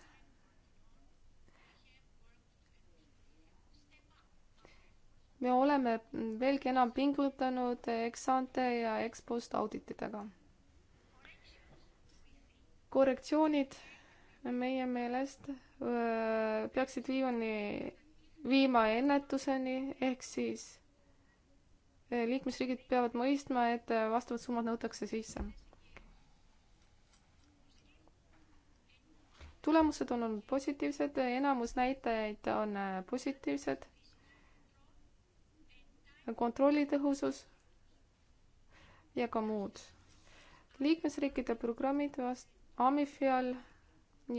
me oleme veelgi enam pingutanud ex-ante ja ex-post audititega. korrektsioonid meie meelest öö, eh, peaksid viivani, viima ennetuseni ehk siis Eh, liikmesriigid peavad mõistma, et eh, vastavad summad nõutakse sisse. tulemused on olnud positiivsed, eh, enamus näitajaid on positiivsed. kontrolli tõhusus ja ka muud. liikmesriikide programmid vast-, AMIFi all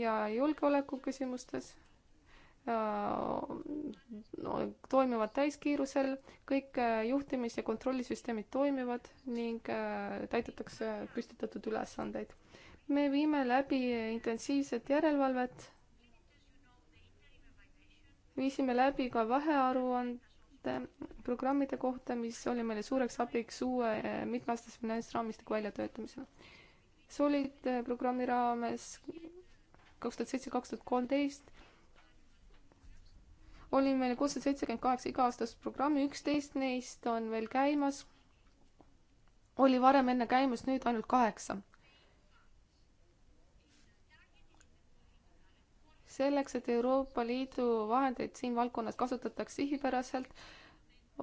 ja julgeoleku küsimustes Äh, no, toimivad täiskiirusel, kõik äh, juhtimis- ja kontrollisüsteemid toimivad ning äh, täidetakse püstitatud ülesandeid. me viime läbi intensiivset järelevalvet, viisime läbi ka vahearuande programmide kohta, mis oli meile suureks abiks uue mitmeaastase finantsraamistiku väljatöötamisel. Solid programmi raames kaks tuhat seitse, kaks tuhat kolmteist oli meil kuussada seitsekümmend kaheksa iga-aastast programmi, üksteist neist on veel käimas. oli varem enne käimas, nüüd ainult kaheksa. selleks, et Euroopa Liidu vahendeid siin valdkonnas kasutataks sihipäraselt,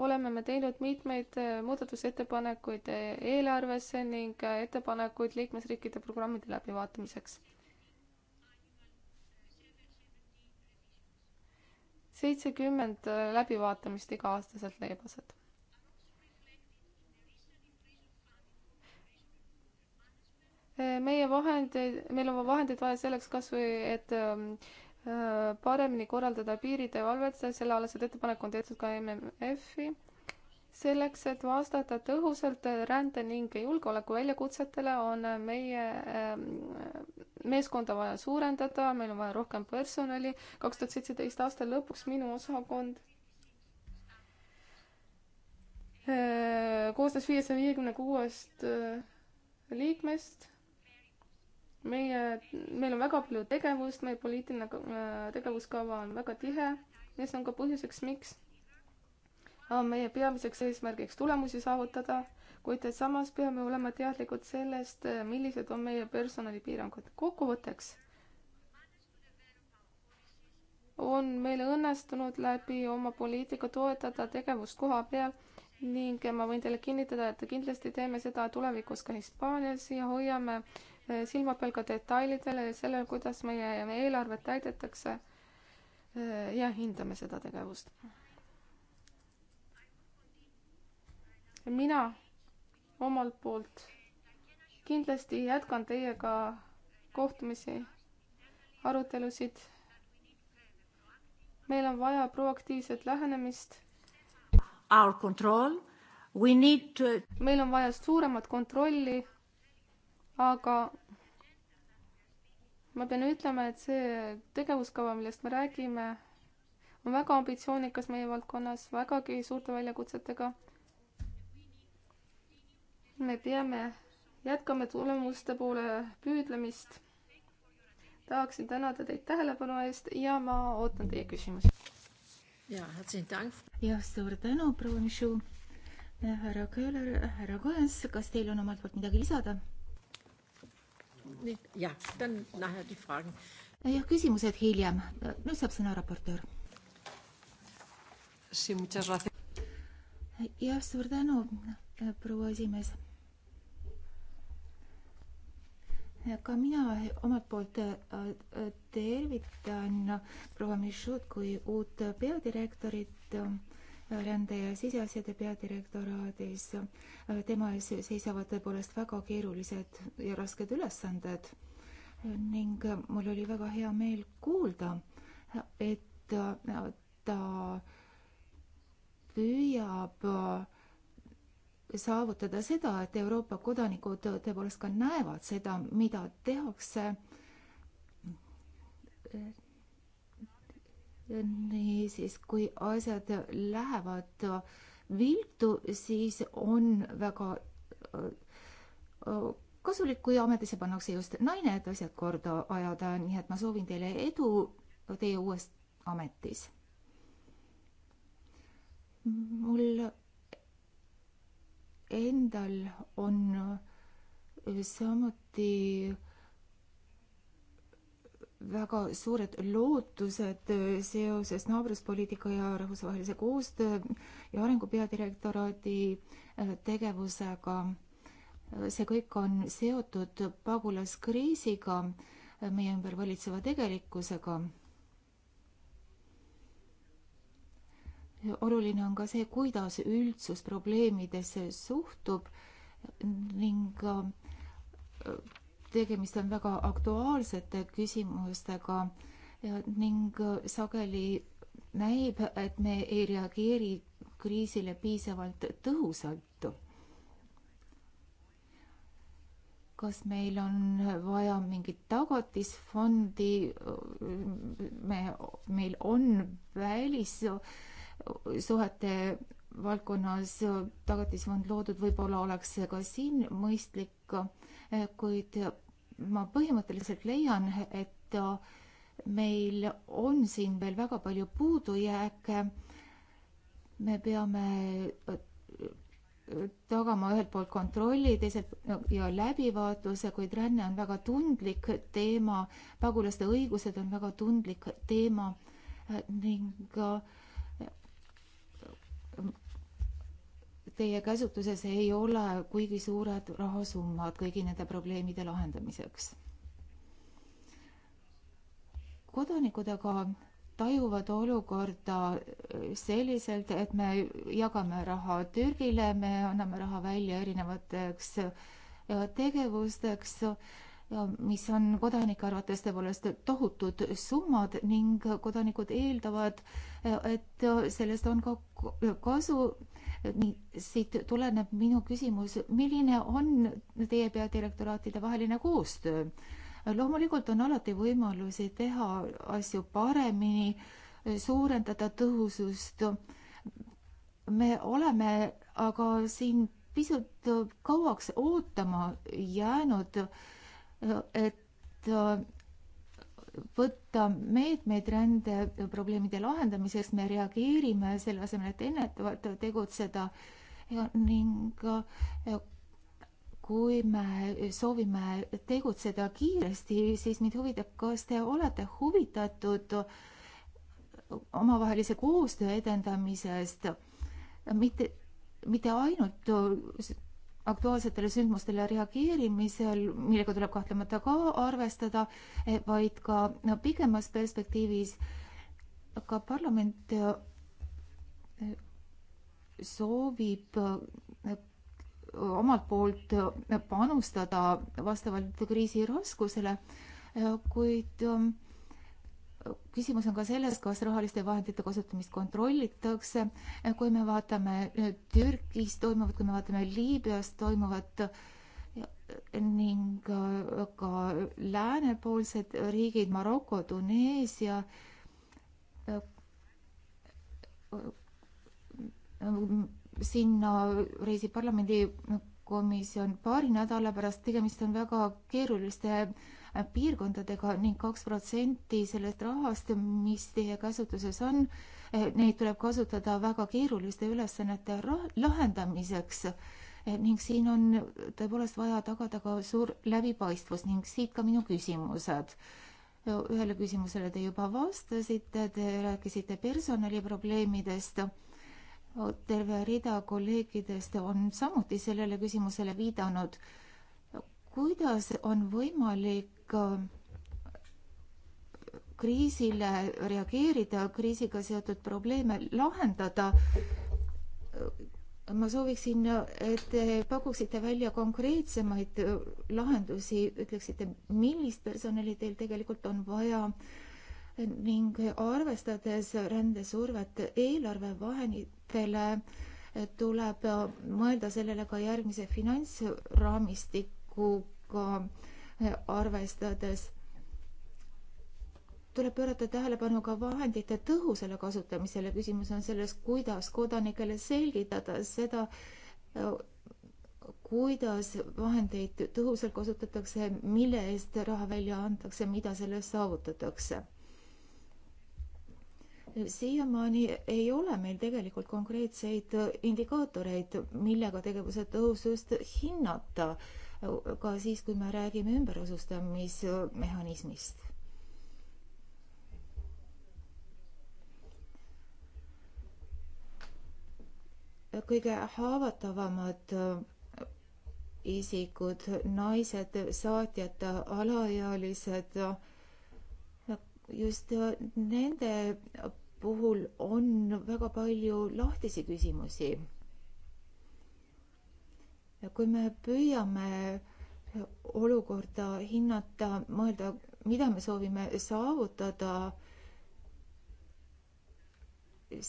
oleme me teinud mitmeid äh, muudatusettepanekuid äh, eelarvesse ning äh, ettepanekuid liikmesriikide programmide läbivaatamiseks seitsekümmend äh, läbivaatamist iga-aastaselt leebased. meie vahendeid, meil on vahendeid vaja selleks kas või, et ähm, äh, paremini korraldada piiritöövalvet, sellealased ettepanekud on tehtud ka MMF-i selleks, et vastata tõhusalt rände ning julgeoleku väljakutsetele, on meie ähm, meeskonda vaja suurendada, meil on vaja rohkem personali. kaks tuhat seitseteist aasta lõpuks minu osakond äh, koosnes viiesaja viiekümne kuuest äh, liikmest. meie, meil on väga palju tegevust, meie poliitiline äh, tegevuskava on väga tihe ja see on ka põhjuseks, miks on meie peamiseks eesmärgiks tulemusi saavutada, kuid samas peame olema teadlikud sellest, millised on meie personalipiirangud. kokkuvõtteks on meil õnnestunud läbi oma poliitika toetada tegevust koha peal ning ma võin teile kinnitada, et kindlasti teeme seda tulevikus ka Hispaanias ja hoiame eh, silma peal ka detailidele ja sellele, kuidas meie eelarvet täidetakse. Eh, ja hindame seda tegevust mina omalt poolt kindlasti jätkan teiega kohtumisi, arutelusid. meil on vaja proaktiivset lähenemist. Our control, we need to. meil on vaja suuremat kontrolli. aga ma pean ütlema, et see tegevuskava, millest me räägime, on väga ambitsioonikas meie valdkonnas, vägagi suurte väljakutsetega me peame jätkama tulemuste poole püüdlemist. tahaksin tänada teid tähelepanu eest ja ma ootan teie küsimusi. jah, suur tänu, proua Mišu. härra Köhler, härra Kõens, kas teil on omalt poolt midagi lisada? jah, ta on lahendi fraag. jah, küsimused hiljem. nüüd saab sõna raportöör. jah, suur tänu, proua esimees ka mina omalt poolt äh, äh, tervitan proua Michaud kui uut peadirektorit äh, rände- ja siseasjade peadirektoraadis. tema ees seisavad tõepoolest väga keerulised ja rasked ülesanded ning mul oli väga hea meel kuulda, et ta püüab saavutada seda, et Euroopa kodanikud tõepoolest ka näevad seda, mida tehakse. niisiis, kui asjad lähevad viltu, siis on väga kasulik, kui ametisse pannakse just naine, et asjad korda ajada, nii et ma soovin teile edu teie uues ametis. mul endal on äh, samuti väga suured lootused äh, seoses naabruspoliitika ja rahvusvahelise koostöö ja arengu peadirektoraadi äh, tegevusega. see kõik on seotud pagulaskriisiga, meie ümber valitseva tegelikkusega oluline on ka see, kuidas üldsus probleemidesse suhtub ning äh, tegemist on väga aktuaalsete küsimustega ning äh, sageli näib, et me ei reageeri kriisile piisavalt tõhusalt. kas meil on vaja mingit tagatisfondi? Äh, me, meil on välis- suhete valdkonnas tagatisfond loodud, võib-olla oleks see ka siin mõistlik, kuid ma põhimõtteliselt leian, et meil on siin veel väga palju puudujääke. me peame tagama ühelt poolt kontrolli, teiselt ja läbivaatuse, kuid ränne on väga tundlik teema, pagulaste õigused on väga tundlik teema ning äh, teie käsutuses ei ole kuigi suured rahasummad kõigi nende probleemide lahendamiseks. kodanikud aga tajuvad olukorda selliselt, et me jagame raha Türgile, me anname raha välja erinevateks äh, tegevusteks, mis on kodanike arvates tõepoolest tohutud summad ning kodanikud eeldavad, äh, et äh, sellest on ka kasu. nii, siit tuleneb minu küsimus, milline on teie peadirektoraatide vaheline koostöö? loomulikult on alati võimalusi teha asju paremini, suurendada tõhusust. me oleme aga siin pisut kauaks ootama jäänud, et võtta meetmeid rändeprobleemide lahendamiseks, me reageerime selle asemel, et ennetavalt tegutseda ja ning kui me soovime tegutseda kiiresti, siis mind huvitab, kas te olete huvitatud omavahelise koostöö edendamisest, mitte, mitte ainult aktuaalsetele sündmustele reageerimisel, millega tuleb kahtlemata ka arvestada, eh, vaid ka no, pikemas perspektiivis ka parlament eh, soovib eh, omalt poolt panustada vastavalt kriisi raskusele, kuid küsimus on ka selles, kas rahaliste vahendite kasutamist kontrollitakse. kui me vaatame eh, Türgis toimuvat, kui me vaatame Liibüas toimuvat ning eh, ka läänepoolsed riigid, Maroko, Tuneesia, eh, sinna reisib parlamendikomisjon paari nädala pärast, tegemist on väga keeruliste piirkondadega ning kaks protsenti sellest rahast, mis teie käsutuses on, eh, neid tuleb kasutada väga keeruliste ülesannete lahendamiseks eh, ning siin on tõepoolest vaja tagada ka suur läbipaistvus ning siit ka minu küsimused ühele küsimusele te juba vastasite, te rääkisite personaliprobleemidest. terve rida kolleegidest on samuti sellele küsimusele viidanud. kuidas on võimalik kriisile reageerida, kriisiga seotud probleeme lahendada. ma sooviksin, et te pakuksite välja konkreetsemaid lahendusi, ütleksite, millist personali teil tegelikult on vaja ning arvestades rändesurvet eelarvevahenditele, tuleb mõelda sellele ka järgmise finantsraamistikuga arvestades tuleb pöörata tähelepanu ka vahendite tõhusale kasutamisele. küsimus on selles, kuidas kodanikele selgitada seda, kuidas vahendeid tõhusalt kasutatakse, mille eest raha välja antakse, mida selle eest saavutatakse. siiamaani ei ole meil tegelikult konkreetseid indikaatoreid, millega tegevuse tõhusust hinnata ka siis, kui me räägime ümberasustamismehhanismist. kõige haavatavamad isikud, naised, saatjad, alaealised, just nende puhul on väga palju lahtisi küsimusi kui me püüame olukorda hinnata, mõelda, mida me soovime saavutada,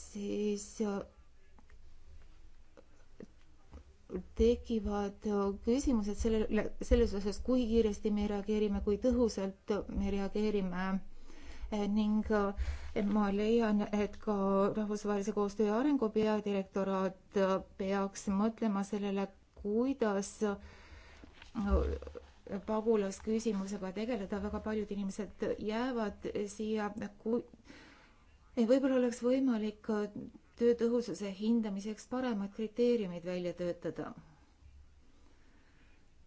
siis tekivad küsimused sellele, selles osas, kui kiiresti me reageerime, kui tõhusalt me reageerime ning eh, ma leian, et ka Rahvusvahelise Koostöö ja Arengu peadirektoraat peaks mõtlema sellele, kuidas äh, pagulasküsimusega tegeleda, väga paljud inimesed jäävad siia, kui võib-olla oleks võimalik äh, töö tõhususe hindamiseks paremad kriteeriumid välja töötada.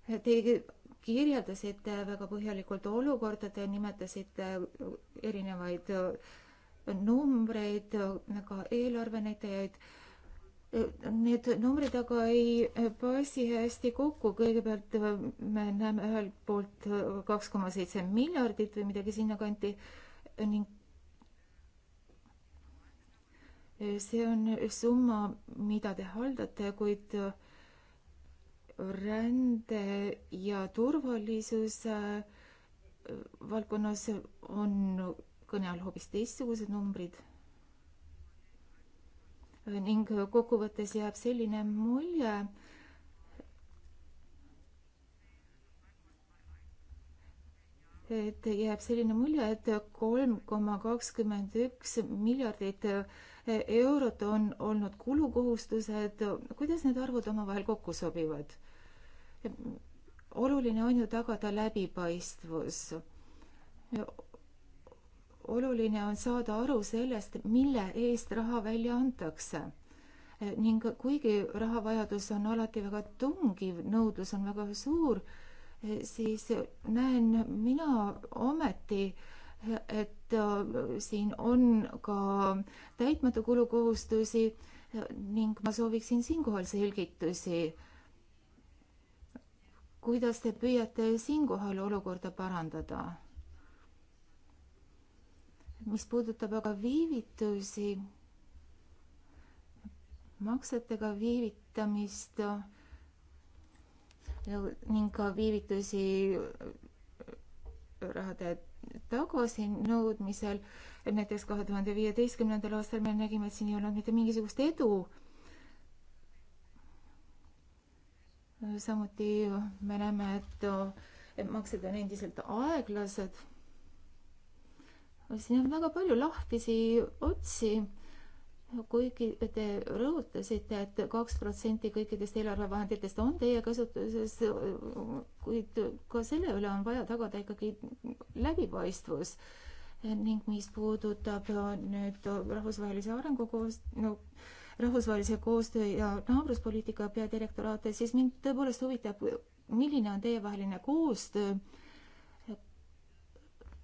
Te kirjeldasite väga põhjalikult olukorda, te nimetasite erinevaid äh, numbreid, ka eelarvenäitajaid Need numbrid aga ei passi hästi kokku, kõigepealt äh, me näeme ühelt poolt äh, kaks koma seitse miljardit või midagi sinnakanti äh, ning see on summa, mida te haldate, kuid rände ja turvalisuse valdkonnas on kõne all hoopis teistsugused numbrid ning kokkuvõttes jääb selline mulje, et jääb selline mulje, et kolm koma kakskümmend üks miljardit eurot on olnud kulukohustused. kuidas need arvud omavahel kokku sobivad? oluline on ju tagada läbipaistvus oluline on saada aru sellest, mille eest raha välja antakse. ning kuigi rahavajadus on alati väga tungiv, nõudlus on väga suur, siis näen mina ometi, et äh, siin on ka täitmata kulukohustusi ning ma sooviksin siinkohal selgitusi. kuidas te püüate siinkohal olukorda parandada? mis puudutab aga viivitusi, maksetega viivitamist ning ka viivitusi rahade tagasinõudmisel, et näiteks kahe tuhande viieteistkümnendal aastal me nägime, et siin ei olnud mitte mingisugust edu. samuti me näeme, et maksed on endiselt aeglased siin on väga palju lahkisi otsi, kuigi te rõhutasite et, et kaks protsenti kõikidest eelarvevahenditest on teie kasutuses, kuid ka selle üle on vaja tagada ikkagi läbipaistvus ning mis puudutab nüüd rahvusvahelise arengukoos-, no rahvusvahelise koostöö ja naabruspoliitika peadirektoraate, siis mind tõepoolest huvitab, milline on teievaheline koostöö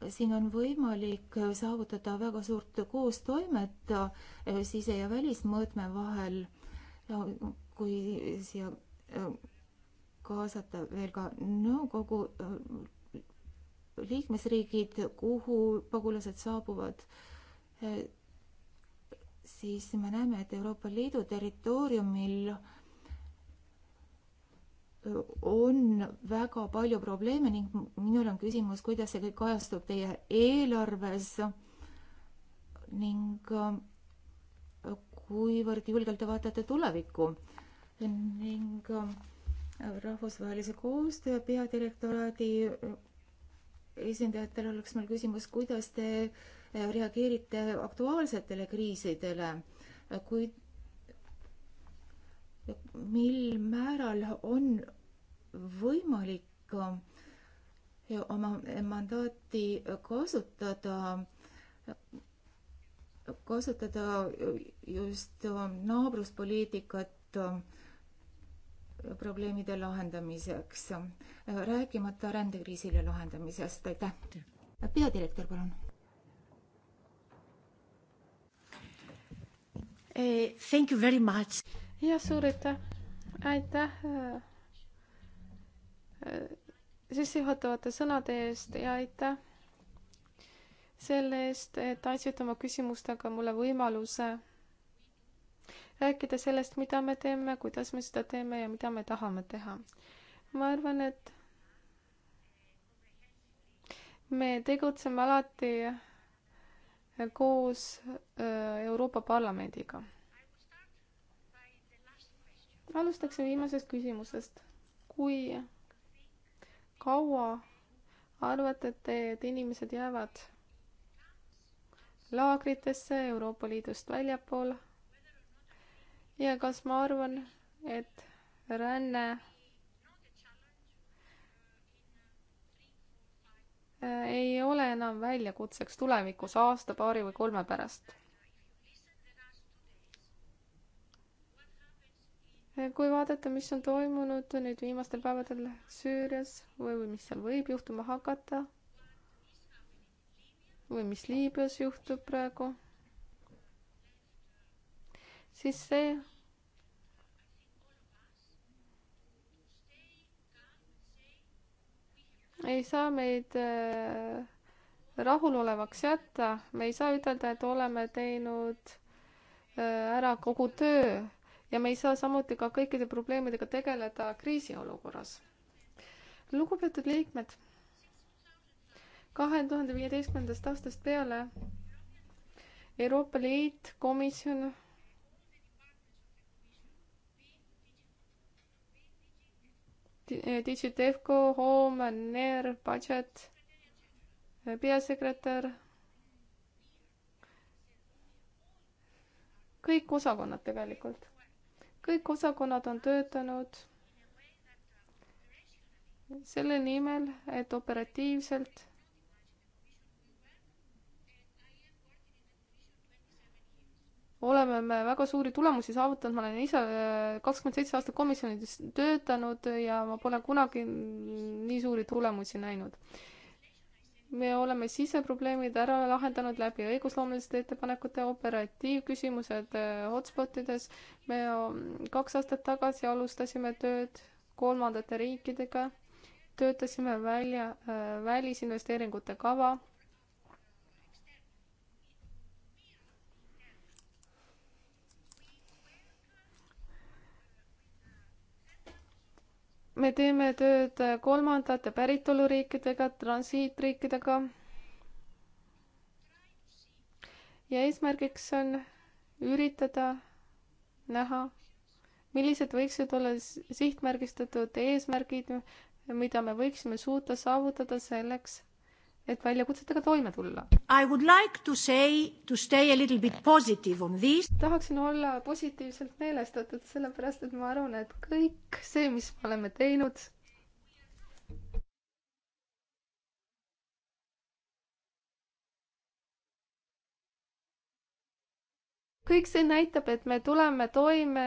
siin on võimalik saavutada väga suurt koostoimet eh, sise- ja välismõõtme vahel, kui siia eh, kaasata veel ka nõukogu eh, liikmesriigid, kuhu pagulased saabuvad, siis me näeme, et Euroopa Liidu territooriumil äh, on väga palju probleeme ning minul on küsimus, kuidas see kõik kajastub teie eelarves ning äh, kuivõrd julgelt te vaatate tulevikku ning äh, rahvusvahelise koostöö peadirektoraadi äh, esindajatel oleks mul küsimus, kuidas te reageerite aktuaalsetele kriisidele, kui mil määral on võimalik äh, oma mandaati kasutada, kasutada just äh, naabruspoliitikat äh, probleemide lahendamiseks, rääkimata rändekriisile lahendamisest, aitäh. peadirektor, palun. Eh, thank you very much jah, suur aitäh, aitäh äh, sissejuhatavate sõnade eest ja aitäh selle eest, et andsite oma küsimustega mulle võimaluse rääkida sellest, mida me teeme, kuidas me seda teeme ja mida me tahame teha. ma arvan, et me tegutseme alati koos äh, Euroopa Parlamendiga alustaksin viimasest küsimusest. kui kaua arvate te, et inimesed jäävad laagritesse Euroopa Liidust väljapool? ja kas ma arvan, et ränne äh, ei ole enam väljakutseks tulevikus aasta, paari või kolme pärast? kui vaadata, mis on toimunud nüüd viimastel päevadel Süürias või, või mis seal võib juhtuma hakata või mis Liibüas juhtub praegu, siis see ei saa meid äh, rahulolevaks jätta, me ei saa ütelda, et oleme teinud äh, ära kogu töö ja me ei saa samuti ka kõikide probleemidega tegeleda kriisiolukorras. lugupeetud liikmed, kahe tuhande viieteistkümnendast aastast peale Euroopa Liit, komisjon Digitevco, Home, NER, Budget, peasekretär. kõik osakonnad tegelikult kõik osakonnad on töötanud selle nimel, et operatiivselt oleme me väga suuri tulemusi saavutanud, ma olen ise äh, kakskümmend seitse aastat komisjonides töötanud ja ma pole kunagi nii suuri tulemusi näinud me oleme siseprobleemid ära lahendanud läbi õigusloomeliste ettepanekute operatiivküsimused äh, hotspotides. me äh, kaks aastat tagasi alustasime tööd kolmandate riikidega, töötasime välja äh, välisinvesteeringute kava me teeme tööd kolmandate päritoluriikidega, transiitriikidega. ja eesmärgiks on üritada näha, millised võiksid olla sihtmärgistatud eesmärgid, mida me võiksime suuta saavutada selleks, et väljakutsetega toime tulla. I would like to say, to stay a little bit positive on this. tahaksin olla positiivselt meelestatud, sellepärast et ma arvan, et kõik see, mis me oleme teinud, kõik see näitab, et me tuleme toime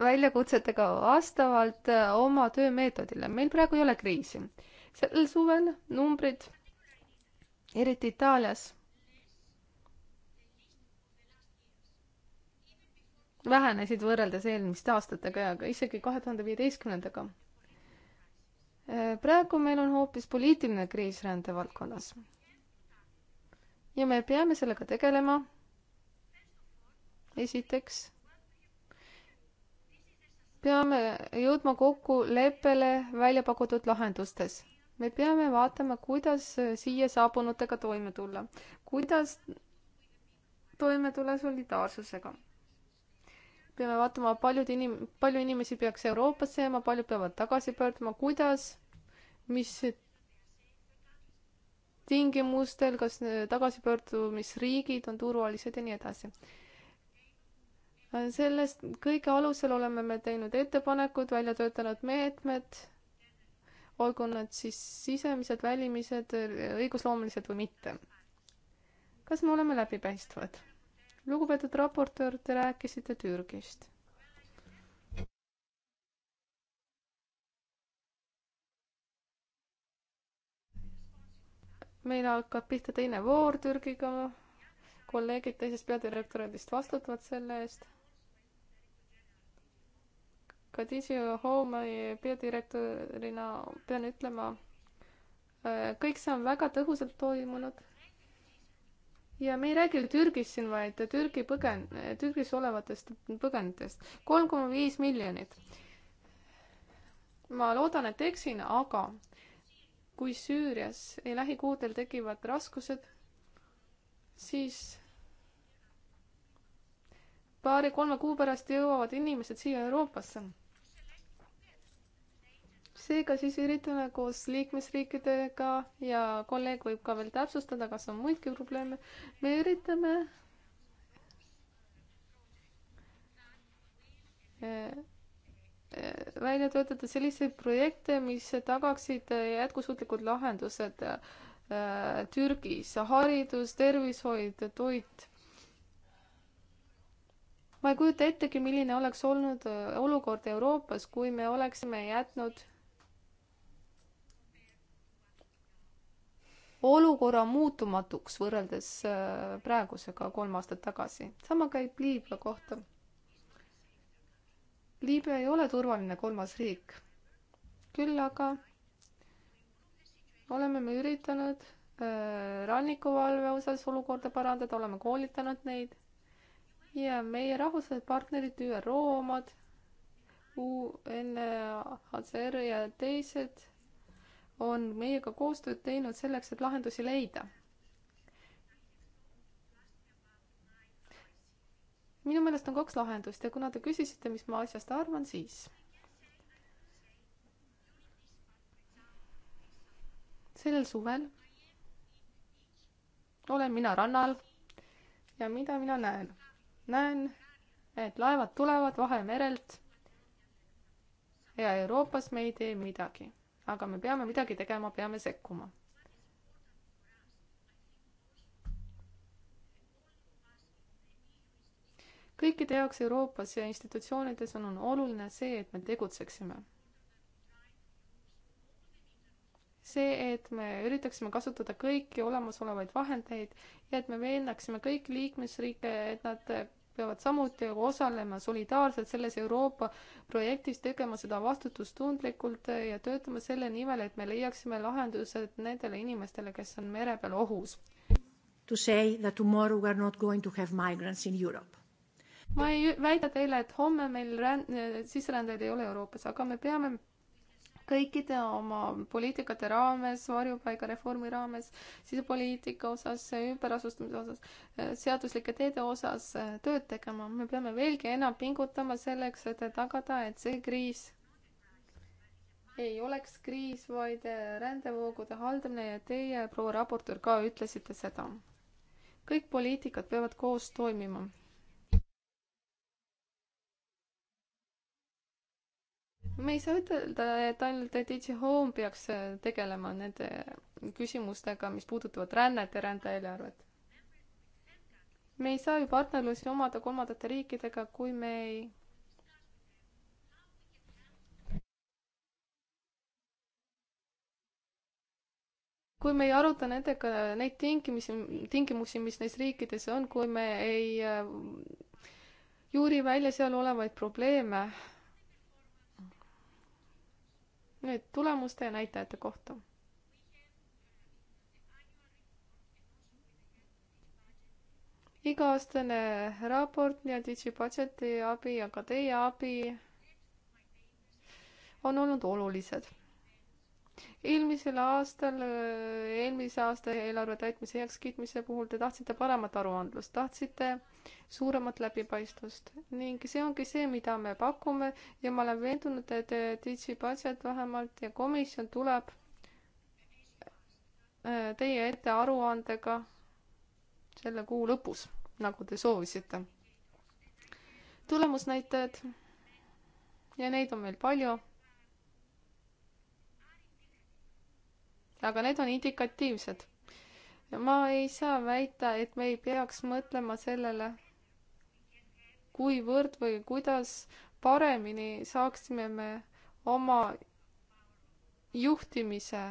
väljakutsetega vastavalt äh, oma töömeetodile. meil praegu ei ole kriisi sel suvel numbrid, eriti Itaalias, vähenesid võrreldes eelmiste aastatega ja ka isegi kahe tuhande viieteistkümnendaga. Äh, praegu meil on hoopis poliitiline kriis rände valdkonnas. ja me peame sellega tegelema. esiteks peame jõudma kokkuleppele välja pakutud lahendustes me peame vaatama, kuidas äh, siia saabunutega toime tulla, kuidas toime tulla solidaarsusega. peame vaatama, paljud inim-, palju inimesi peaks Euroopasse jääma, paljud peavad tagasi pöörduma, kuidas, mis tingimustel, kas äh, tagasipöördumisriigid on turvalised ja nii edasi. Äh, sellest kõige alusel oleme me teinud ettepanekud, välja töötanud meetmed olgu nad siis sisemised, välimised, õigusloomelised või mitte. kas me oleme läbipaistvad? lugupeetud raportöör, te rääkisite Türgist. meil hakkab pihta teine voor Türgiga. kolleegid teisest peadirektoraadist vastutavad selle eest ka DigiHome'i peadirektorina pean ütlema, äh, kõik see on väga tõhusalt toimunud. ja me ei räägi Türgist siin, vaid Türgi põgen-, Türgis olevatest põgenitest. kolm koma viis miljonit. ma loodan, et eksin, aga kui Süürias ja lähikuudel tekivad raskused, siis paari-kolme kuu pärast jõuavad inimesed siia Euroopasse seega siis üritame koos liikmesriikidega ja kolleeg võib ka veel täpsustada, kas on muidki probleeme, me üritame eh, eh, välja töötada selliseid projekte, mis tagaksid jätkusuutlikud lahendused eh, Türgis, haridus, tervishoid, toit. ma ei kujuta ettegi, milline oleks olnud olukord Euroopas, kui me oleksime jätnud olukorra muutumatuks võrreldes äh, praegusega kolm aastat tagasi. sama käib Liibüa kohta. Liibüa ei ole turvaline kolmas riik. küll aga oleme me üritanud äh, rannikuvalve osas olukorda parandada, oleme koolitanud neid ja meie rahvusvahelised partnerid, ÜRO omad, UNHCR ja teised on meiega koostööd teinud selleks, et lahendusi leida. minu meelest on kaks lahendust ja kuna te küsisite, mis ma asjast arvan, siis sellel suvel olen mina rannal ja mida mina näen? näen, et laevad tulevad Vahemerelt ja Euroopas me ei tee midagi aga me peame midagi tegema, peame sekkuma. kõikide jaoks Euroopas ja institutsioonides on, on oluline see, et me tegutseksime. see, et me üritaksime kasutada kõiki olemasolevaid vahendeid ja et me veenaksime kõiki liikmesriike, et nad peavad samuti osalema solidaarselt selles Euroopa projektis, tegema seda vastutustundlikult ja töötama selle nimel, et me leiaksime lahendused nendele inimestele, kes on mere peal ohus. To say that tomorrow we are not going to have migrants in Europe. ma ei väida teile, et homme meil rän-, sisserändajaid ei ole Euroopas, aga me peame kõikide oma poliitikate raames, varjupaigareformi raames, sisepoliitika osas, ümberasustamise osas, seaduslike teede osas eh, tööd tegema. me peame veelgi enam pingutama selleks, et tagada, et see kriis ei oleks kriis, vaid eh, rändevoogude haldamine ja teie, proua raportöör, ka ütlesite seda. kõik poliitikad peavad koos toimima me ei saa ütelda, et ainult DJ Home peaks äh, tegelema nende küsimustega, mis puudutavad rännet ja rändeeelarvet. me ei saa ju partnerlusi omada kolmandate riikidega, kui me ei kui me ei aruta nendega neid tingimisi, tingimusi, mis neis riikides on, kui me ei äh, juuri välja seal olevaid probleeme, nüüd tulemuste ja näitajate kohta. iga-aastane raport ja digibudgeti abi, aga teie abi on olnud olulised eelmisel aastal, äh, eelmise aasta eelarve täitmise heakskiitmise puhul te tahtsite paremat aruandlust, tahtsite suuremat läbipaistvust ning see ongi see, mida me pakume ja ma olen veendunud, et DigiBudget äh, vähemalt ja komisjon tuleb äh, teie ette aruandega selle kuu lõpus, nagu te soovisite. tulemusnäitajad ja neid on meil palju aga need on indikatiivsed. ma ei saa väita, et me ei peaks mõtlema sellele, kuivõrd või kuidas paremini saaksime me oma juhtimise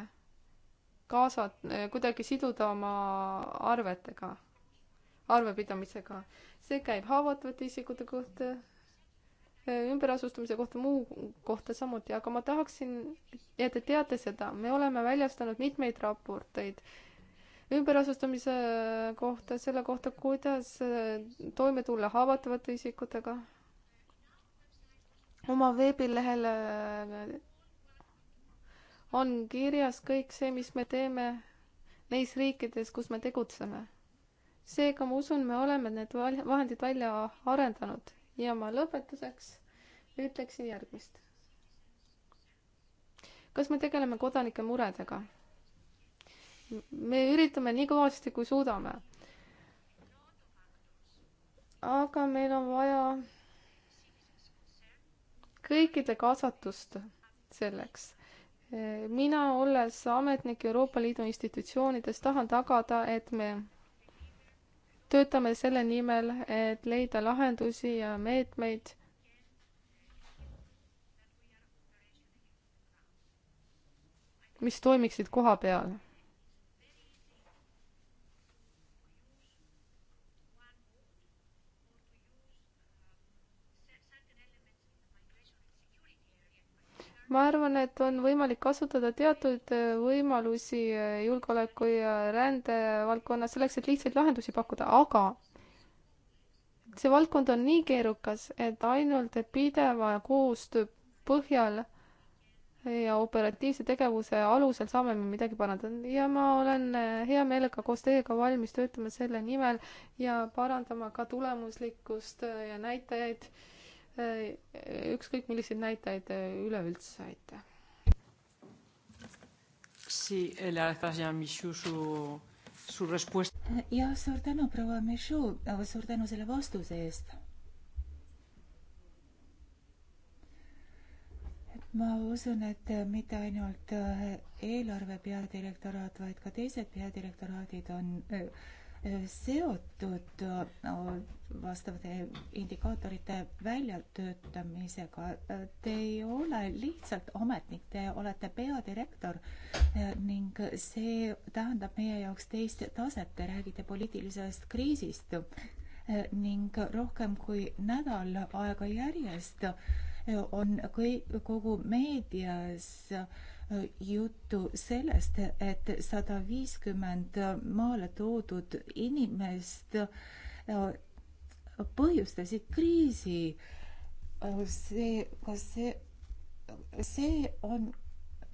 kaasat-, kuidagi siduda oma arvetega, arvepidamisega. see käib haavatavate isikute kohta ümberasustamise kohta, muu kohta samuti, aga ma tahaksin, et te teate seda, me oleme väljastanud mitmeid raporteid ümberasustamise kohta, selle kohta, kuidas äh, toime tulla haavatavate isikutega. oma veebilehel äh, on kirjas kõik see, mis me teeme neis riikides, kus me tegutseme. seega ma usun, me oleme need vahendid välja arendanud ja ma lõpetuseks ütleksin järgmist. kas me tegeleme kodanike muredega? me üritame nii kõvasti, kui suudame. aga meil on vaja kõikide kaasatust selleks. mina, olles ametnik Euroopa Liidu institutsioonides, tahan tagada, et me töötame selle nimel, et leida lahendusi ja meetmeid mis toimiksid koha peal. ma arvan, et on võimalik kasutada teatud äh, võimalusi äh, julgeoleku ja rände valdkonnas selleks, et lihtsaid lahendusi pakkuda, aga see valdkond on nii keerukas, et ainult pideva koostöö põhjal ja operatiivse tegevuse alusel saame me midagi parandada ja ma olen äh, hea meelega koos teiega valmis töötama selle nimel ja parandama ka tulemuslikkust ja näitajaid Äh, ükskõik milliseid näitajaid äh, üleüldse saite. Eh, jah, suur tänu, proua Mišu, suur tänu selle vastuse eest. ma usun, et äh, mitte ainult eelarve peadirektoraat, vaid ka teised peadirektoraadid on äh, seotud äh, vastavate indikaatorite väljatöötamisega. Äh, te ei ole lihtsalt ametnik, te olete peadirektor äh, ning see tähendab meie jaoks teist taset, te räägite poliitilisest kriisist ning rohkem kui nädal aega järjest on kõik, kogu meedias äh, juttu sellest, et sada viiskümmend maale toodud inimest äh, põhjustasid kriisi. see, kas see, see on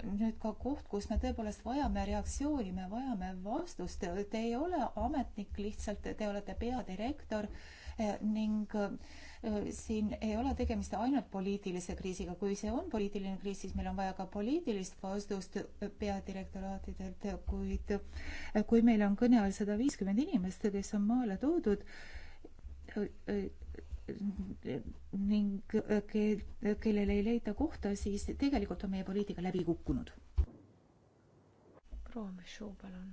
nüüd ka koht, kus me tõepoolest vajame reaktsiooni, me vajame vastust. Te ei ole ametnik lihtsalt, te olete peadirektor Äh, ning äh, siin ei ole tegemist ainult poliitilise kriisiga, kui see on poliitiline kriis, siis meil on vaja ka poliitilist vastust äh, peadirektoraatidelt, kuid kui meil on kõne all sada viiskümmend inimest, kes on maale toodud, ning ke-, kellele ei leita kohta, siis tegelikult on meie poliitika läbi kukkunud. proua Michaud, palun.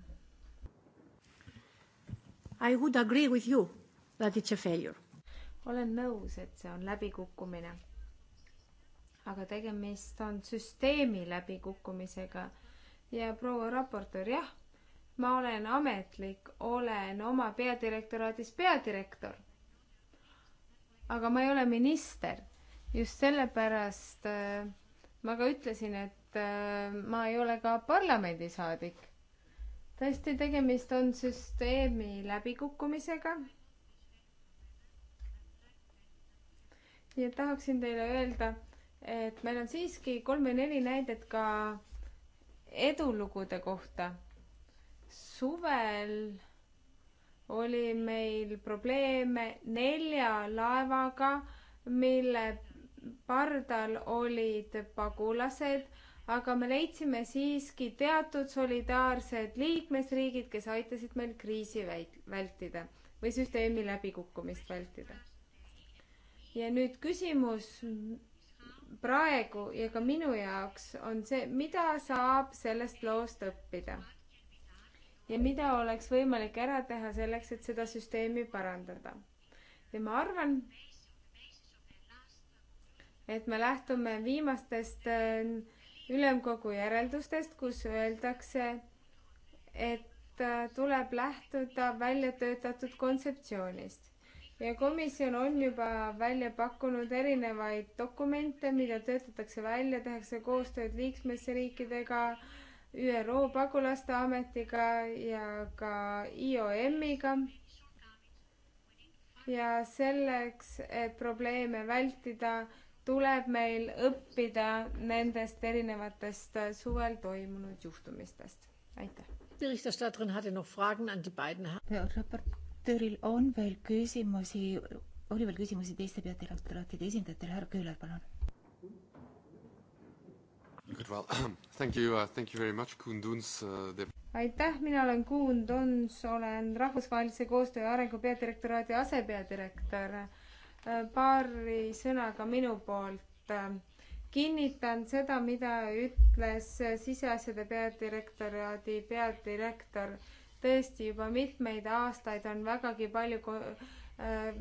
I would agree with you that it's a failure. olen nõus, et see on läbikukkumine. aga tegemist on süsteemi läbikukkumisega ja proua raportöör, jah, ma olen ametlik, olen oma peadirektoraadis peadirektor. aga ma ei ole minister. just sellepärast äh, ma ka ütlesin, et äh, ma ei ole ka parlamendisaadik tõesti, tegemist on süsteemi läbikukkumisega nii et tahaksin teile öelda, et meil on siiski kolm või neli näidet ka edulugude kohta. suvel oli meil probleeme nelja laevaga, mille pardal olid pagulased, aga me leidsime siiski teatud solidaarsed liikmesriigid, kes aitasid meil kriisi väit-, vältida või süsteemi läbikukkumist vältida ja nüüd küsimus praegu ja ka minu jaoks on see, mida saab sellest loost õppida? ja mida oleks võimalik ära teha selleks, et seda süsteemi parandada? ja ma arvan, et me lähtume viimastest äh, ülemkogu järeldustest, kus öeldakse, et äh, tuleb lähtuda välja töötatud kontseptsioonist ja komisjon on juba välja pakkunud erinevaid dokumente, mida töötatakse välja, tehakse koostööd liikmesriikidega, ÜRO pagulaste ametiga ja ka IOM-iga. ja selleks, et probleeme vältida, tuleb meil õppida nendest erinevatest suvel toimunud juhtumistest. aitäh. Berichterstatterin hatte noch Fragen an die beiden. Herr Rappert raportööril on veel küsimusi, oli veel küsimusi teiste peadirektoraatide esindajatele, härra Küüler, palun. Good, well, (clears throat) thank you uh,, thank you very much, Kunduns uh,. The... aitäh, mina olen Kunduns, olen Rahvusvahelise Koostöö ja Arengu Peadirektoraadi asepeadirektor. Äh, paari sõnaga minu poolt äh, kinnitan seda, mida ütles siseasjade peadirektoraadi peadirektor, peadirektor tõesti juba mitmeid aastaid on vägagi palju äh, äh,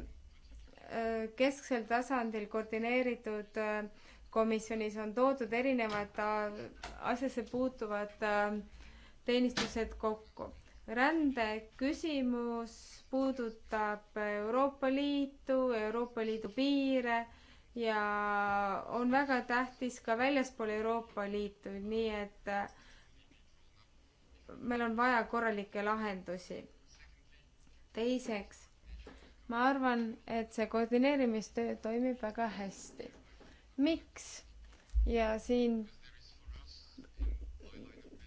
kesksel tasandil koordineeritud äh, komisjonis on toodud erinevad asjasse puutuvad teenistused kokku. rände küsimus puudutab Euroopa Liitu, Euroopa Liidu piire ja on väga tähtis ka väljaspool Euroopa Liitu, nii et äh, meil on vaja korralikke lahendusi. teiseks, ma arvan, et see koordineerimistöö toimib väga hästi. miks? ja siin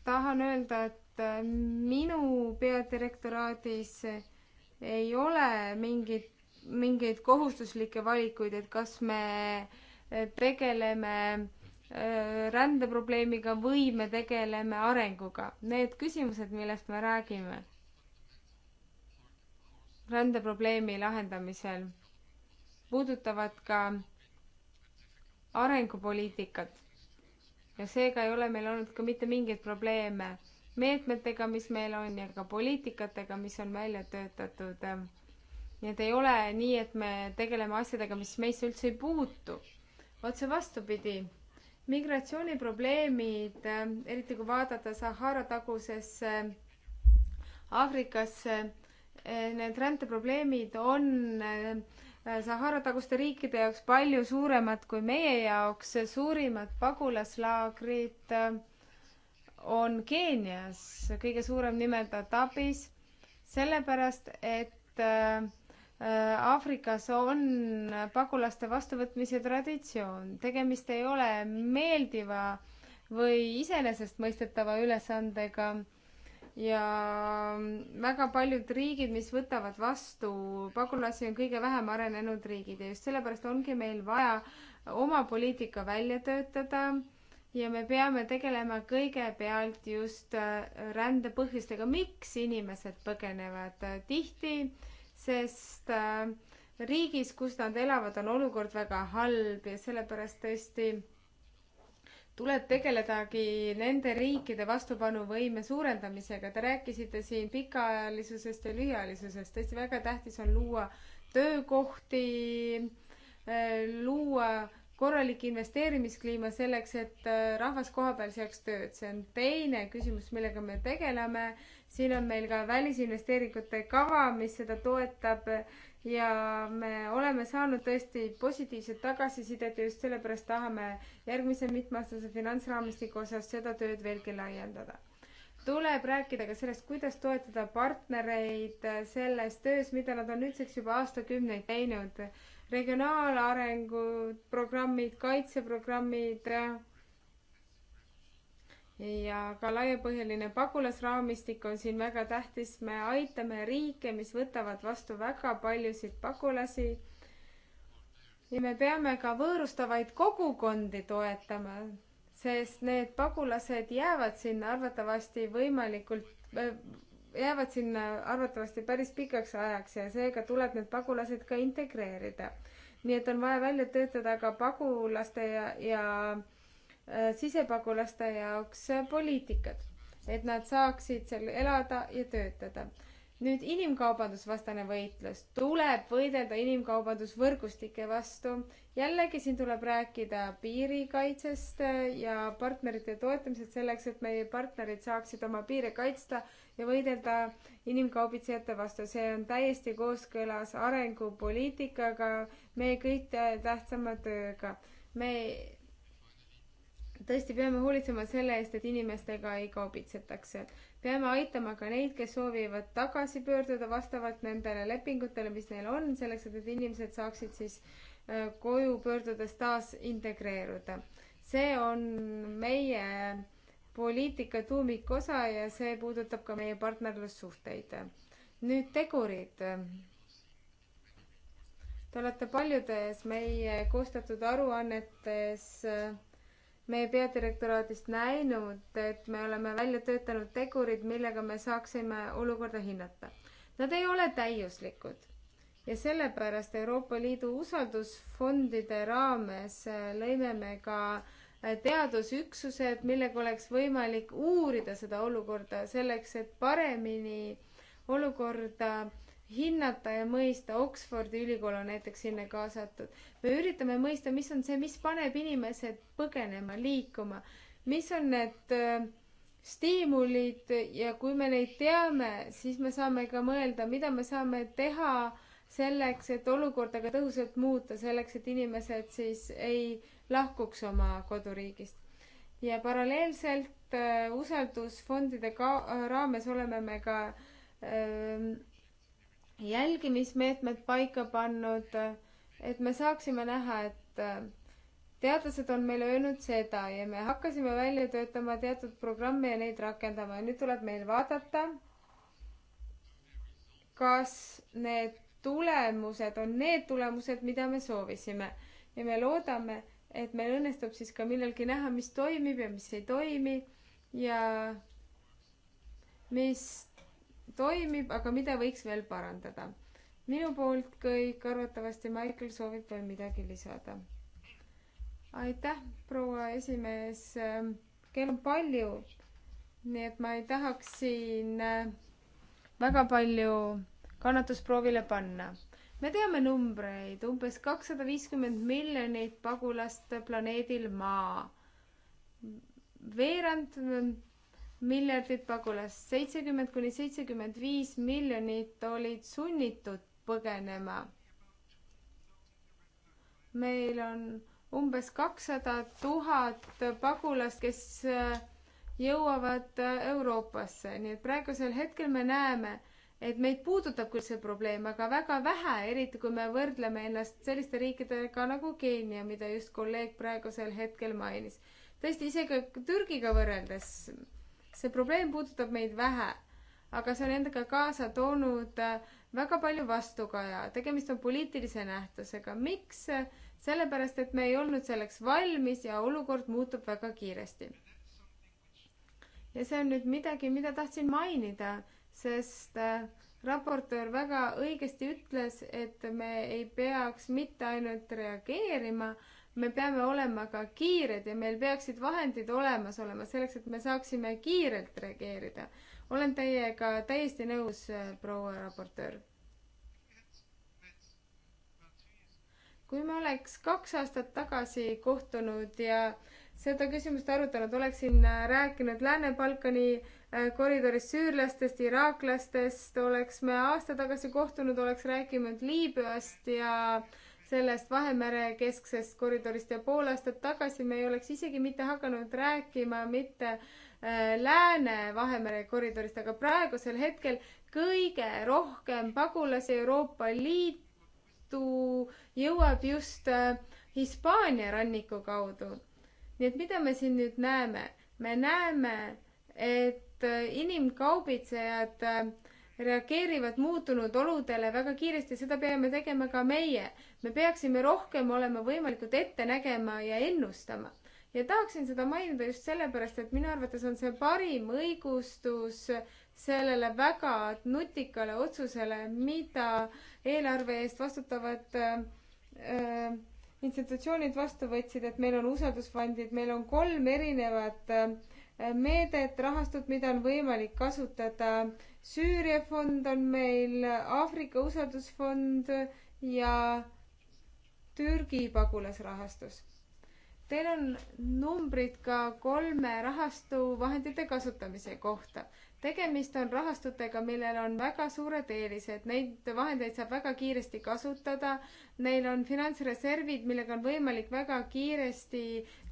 tahan öelda, et äh, minu peadirektoraadis ei ole mingit, mingeid kohustuslikke valikuid, et kas me äh, tegeleme äh, Äh, rändeprobleemiga või me tegeleme arenguga. Need küsimused, millest me räägime rändeprobleemi lahendamisel, puudutavad ka arengupoliitikat. ja seega ei ole meil olnud ka mitte mingeid probleeme meetmetega, mis meil on ja ka poliitikatega, mis on välja töötatud. nii et ei ole nii, et me tegeleme asjadega, mis meisse üldse ei puutu. otse vastupidi migratsiooniprobleemid, äh, eriti kui vaadata Sahara tagusesse Aafrikasse, äh, need rändeprobleemid on äh, Sahara taguste riikide jaoks palju suuremad kui meie jaoks. suurimad pagulaslaagrid on Keenias, kõige suurem nimelt Adabis, sellepärast et Äh, Aafrikas on pagulaste vastuvõtmise traditsioon, tegemist ei ole meeldiva või iseenesestmõistetava ülesandega ja väga paljud riigid, mis võtavad vastu pagulasi, on kõige vähem arenenud riigid ja just sellepärast ongi meil vaja oma poliitika välja töötada ja me peame tegelema kõigepealt just äh, rände põhjustega, miks inimesed põgenevad tihti sest äh, riigis, kus nad elavad, on olukord väga halb ja sellepärast tõesti tuleb tegeledagi nende riikide vastupanuvõime suurendamisega. Te rääkisite siin pikaajalisusest ja lühiajalisusest, tõesti väga tähtis on luua töökohti, äh, luua korralik investeerimiskliima selleks, et äh, rahvas kohapeal saaks tööd, see on teine küsimus, millega me tegeleme siin on meil ka välisinvesteeringute kava, mis seda toetab ja me oleme saanud tõesti positiivset tagasisidet ja just sellepärast tahame järgmise mitmeaastase finantsraamistiku osas seda tööd veelgi laiendada. tuleb rääkida ka sellest, kuidas toetada partnereid selles töös, mida nad on nüüdseks juba aastakümneid teinud. regionaalarengu programmid, kaitseprogrammid ja ka laiapõhjaline pagulasraamistik on siin väga tähtis. me aitame riike, mis võtavad vastu väga paljusid pagulasi. ja me peame ka võõrustavaid kogukondi toetama, sest need pagulased jäävad sinna arvatavasti võimalikult, äh, jäävad sinna arvatavasti päris pikaks ajaks ja seega tuleb need pagulased ka integreerida. nii et on vaja välja töötada ka pagulaste ja, ja Äh, sisepagulaste jaoks äh, poliitikad, et nad saaksid seal elada ja töötada. nüüd inimkaubandusvastane võitlus, tuleb võidelda inimkaubandusvõrgustike vastu. jällegi siin tuleb rääkida piirikaitsest äh, ja partnerite toetamisest selleks, et meie partnerid saaksid oma piire kaitsta ja võidelda inimkaubitsejate vastu. see on täiesti kooskõlas arengupoliitikaga, meie kõige tähtsama tööga me tõesti peame hoolitsema selle eest, et inimestega ei kaubitsetaks. peame aitama ka neid, kes soovivad tagasi pöörduda vastavalt nendele lepingutele, mis neil on, selleks et need inimesed saaksid siis äh, koju pöördudes taas integreeruda. see on meie poliitika tuumikosa ja see puudutab ka meie partnerlussuhteid. nüüd tegurid. Te olete paljudes meie koostatud aruannetes äh, meie peadirektoraadist näinud, et me oleme välja töötanud tegurid, millega me saaksime olukorda hinnata. Nad ei ole täiuslikud ja sellepärast Euroopa Liidu usaldusfondide raames lõime me ka teadusüksused, millega oleks võimalik uurida seda olukorda selleks, et paremini olukorda hinnata ja mõista, Oxfordi ülikool on näiteks sinna kaasatud. me üritame mõista, mis on see, mis paneb inimesed põgenema, liikuma, mis on need äh, stiimulid ja kui me neid teame, siis me saame ka mõelda, mida me saame teha selleks, et olukorda ka tõhusalt muuta, selleks, et inimesed siis ei lahkuks oma koduriigist. ja paralleelselt äh, usaldusfondide ka-, raames oleme me ka öö, ähm, jälgimismeetmed paika pannud, et me saaksime näha, et äh, teadlased on meile öelnud seda ja me hakkasime välja töötama teatud programme ja neid rakendama ja nüüd tuleb meil vaadata, kas need tulemused on need tulemused, mida me soovisime ja me loodame, et meil õnnestub siis ka millalgi näha, mis toimib ja mis ei toimi ja mis toimib, aga mida võiks veel parandada? minu poolt kõik, arvatavasti Michael soovib veel midagi lisada. aitäh, proua esimees. Ähm, kell on palju, nii et ma ei tahaks siin äh, väga palju kannatusproovile panna. me teame numbreid, umbes kakssada viiskümmend miljonit pagulast planeedil Maa. veerand miljardit pagulast, seitsekümmend kuni seitsekümmend viis miljonit olid sunnitud põgenema. meil on umbes kakssada tuhat pagulast, kes äh, jõuavad äh, Euroopasse, nii et praegusel hetkel me näeme, et meid puudutab küll see probleem, aga väga vähe, eriti kui me võrdleme ennast selliste riikidega nagu Keenia, mida just kolleeg praegusel hetkel mainis. tõesti, isegi Türgiga võrreldes see probleem puudutab meid vähe, aga see on endaga kaasa toonud äh, väga palju vastukaja, tegemist on poliitilise nähtusega. miks? sellepärast, et me ei olnud selleks valmis ja olukord muutub väga kiiresti. ja see on nüüd midagi, mida tahtsin mainida, sest äh, raportöör väga õigesti ütles, et me ei peaks mitte ainult reageerima, me peame olema ka kiired ja meil peaksid vahendid olemas olema selleks, et me saaksime kiirelt reageerida. olen teiega täiesti nõus, äh, proua raportöör. kui me oleks kaks aastat tagasi kohtunud ja seda küsimust arutanud, oleksin äh, rääkinud Lääne-Balkani äh, koridoris süürlastest, iraaklastest, oleks me aasta tagasi kohtunud, oleks rääkinud Liibüast ja äh, sellest Vahemere kesksest koridorist ja pool aastat tagasi me ei oleks isegi mitte hakanud rääkima mitte äh, Lääne-Vahemere koridorist, aga praegusel hetkel kõige rohkem pagulasi Euroopa Liitu jõuab just äh, Hispaania ranniku kaudu. nii et mida me siin nüüd näeme? me näeme, et äh, inimkaubitsejad äh, reageerivad muutunud oludele väga kiiresti, seda peame tegema ka meie. me peaksime rohkem olema võimalikult ette nägema ja ennustama. ja tahaksin seda mainida just sellepärast, et minu arvates on see parim õigustus sellele väga nutikale otsusele, mida eelarve eest vastutavad äh, institutsioonid vastu võtsid, et meil on usaldusfondid, meil on kolm erinevat äh, meedet, rahastut, mida on võimalik kasutada. Süüria fond on meil, Aafrika usaldusfond ja Türgi pagulasrahastus. Teil on numbrid ka kolme rahastu vahendite kasutamise kohta. tegemist on rahastutega, millel on väga suured eelised, neid vahendeid saab väga kiiresti kasutada, neil on finantsreservid, millega on võimalik väga kiiresti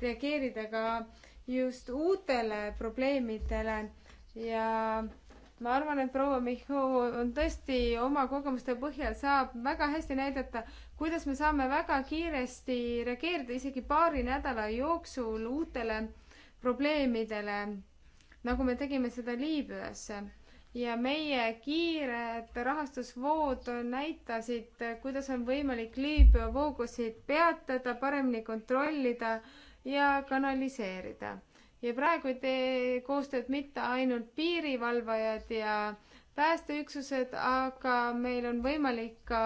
reageerida ka äh, just uutele probleemidele ja ma arvan, et proua Mihhu on tõesti oma kogemuste põhjal saab väga hästi näidata, kuidas me saame väga kiiresti reageerida isegi paari nädala jooksul uutele probleemidele, nagu me tegime seda Liibüas. ja meie kiired rahastusvood näitasid, kuidas on võimalik Liibüa voogusid peatada, paremini kontrollida ja kanaliseerida. ja praegu ei tee koostööd mitte ainult piirivalvajad ja päästeüksused, aga meil on võimalik ka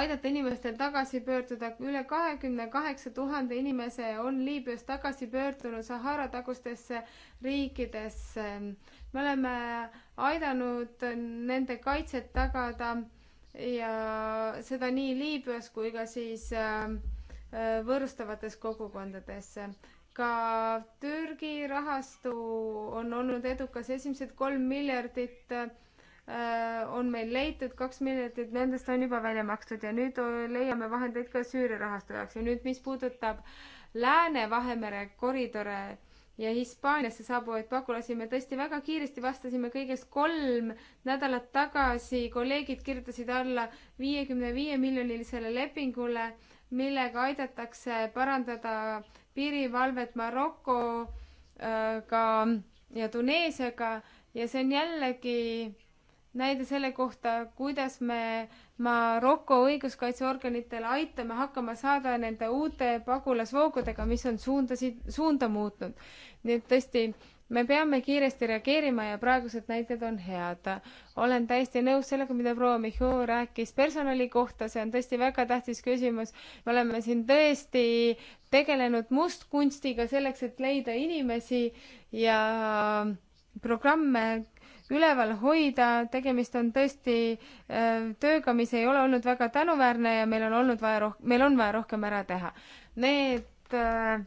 aidata inimestel tagasi pöörduda. üle kahekümne kaheksa tuhande inimese on Liibüast tagasi pöördunud Sahara tagustesse riikidesse. me oleme aidanud nende kaitset tagada ja seda nii Liibüas kui ka siis äh, Äh, võõrustavatesse kogukondadesse. ka Türgi rahastu on olnud edukas, esimesed kolm miljardit äh, on meil leitud, kaks miljardit nendest on juba välja makstud ja nüüd leiame vahendeid ka Süüria rahastu jaoks ja nüüd, mis puudutab Lääne-Vahemere koridore ja Hispaaniasse saabuvaid pagulasi me tõesti väga kiiresti vastasime, kõigest kolm nädalat tagasi kolleegid kirjutasid alla viiekümne viie miljonilisele lepingule millega aidatakse parandada piirivalvet Marokoga äh, ja Tuneesiaga ja see on jällegi näide selle kohta, kuidas me Maroko õiguskaitseorganitele aitame hakkama saada nende uute pagulasvoogudega, mis on suundasid, suunda muutnud. nii et tõesti me peame kiiresti reageerima ja praegused näited on head. olen täiesti nõus sellega, mida proua Mihhu rääkis personali kohta, see on tõesti väga tähtis küsimus. me oleme siin tõesti tegelenud mustkunstiga selleks, et leida inimesi ja programme üleval hoida, tegemist on tõesti öö, äh, tööga, mis ei ole olnud väga tänuväärne ja meil on olnud vaja roh-, meil on vaja rohkem ära teha. Need öö, äh,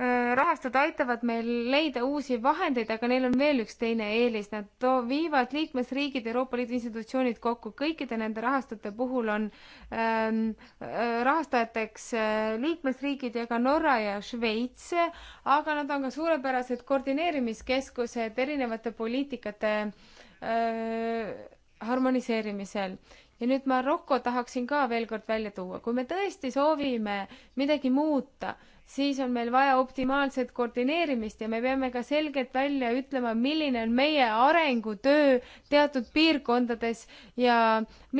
Äh, rahastud aitavad meil leida uusi vahendeid, aga neil on veel üks teine eelis, nad too-, viivad liikmesriigid, Euroopa Liidu institutsioonid kokku, kõikide nende rahastute puhul on ähm, äh, rahastajateks äh, liikmesriigid ja ka Norra ja Šveits, aga nad on ka suurepärased koordineerimiskeskused erinevate poliitikate äh, harmoniseerimisel ja nüüd Maroko tahaksin ka veel kord välja tuua, kui me tõesti soovime midagi muuta, siis on meil vaja optimaalset koordineerimist ja me peame ka selgelt välja ütlema, milline on meie arengutöö teatud piirkondades ja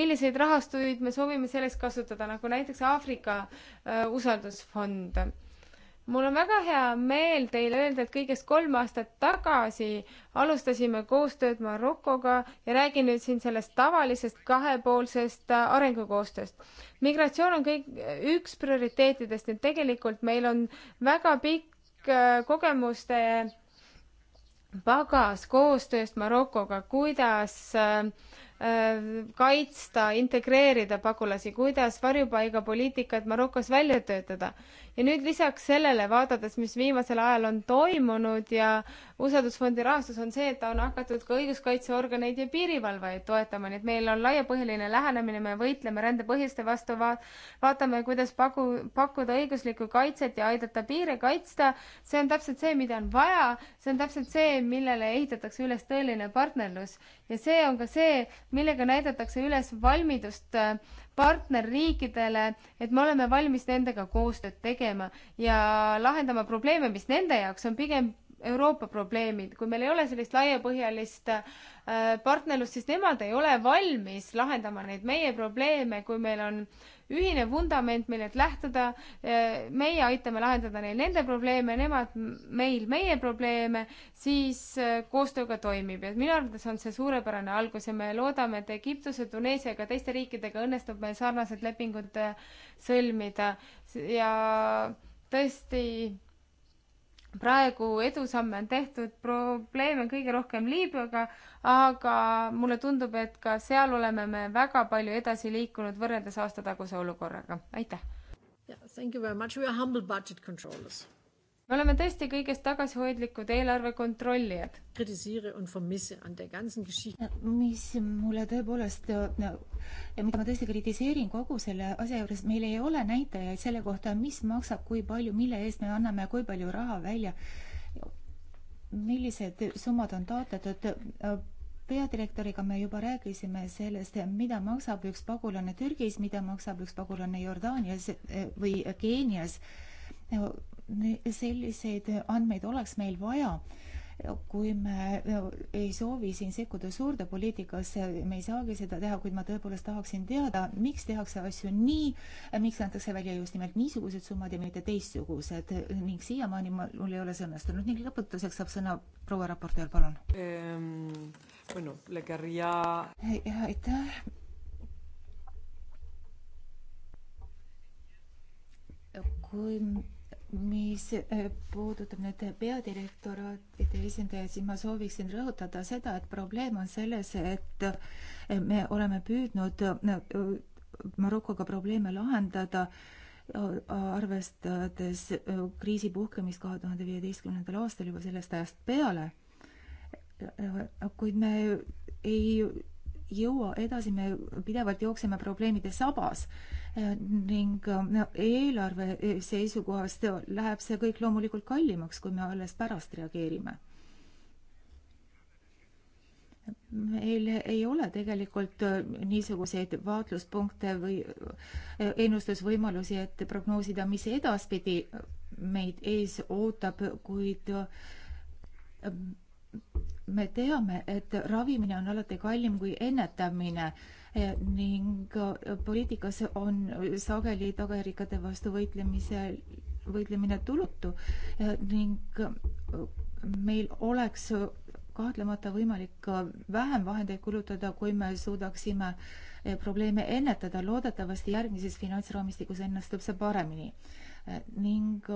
milliseid rahastuid me soovime selleks kasutada, nagu näiteks Aafrika äh, usaldusfond mul on väga hea meel teile öelda, et kõigest kolm aastat tagasi alustasime koostööd Marokoga ja räägin nüüd siin sellest tavalisest kahepoolsest äh, arengukoostööst. migratsioon on kõik, äh, üks prioriteetidest, nii et tegelikult meil on väga pikk äh, kogemuste pagas koostööst Marokoga, kuidas äh, kaitsta, integreerida pagulasi, kuidas varjupaigapoliitikat Marokos välja töötada ja nüüd lisaks sellele, vaadates, mis viimasel ajal on toimunud ja usaldusfondi rahastus on see, et on hakatud ka õiguskaitseorganeid ja piirivalvajaid toetama, nii et meil on laiapõhjaline lähenemine, me võitleme rände põhjuste vastu va, vaatame, kuidas paku, pakkuda õiguslikku kaitset ja aidata piire kaitsta. see on täpselt see, mida on vaja, see on täpselt see, millele ehitatakse üles tõeline partnerlus ja see on ka see, millega näidatakse üles valmidust äh, partnerriikidele, et me oleme valmis nendega koostööd tegema ja lahendama probleeme, mis nende jaoks on pigem Euroopa probleemid, kui meil ei ole sellist laiapõhjalist äh, partnerlust, siis nemad ei ole valmis lahendama neid meie probleeme, kui meil on ühine vundament, millelt lähtuda. Eh, meie aitame lahendada neil nende probleeme, nemad meil meie probleeme, siis eh, koostöö ka toimib ja minu arvates on see suurepärane algus ja me loodame, et Egiptuse, Tuneesia ja teiste riikidega õnnestub meil sarnased lepingud eh, sõlmida ja tõesti praegu edusamme on tehtud, probleeme kõige rohkem Liibüaga, aga mulle tundub, et ka seal oleme me väga palju edasi liikunud võrreldes aasta taguse olukorraga. aitäh yeah,! Thank you very much, we are humble budget controllers me oleme tõesti kõigest tagasihoidlikud eelarvekontrollijad. mis mulle tõepoolest, mida ma tõesti kritiseerin kogu selle asja juures, meil ei ole näitajaid selle kohta, mis maksab, kui palju, mille eest me anname, kui palju raha välja. millised summad on taotletud peadirektoriga me juba rääkisime sellest, mida maksab üks pagulane Türgis, mida maksab üks pagulane Jordaanias eh, või Keenias Nagu selliseid andmeid oleks meil vaja kui me ei soovi siin sekkuda suurde poliitikasse, me ei saagi seda teha, kuid ma tõepoolest tahaksin teada, miks tehakse asju nii, miks antakse välja just nimelt niisugused summad ja mitte teistsugused ning siiamaani mul ei ole see õnnestunud ning lõpetuseks saab sõna proua raportöör, palun ehm,. Bueno, le querría... ja aitäh. kui mis eh, puudutab nüüd peadirektoraatide esindajaid, siis ma sooviksin rõhutada seda, et probleem on selles, et eh, me oleme püüdnud eh, Marokoga probleeme lahendada, arvestades kriisi puhkemist kahe tuhande viieteistkümnendal aastal juba sellest ajast peale. kuid me ei jõua edasi, me pidevalt jookseme probleemide sabas ning äh, eelarve äh, seisukohast läheb see kõik loomulikult kallimaks, kui me alles pärast reageerime. meil ei ole tegelikult äh, niisuguseid vaatluspunkte või ennustusvõimalusi, et prognoosida, mis edaspidi meid ees ootab, kuid me teame, et ravimine on alati kallim kui ennetamine Eh, ning eh, poliitikas on sageli tagajärgede vastu võitlemisel, võitlemine tulutu eh, ning meil oleks kahtlemata võimalik vähem vahendeid kulutada, kui me suudaksime probleeme ennetada. loodetavasti järgmises finantsraamistikus õnnestub see paremini. ning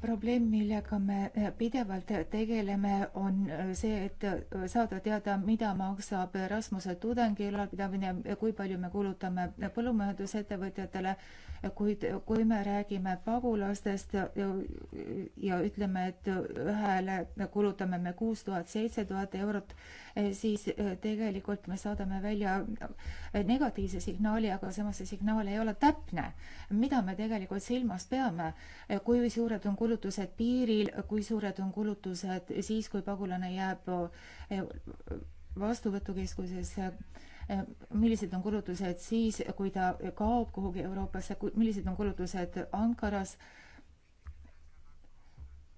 probleem, millega me äh, pidevalt tegeleme, on äh, see, et äh, saada teada, mida maksab Rasmuse tudengi ülalpidamine, kui palju me kulutame põllumajandusettevõtjatele kuid kui me räägime pagulastest ja, ja, ja ütleme, et ühele kulutame me kuus tuhat, seitse tuhat eurot, eh, siis eh, tegelikult me saadame välja eh, negatiivse signaali, aga samas see signaal ei ole täpne. mida me tegelikult silmas peame, kui suured on kulutused piiril, kui suured on kulutused siis, kui pagulane jääb vastuvõtukeskusesse Äh, millised on kulutused siis, kui ta kaob kuhugi Euroopasse, millised on kulutused Ankaras,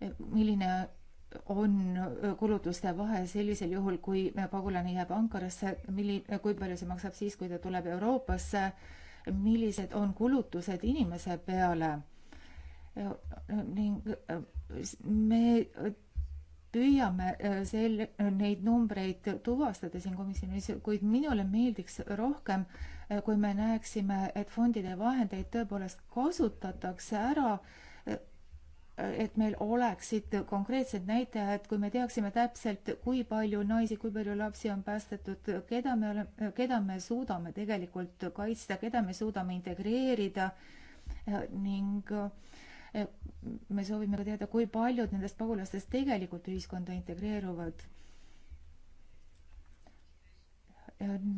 äh, milline on kulutuste vahe sellisel juhul, kui pagulane jääb Ankarasse, milli-, kui palju see maksab siis, kui ta tuleb Euroopasse, millised on kulutused inimese peale äh, ning me püüame äh, sel-, neid numbreid tuvastada siin komisjonis, kuid minule meeldiks rohkem, äh, kui me näeksime, et fondide vahendeid tõepoolest kasutatakse ära, äh, et meil oleksid konkreetsed näitajad, kui me teaksime täpselt, kui palju naisi, kui palju lapsi on päästetud, keda me oleme, keda me suudame tegelikult kaitsta, keda me suudame integreerida ning äh, me soovime ka teada, kui paljud nendest pagulastest tegelikult ühiskonda integreeruvad.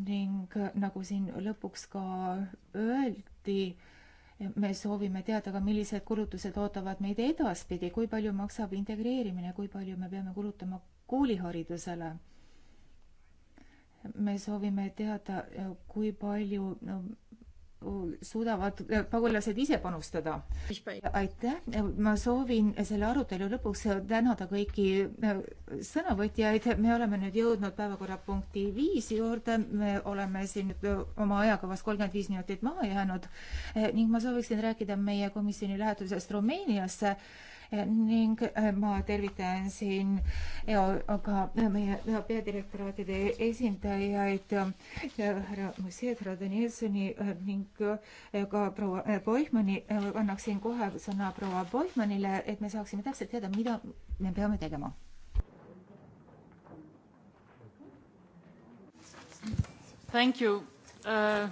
ning nagu siin lõpuks ka öeldi, me soovime teada ka, millised kulutused ootavad meid edaspidi, kui palju maksab integreerimine, kui palju me peame kulutama kooliharidusele. me soovime teada, kui palju no, suudavad äh, pagulased ise panustada. aitäh, ma soovin selle arutelu lõpuks tänada kõiki äh, sõnavõtjaid, me oleme nüüd jõudnud päevakorrapunkti viis juurde, me oleme siin äh, oma ajakavas kolmkümmend viis minutit maha jäänud ning ma sooviksin rääkida meie komisjoni lähetusest Rumeeniasse ning äh, ma tervitan siin ka meie peadirektoraatide esindajaid, äh, härra Musseed, härra Danielsoni äh, ning ka proua Boihmani. annaksin kohe sõna proua Boihmanile, et me saaksime täpselt teada, mida me peame tegema Thank you uh,.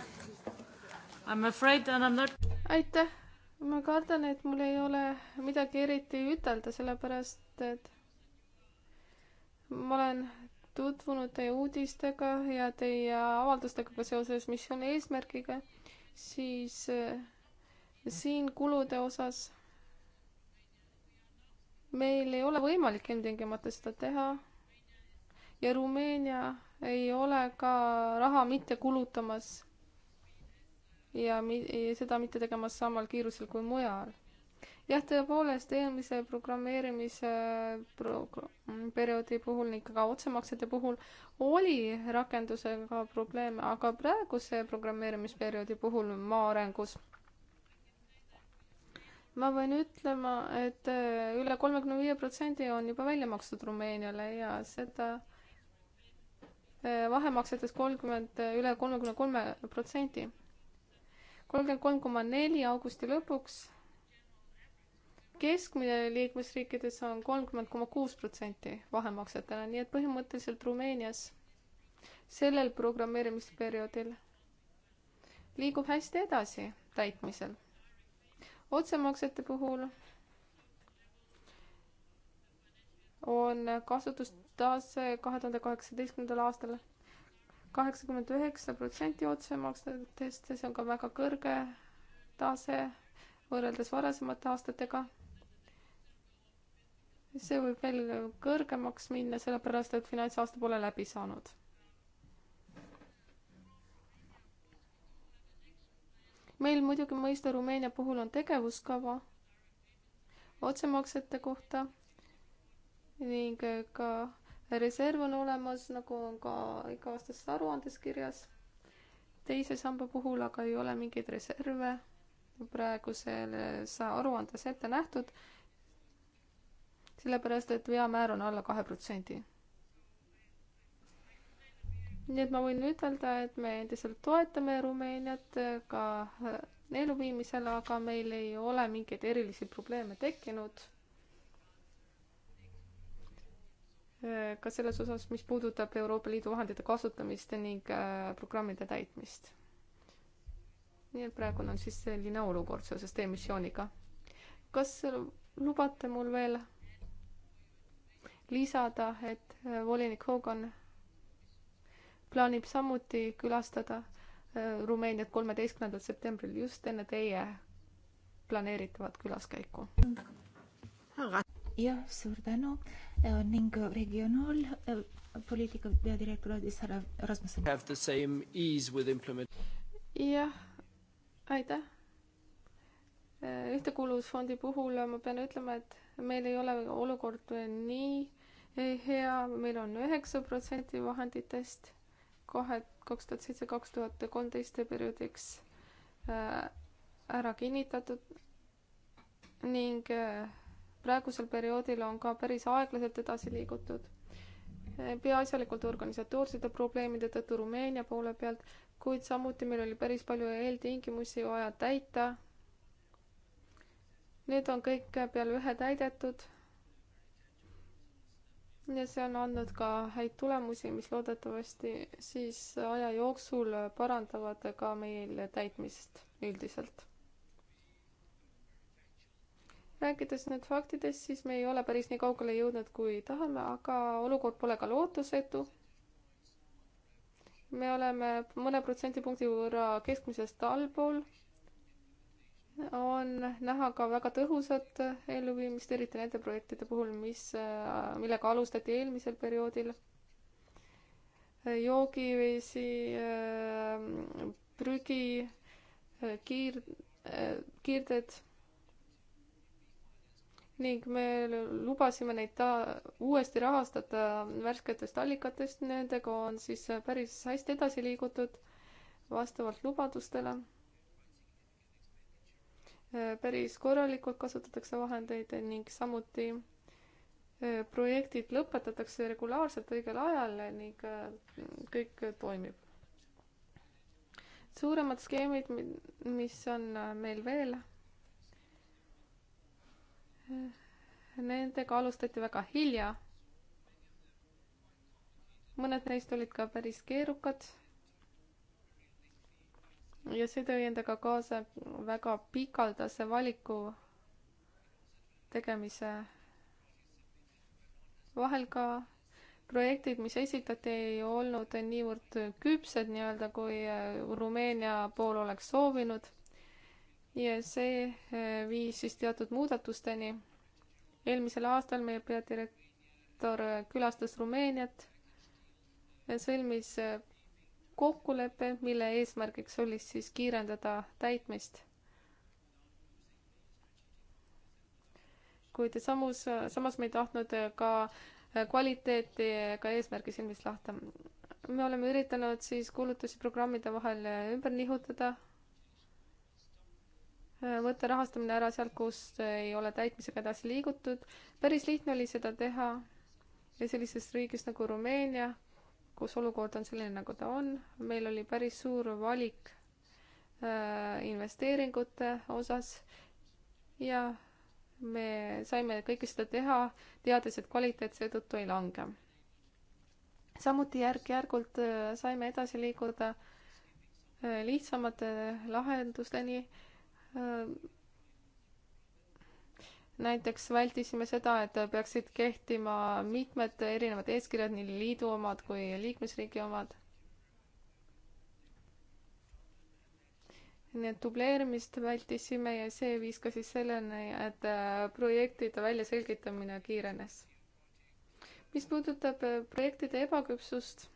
I am afraid and I am not. aitäh, ma kardan, et mul ei ole midagi eriti ütelda, sellepärast et ma olen tutvunud teie uudistega ja teie avaldustega ka seoses missiooni eesmärgiga, siis eh, siin kulude osas meil ei ole võimalik ilmtingimata seda teha. ja Rumeenia ei ole ka raha mitte kulutamas ja mi-, seda mitte tegema samal kiirusel kui mujal. jah, tõepoolest, eelmise programmeerimise pro-, perioodi puhul ning ka otsemaksete puhul oli rakendusega probleeme, aga praeguse programmeerimisperioodi puhul maa arengus ma võin ütlema, et äh, üle kolmekümne viie protsendi on juba välja makstud Rumeeniale ja seda äh, vahemaksetest kolmkümmend, üle kolmekümne kolme protsendi kolmkümmend kolm koma neli augusti lõpuks. keskmine liikmesriikides on kolmkümmend koma kuus protsenti vahemaksetena, nii et põhimõtteliselt Rumeenias sellel programmeerimisperioodil liigub hästi edasi täitmisel. otsemaksete puhul on kasutustase kahe tuhande kaheksateistkümnendal aastal kaheksakümmend üheksa protsenti otsemaksetest, see on ka väga kõrge tase võrreldes varasemate aastatega. see võib veel kõrgemaks minna, sellepärast et finantsaasta pole läbi saanud. meil muidugi mõiste Rumeenia puhul on tegevuskava otsemaksete kohta ning ka reserv on olemas, nagu on ka iga-aastases aruandes kirjas. teise samba puhul aga ei ole mingeid reserve praeguses aruandes ette nähtud, sellepärast et veamäär on alla kahe protsendi. nii et ma võin ütelda, et me endiselt toetame Rumeeniat ka eluviimisel, aga meil ei ole mingeid erilisi probleeme tekkinud Äh, ka selles osas, mis puudutab Euroopa Liidu vahendite kasutamist ning äh, programmide täitmist. nii et praegune on siis selline olukord seoses teie missiooniga. kas lubate mul veel lisada, et äh, volinik Hogan plaanib samuti külastada Rumeeniat kolmeteistkümnendal septembril, just enne teie planeeritavat külaskäiku? jah, suur tänu Eh, ning regionaalpoliitika eh, peadirektoraadis härra Rasmussen. jah, aitäh. Eh, ühtekuuluvusfondi puhul ma pean ütlema, et meil ei ole olukord nii hea, meil on üheksa protsenti vahenditest kahe, kaks tuhat seitse, kaks tuhat kolmteist perioodiks ära kinnitatud ning praegusel perioodil on ka päris aeglaselt edasi liigutud. peaasjalikult organisatoorsete probleemide tõttu Rumeenia poole pealt, kuid samuti meil oli päris palju eeltingimusi vaja täita. Need on kõik peale ühe täidetud. ja see on andnud ka häid tulemusi, mis loodetavasti siis aja jooksul parandavad ka meil täitmist üldiselt rääkides nüüd faktidest, siis me ei ole päris nii kaugele jõudnud, kui tahame, aga olukord pole ka lootusetu. me oleme mõne protsendipunkti võrra keskmisest allpool. on näha ka väga tõhusat elluviimist, eriti nende projektide puhul, mis, millega alustati eelmisel perioodil. joogivesi, prügi, kiir, kiirded ning me lubasime neid ta-, uuesti rahastada värsketest allikatest, nendega on siis päris hästi edasi liigutud vastavalt lubadustele. päris korralikult kasutatakse vahendeid ning samuti e, projektid lõpetatakse regulaarselt õigel ajal ning e, kõik toimib. suuremad skeemid, mis on meil veel Nendega alustati väga hilja. mõned neist olid ka päris keerukad. ja see tõi endaga kaasa väga pikaldase valiku tegemise. vahel ka projektid, mis esitati, ei olnud niivõrd küpsed nii-öelda, kui Rumeenia pool oleks soovinud ja see äh, viis siis teatud muudatusteni. eelmisel aastal meie peadirektor äh, külastas Rumeeniat, sõlmis äh, kokkulepe, mille eesmärgiks oli siis kiirendada täitmist. kuid samus, samas me ei tahtnud ka kvaliteeti ega eesmärgi silmist lahta. me oleme üritanud siis kulutusi programmide vahel ümber nihutada Äh, võtta rahastamine ära sealt, kus ei ole täitmisega edasi liigutud. päris lihtne oli seda teha ja sellises riigis nagu Rumeenia, kus olukord on selline, nagu ta on, meil oli päris suur valik äh, investeeringute osas ja me saime kõike seda teha, teades, et kvaliteet seetõttu ei lange. samuti järk-järgult äh, saime edasi liikuda lihtsamate lahendusteni näiteks vältisime seda, et peaksid kehtima mitmed erinevad eeskirjad, nii liidu omad kui liikmesriigi omad. nii et dubleerimist vältisime ja see viis ka siis selleni, et äh, projektide väljaselgitamine kiirenes. mis puudutab äh, projektide ebaküpsust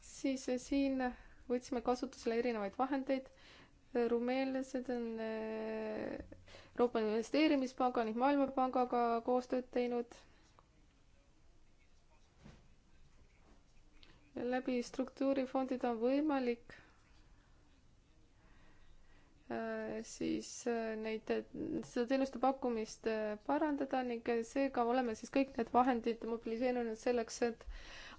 siis äh, siin võtsime kasutusele erinevaid vahendeid. rumeenlased on äh, Euroopa Investeerimispanga ning Maailmapangaga koostööd teinud. läbi struktuurifondide on võimalik äh, siis äh, neid, seda teenuste pakkumist parandada ning seega oleme siis kõik need vahendid mobiliseerinud selleks, et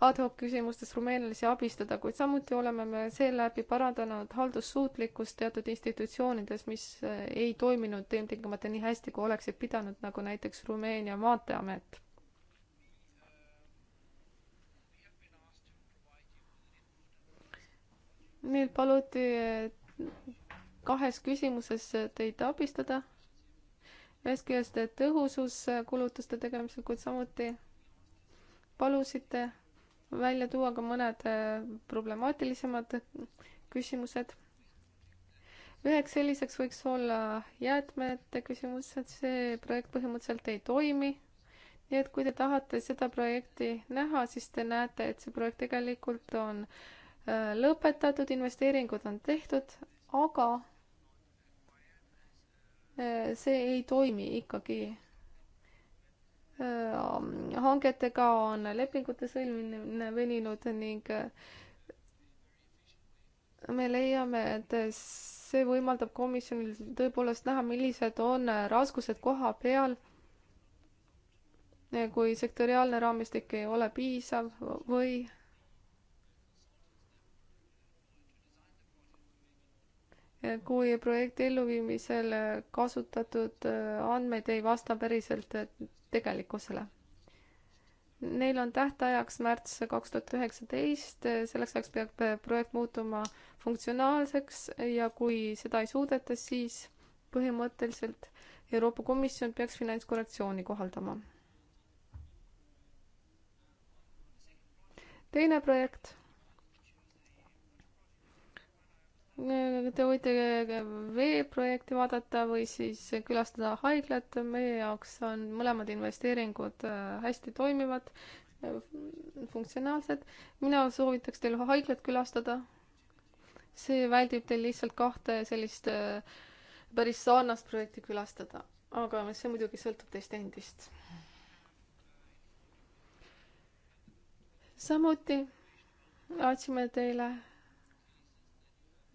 ad hoc küsimustes rumeenlasi abistada, kuid samuti oleme me seeläbi parandanud haldussuutlikkust teatud institutsioonides, mis eh, ei toiminud ilmtingimata nii hästi, kui oleksid pidanud, nagu näiteks Rumeenia maanteeamet meil paluti eh, kahes küsimuses teid abistada. ühest küljest eh, tõhusus kulutuste tegemisel, kuid samuti palusite välja tuua ka mõned äh, problemaatilisemad küsimused. üheks selliseks võiks olla jäätmete küsimus, et see projekt põhimõtteliselt ei toimi. nii et kui te tahate seda projekti näha, siis te näete, et see projekt tegelikult on äh, lõpetatud, investeeringud on tehtud, aga äh, see ei toimi ikkagi Äh, hangetega on lepingute sõlmimine veninud ning äh, me leiame, et see võimaldab komisjonil tõepoolest näha, millised on raskused koha peal, kui sektoriaalne raamistik ei ole piisav või kui projekti elluviimisel kasutatud äh, andmed ei vasta päriselt tegelikkusele. Neil on tähtajaks märts kaks tuhat üheksateist, selleks ajaks peab projekt muutuma funktsionaalseks ja kui seda ei suudeta, siis põhimõtteliselt Euroopa Komisjon peaks finantskorrektsiooni kohaldama. teine projekt Te võite veeprojekti vaadata või siis külastada haiglat, meie jaoks on mõlemad investeeringud äh, hästi toimivad, äh, funktsionaalsed. mina soovitaks teil haiglat külastada. see väldib teil lihtsalt kahte sellist äh, päris sarnast projekti külastada, aga see muidugi sõltub teist endist. samuti otsime teile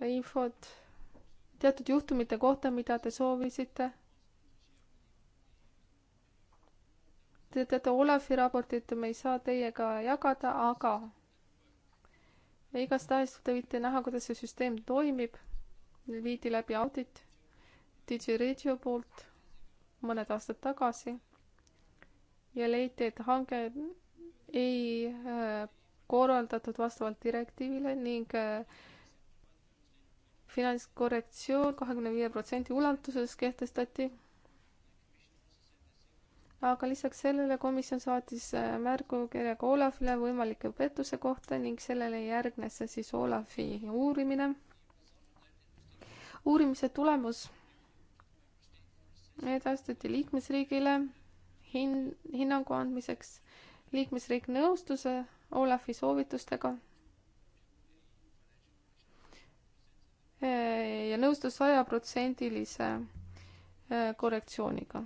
infot teatud juhtumite kohta, mida te soovisite. Te teate, Olavi raportit me ei saa teiega jagada, aga igastahes te võite näha, kuidas see süsteem toimib. viidi läbi audit DJ Radio poolt mõned aastad tagasi ja leiti, et hange ei äh, korraldatud vastavalt direktiivile ning äh, finantskorrektsioon kahekümne viie protsendi ulatuses kehtestati. aga lisaks sellele komisjon saatis äh, märgu kirjaga Olafile võimalike pettuse kohta ning sellele järgnes siis Olafi uurimine. uurimise tulemus edastati liikmesriigile hin-, hinnangu andmiseks. liikmesriik nõustus äh, Olafi soovitustega Äh, ja nõustus sajaprotsendilise äh, korrektsiooniga.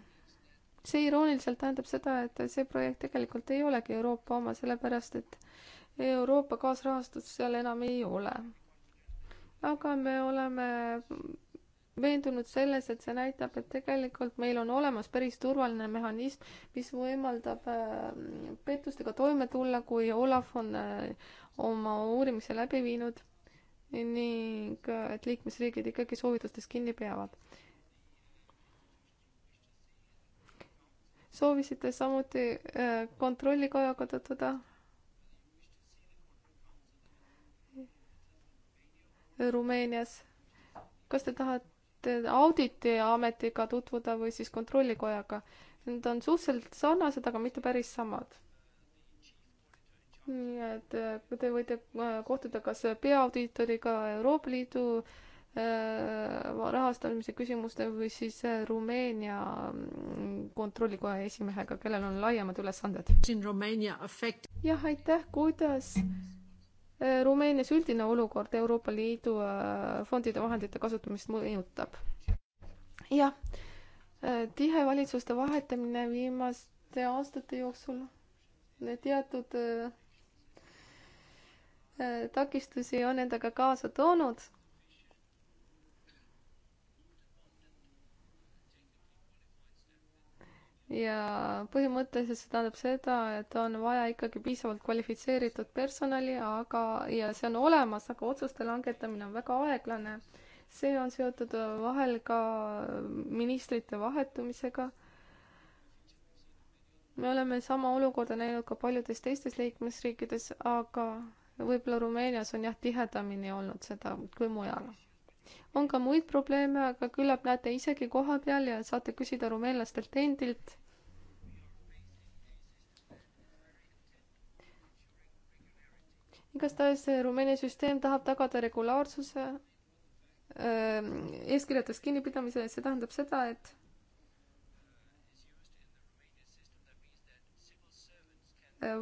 see irooniliselt tähendab seda, et see projekt tegelikult ei olegi Euroopa oma, sellepärast et Euroopa kaasrahastust seal enam ei ole. aga me oleme veendunud selles, et see näitab, et tegelikult meil on olemas päris turvaline mehhanism, mis võimaldab äh, pettustega toime tulla, kui Olav on oma uurimise läbi viinud ning äh, et liikmesriigid ikkagi soovitustest kinni peavad. soovisite samuti äh, kontrollikoja kasutada. Rumeenias. kas te tahate auditiametiga tutvuda või siis kontrollikojaga? Need on suhteliselt sarnased, aga mitte päris samad nii et äh, te võite äh, kohtuda kas peaaudiitoriga Euroopa Liidu äh, rahastamise küsimuste või siis Rumeenia mm, kontrollikoja esimehega, kellel on laiemad ülesanded. jah, aitäh, kuidas Rumeenias üldine olukord Euroopa Liidu fondide vahendite kasutamist mõjutab? jah, tihe valitsuste vahetamine viimaste aastate jooksul, teatud Äh, takistusi on endaga kaasa toonud. ja põhimõtteliselt see tähendab seda, et on vaja ikkagi piisavalt kvalifitseeritud personali, aga, ja see on olemas, aga otsuste langetamine on väga aeglane. see on seotud vahel ka ministrite vahetumisega me oleme sama olukorda näinud ka paljudes teistes liikmesriikides, aga võib-olla Rumeenias on jah tihedamini olnud seda kui mujal. on ka muid probleeme, aga küllap näete isegi koha peal ja saate küsida rumeenlastelt endilt. igastahes Rumeenia süsteem tahab tagada regulaarsuse, ehm, eeskirjadest kinnipidamise, see tähendab seda, et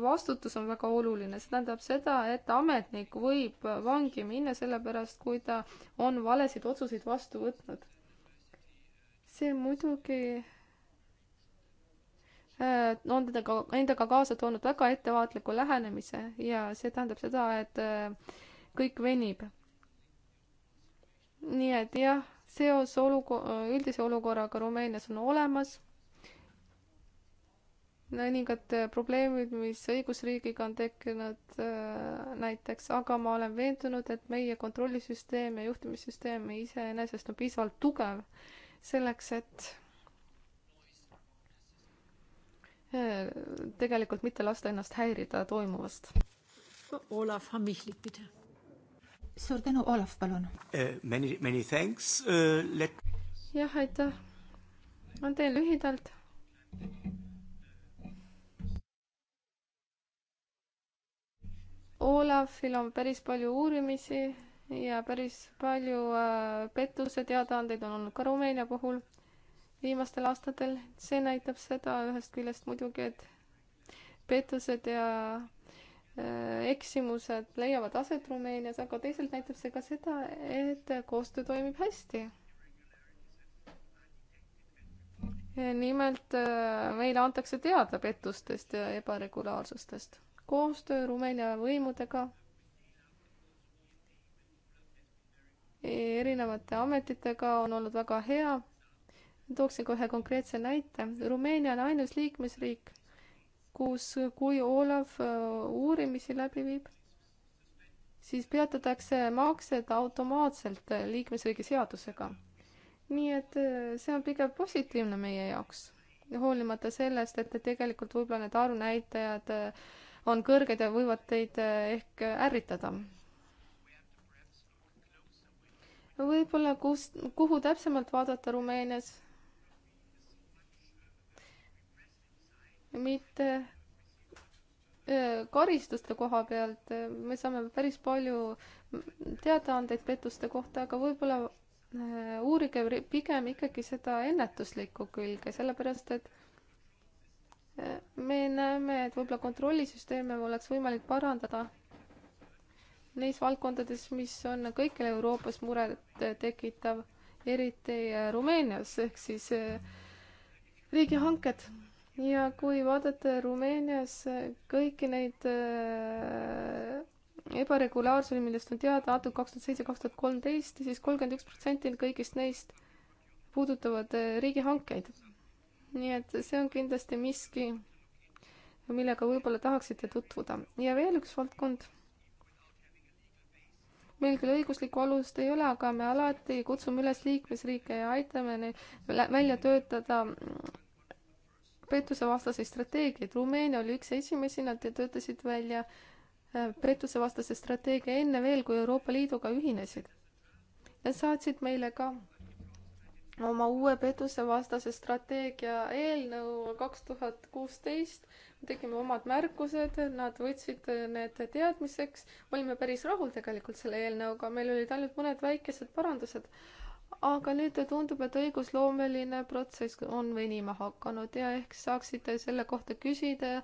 vastutus on väga oluline, see tähendab seda, et ametnik võib vangi minna sellepärast, kui ta on valesid otsuseid vastu võtnud. see muidugi äh, on teda ka, endaga kaasa toonud väga ettevaatliku lähenemise ja see tähendab seda, et äh, kõik venib. nii et jah, seos oluko-, üldise olukorraga Rumeenias on olemas mõningad äh, probleemid, mis õigusriigiga on tekkinud äh, näiteks, aga ma olen veendunud, et meie kontrollisüsteem ja juhtimissüsteem iseenesest on piisavalt tugev selleks, et äh, tegelikult mitte lasta ennast häirida toimuvast. Olav Hamihlik, pidi. suur tänu, Olav, palun uh,. Many, many thanks uh,. Let... jah, aitäh. ma teen lühidalt Olafil on päris palju uurimisi ja päris palju äh, pettuse teadaandeid on olnud ka Rumeenia puhul viimastel aastatel. see näitab seda ühest küljest muidugi, et pettused ja äh, eksimused leiavad aset Rumeenias, aga teisalt näitab see ka seda, et koostöö toimib hästi. nimelt äh, meile antakse teada pettustest ja ebaregulaarsustest koostöö Rumeenia võimudega, e-, erinevate ametitega on olnud väga hea. tooksin ka ühe konkreetse näite. Rumeenia on ainus liikmesriik, kus, kui Olav e, uurimisi läbi viib, siis peatatakse maksed automaatselt liikmesriigi seadusega. nii et e, see on pigem positiivne meie jaoks, hoolimata sellest, et tegelikult võib-olla need arvnäitajad äh, on kõrged ja võivad teid eh, ehk eh, ärritada. võib-olla kus, kuhu täpsemalt vaadata Rumeenias? mitte eh, karistuste koha pealt, me saame päris palju mm, teadaandeid pettuste kohta, aga võib-olla uurige pigem ikkagi seda ennetuslikku külge, sellepärast et me näeme, et võib-olla kontrollisüsteeme oleks võimalik parandada neis valdkondades, mis on kõikjal Euroopas muret tekitav, eriti Rumeenias ehk siis eh, riigihanked. ja kui vaadata Rumeenias eh, kõiki neid eh, ebaregulaarsusi, millest on teada antud kaks tuhat seitse, kaks tuhat kolmteist, siis kolmkümmend üks protsenti kõigist neist puudutavad riigihankeid nii et see on kindlasti miski, millega võib-olla tahaksite tutvuda. ja veel üks valdkond. meil küll õiguslikku alust ei ole, aga me alati kutsume üles liikmesriike ja aitame neil välja töötada pettusevastaseid strateegiaid. Rumeenia oli üks esimesi, nad töötasid välja äh, pettusevastase strateegia enne veel, kui Euroopa Liiduga ühinesid. Nad saatsid meile ka oma uue pettusevastase strateegia eelnõu kaks tuhat kuusteist, tegime omad märkused, nad võtsid need teadmiseks, olime päris rahul tegelikult selle eelnõuga, meil olid ainult mõned väikesed parandused, aga nüüd tundub, et õigusloomeline protsess on venima hakanud ja ehk saaksite selle kohta küsida,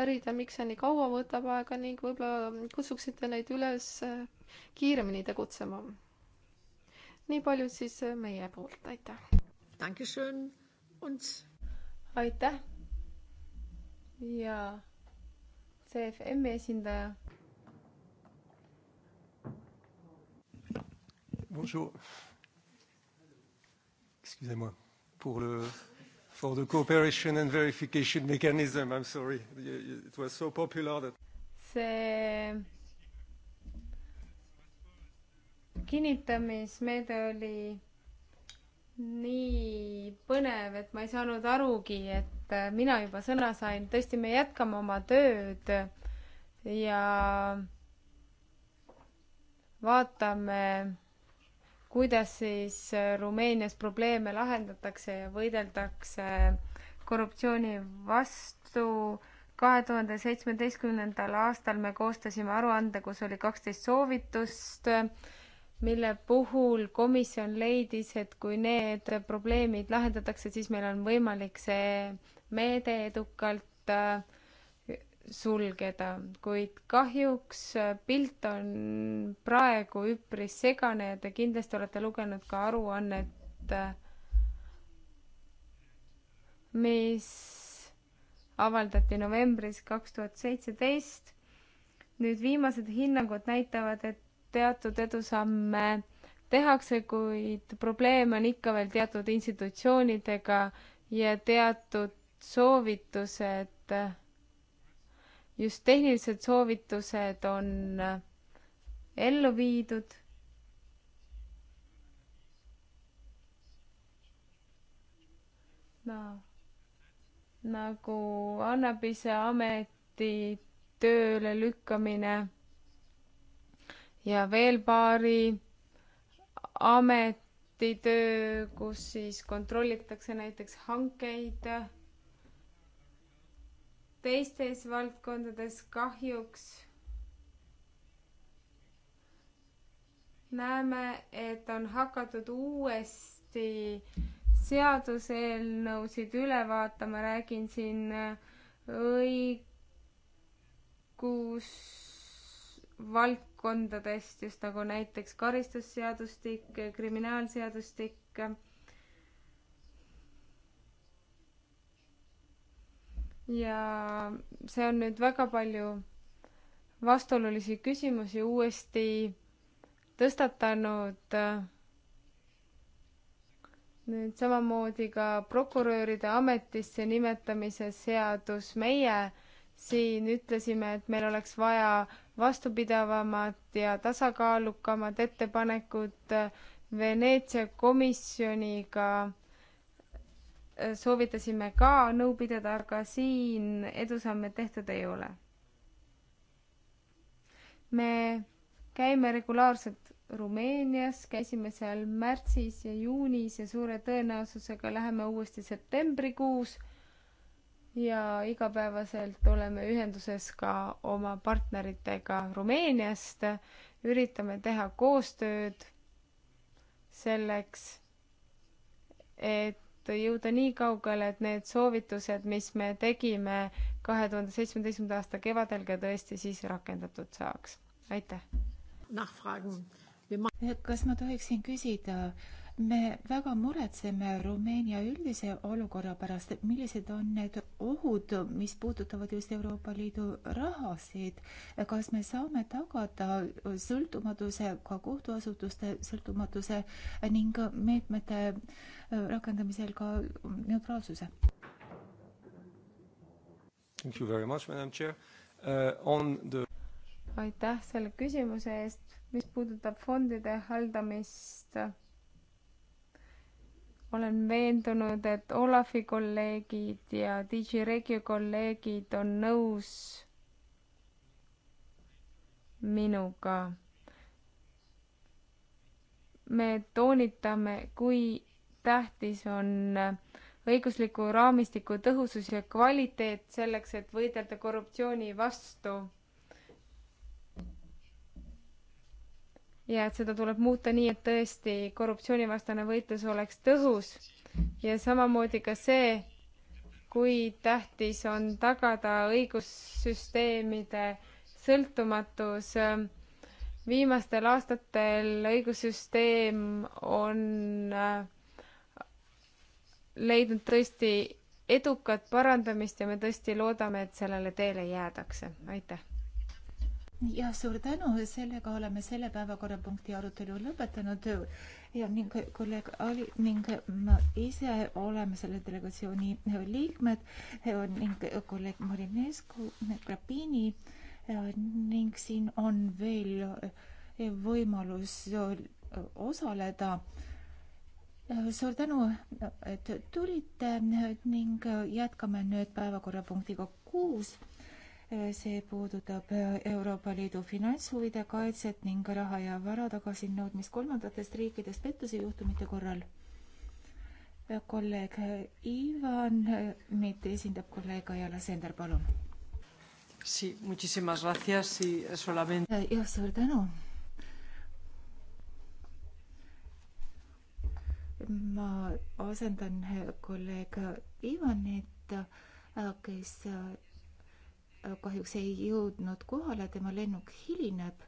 pärida, miks see nii kaua võtab aega ning võib-olla kutsuksite neid üles kiiremini tegutsema nii palju siis äh, meie poolt, aitäh. aitäh. ja CFM-i esindaja. Bonjour. Excusez-moi pour le for the cooperation and verification mechanism. I'm sorry, it was so popular that. see kinnitamismeede oli nii põnev, et ma ei saanud arugi, et äh, mina juba sõna sain. tõesti, me jätkame oma tööd ja vaatame, kuidas siis äh, Rumeenias probleeme lahendatakse ja võideldakse korruptsiooni vastu. kahe tuhande seitsmeteistkümnendal aastal me koostasime aruande, kus oli kaksteist soovitust mille puhul komisjon leidis, et kui need probleemid lahendatakse, siis meil on võimalik see meede edukalt äh, sulgeda, kuid kahjuks äh, pilt on praegu üpris segane ja te kindlasti olete lugenud ka aruannet, äh, mis avaldati novembris kaks tuhat seitseteist. nüüd viimased hinnangud näitavad, et teatud edusamme tehakse, kuid probleem on ikka veel teatud institutsioonidega ja teatud soovitused, just tehnilised soovitused on ellu viidud no, nagu annab ise ameti tööle lükkamine ja veel paari ametitöö, kus siis kontrollitakse näiteks hankeid. teistes valdkondades kahjuks näeme, et on hakatud uuesti seaduseelnõusid üle vaatama, räägin siin õigusvaldkonnast valdkondadest, just nagu näiteks karistusseadustik, kriminaalseadustik. ja see on nüüd väga palju vastuolulisi küsimusi uuesti tõstatanud. nüüd samamoodi ka prokuröride ametisse nimetamise seadus meie siin ütlesime, et meil oleks vaja vastupidavamat ja tasakaalukamat ettepanekut Veneetsia komisjoniga äh, soovitasime ka nõu pidada, aga siin edusamme tehtud ei ole. me käime regulaarselt Rumeenias, käisime seal märtsis ja juunis ja suure tõenäosusega läheme uuesti septembrikuus ja igapäevaselt oleme ühenduses ka oma partneritega Rumeeniast, üritame teha koostööd selleks, et jõuda nii kaugele, et need soovitused, mis me tegime kahe tuhande seitsmeteistkümnenda aasta kevadel, ka tõesti siis rakendatud saaks. aitäh! kas ma tohiksin küsida äh, me väga muretseme Rumeenia üldise olukorra pärast, millised on need ohud, mis puudutavad just Euroopa Liidu rahasid. kas me saame tagada sõltumatuse, ka kohtuasutuste sõltumatuse ning meetmete äh, rakendamisel ka neutraalsuse? Thank you very much, madam chair uh,. On the aitäh selle küsimuse eest, mis puudutab fondide haldamist olen veendunud, et Olafi kolleegid ja DJ Regio kolleegid on nõus minuga. me toonitame, kui tähtis on õigusliku raamistiku tõhusus ja kvaliteet selleks, et võidelda korruptsiooni vastu ja et seda tuleb muuta nii, et tõesti korruptsioonivastane võitlus oleks tõhus ja samamoodi ka see, kui tähtis on tagada õigussüsteemide sõltumatus. viimastel aastatel õigussüsteem on äh, leidnud tõesti edukat parandamist ja me tõesti loodame, et sellele teele jäädakse. aitäh! ja suur tänu, sellega oleme selle päevakorrapunkti arutelu lõpetanud ja ning kolleeg Ali ning ma ise oleme selle delegatsiooni liikmed ning kolleeg Marinescu, Grapini ning siin on veel võimalus osaleda suur tänu, et tulite ning jätkame nüüd päevakorrapunktiga kuus Eh, see puudutab eh, Euroopa Liidu finantshuvide kaitset ning raha ja vara tagasinõudmist kolmandatest riikidest pettusejuhtumite korral. Eh, kolleeg Ivan, meid esindab kolleeg Ajala Sender, palun. jah, suur tänu. ma asendan kolleeg Ivanit, kes kahjuks ei jõudnud kohale, tema lennuk hilineb.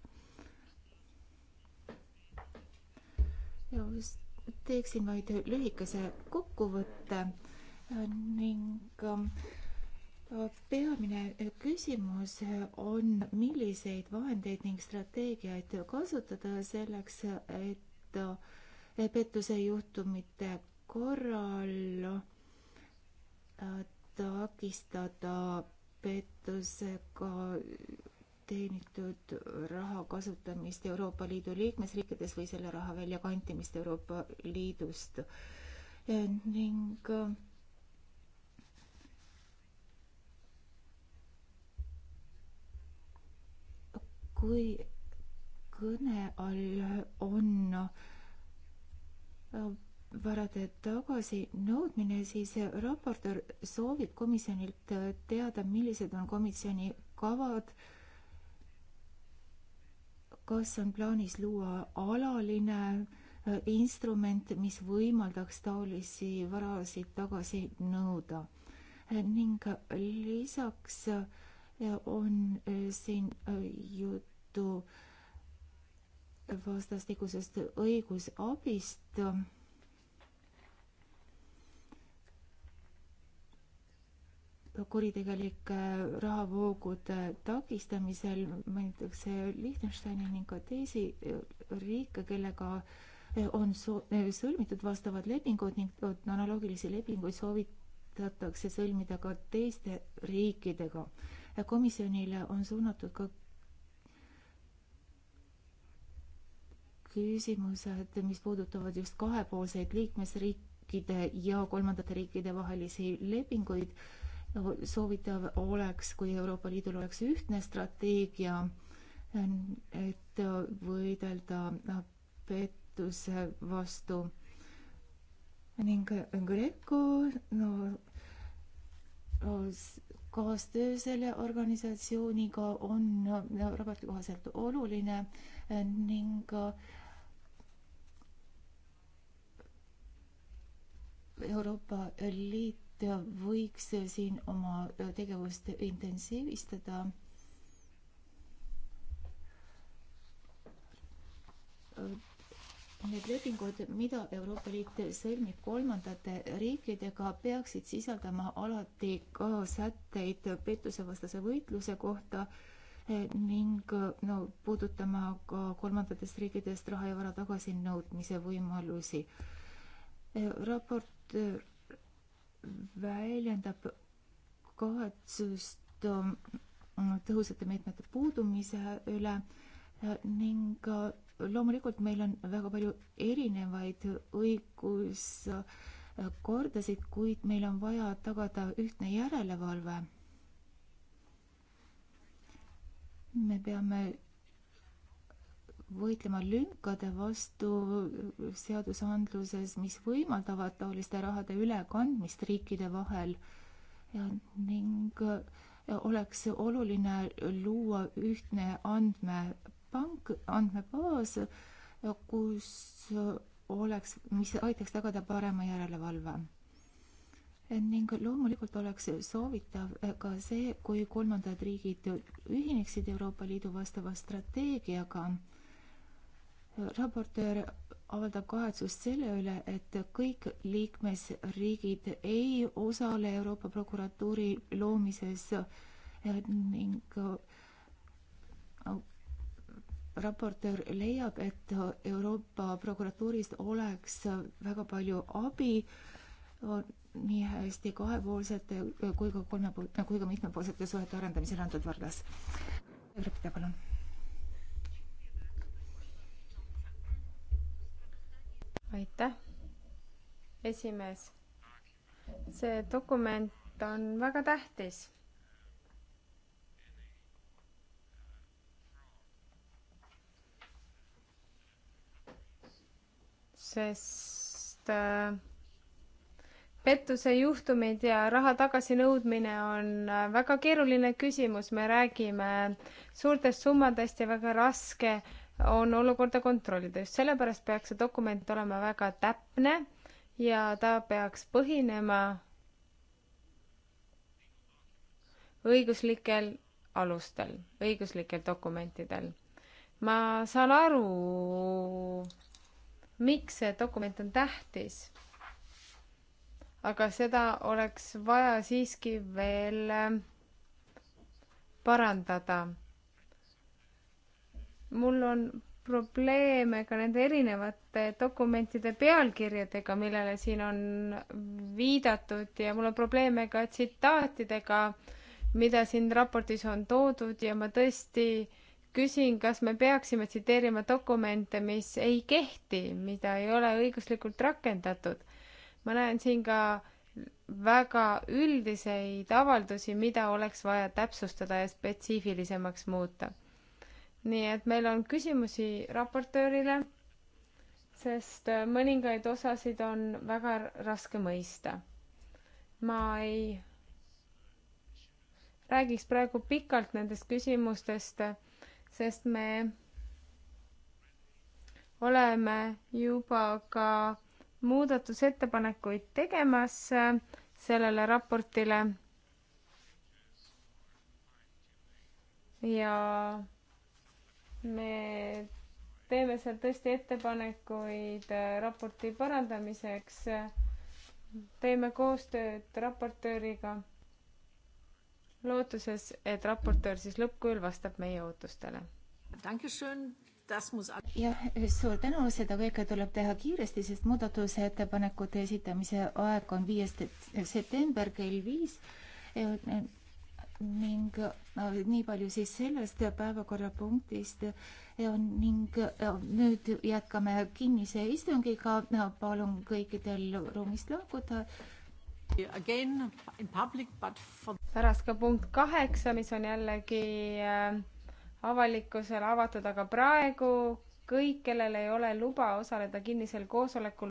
teeksin vaid lühikese kokkuvõtte äh, ning äh, peamine äh, küsimus on, milliseid vahendeid ning strateegiaid kasutada selleks, et pettusejuhtumite korral takistada pettusega teenitud raha kasutamist Euroopa Liidu liikmesriikides või selle raha väljakantimist Euroopa Liidust ning kui kõne all on varade tagasinõudmine, siis raportöör soovib komisjonilt teada, millised on komisjoni kavad, kas on plaanis luua alaline äh, instrument, mis võimaldaks taolisi varasid tagasi nõuda. Äh, ning lisaks äh, on siin juttu vastastikusest õigusabist kuritegelike äh, rahavoogude takistamisel mainitakse Liechtensteini ning ka teisi äh, riike, kellega äh, on so-, sõlmitud vastavad lepingud ning analoogilisi lepinguid soovitatakse sõlmida ka teiste riikidega. komisjonile on suunatud ka küsimused, mis puudutavad just kahepoolseid liikmesriikide ja kolmandate riikide vahelisi lepinguid soovitav oleks, kui Euroopa Liidul oleks ühtne strateegia, et võidelda pettuse vastu. ning Greco, no kaastöö selle organisatsiooniga on raporti kohaselt oluline ning Euroopa Liit võiks siin oma tegevust intensiivistada. Need lepingud, mida Euroopa Liit sõlmib kolmandate riikidega, peaksid sisaldama alati ka sätteid pettusevastase võitluse kohta ning no puudutama ka kolmandatest riikidest raha ja vara tagasinõudmise võimalusi. raport väljendab kahetsust ähm, tõhusate meetmete puudumise üle äh, ning äh, loomulikult meil on väga palju erinevaid õiguskordasid, kuid meil on vaja tagada ühtne järelevalve. me peame võitlema lünkade vastu seadusandluses, mis võimaldavad taoliste rahade ülekandmist riikide vahel ja ning oleks oluline luua ühtne andmepank, andmebaas, kus oleks, mis aitaks tagada parema järelevalve ning loomulikult oleks soovitav ka see, kui kolmandad riigid ühineksid Euroopa Liidu vastava strateegiaga raportöör avaldab kahetsust selle üle, et kõik liikmesriigid ei osale Euroopa prokuratuuri loomises eh, ning eh, raportöör leiab, et Euroopa prokuratuurist oleks väga palju abi eh, nii hästi kahepoolsete kui ka kolmepoolsete kui nagu ka mitmepoolsete suhete arendamisel antud vardas. Rõpita, palun aitäh, esimees. see dokument on väga tähtis sest äh, pettusejuhtumid ja raha tagasinõudmine on äh, väga keeruline küsimus, me räägime suurtest summadest ja väga raske on olukorda kontrollida. just sellepärast peaks see dokument olema väga täpne ja ta peaks põhinema õiguslikel alustel, õiguslikel dokumentidel. ma saan aru, miks see dokument on tähtis, aga seda oleks vaja siiski veel parandada mul on probleeme ka nende erinevate dokumentide pealkirjadega, millele siin on viidatud ja mul on probleeme ka tsitaatidega, mida siin raportis on toodud ja ma tõesti küsin, kas me peaksime tsiteerima dokumente, mis ei kehti, mida ei ole õiguslikult rakendatud. ma näen siin ka väga üldiseid avaldusi, mida oleks vaja täpsustada ja spetsiifilisemaks muuta nii et meil on küsimusi raportöörile, sest äh, mõningaid osasid on väga raske mõista. ma ei räägiks praegu pikalt nendest küsimustest, sest me oleme juba ka muudatusettepanekuid tegemas äh, sellele raportile ja me teeme seal tõesti ettepanekuid äh, raporti parandamiseks, teeme koostööd raportööriga, lootuses, et raportöör siis lõppkujul vastab meie ootustele. jah, äh, suur tänu, seda kõike tuleb teha kiiresti, sest muudatusettepanekute esitamise aeg on viies september kell viis äh, ning äh, nii palju siis sellest päevakorrapunktist ning äh, nüüd jätkame kinnise istungiga. palun kõikidel ruumist lahkuda. For... pärast ka punkt kaheksa, mis on jällegi äh, avalikkusele avatud, aga praegu kõik, kellel ei ole luba osaleda kinnisel koosolekul,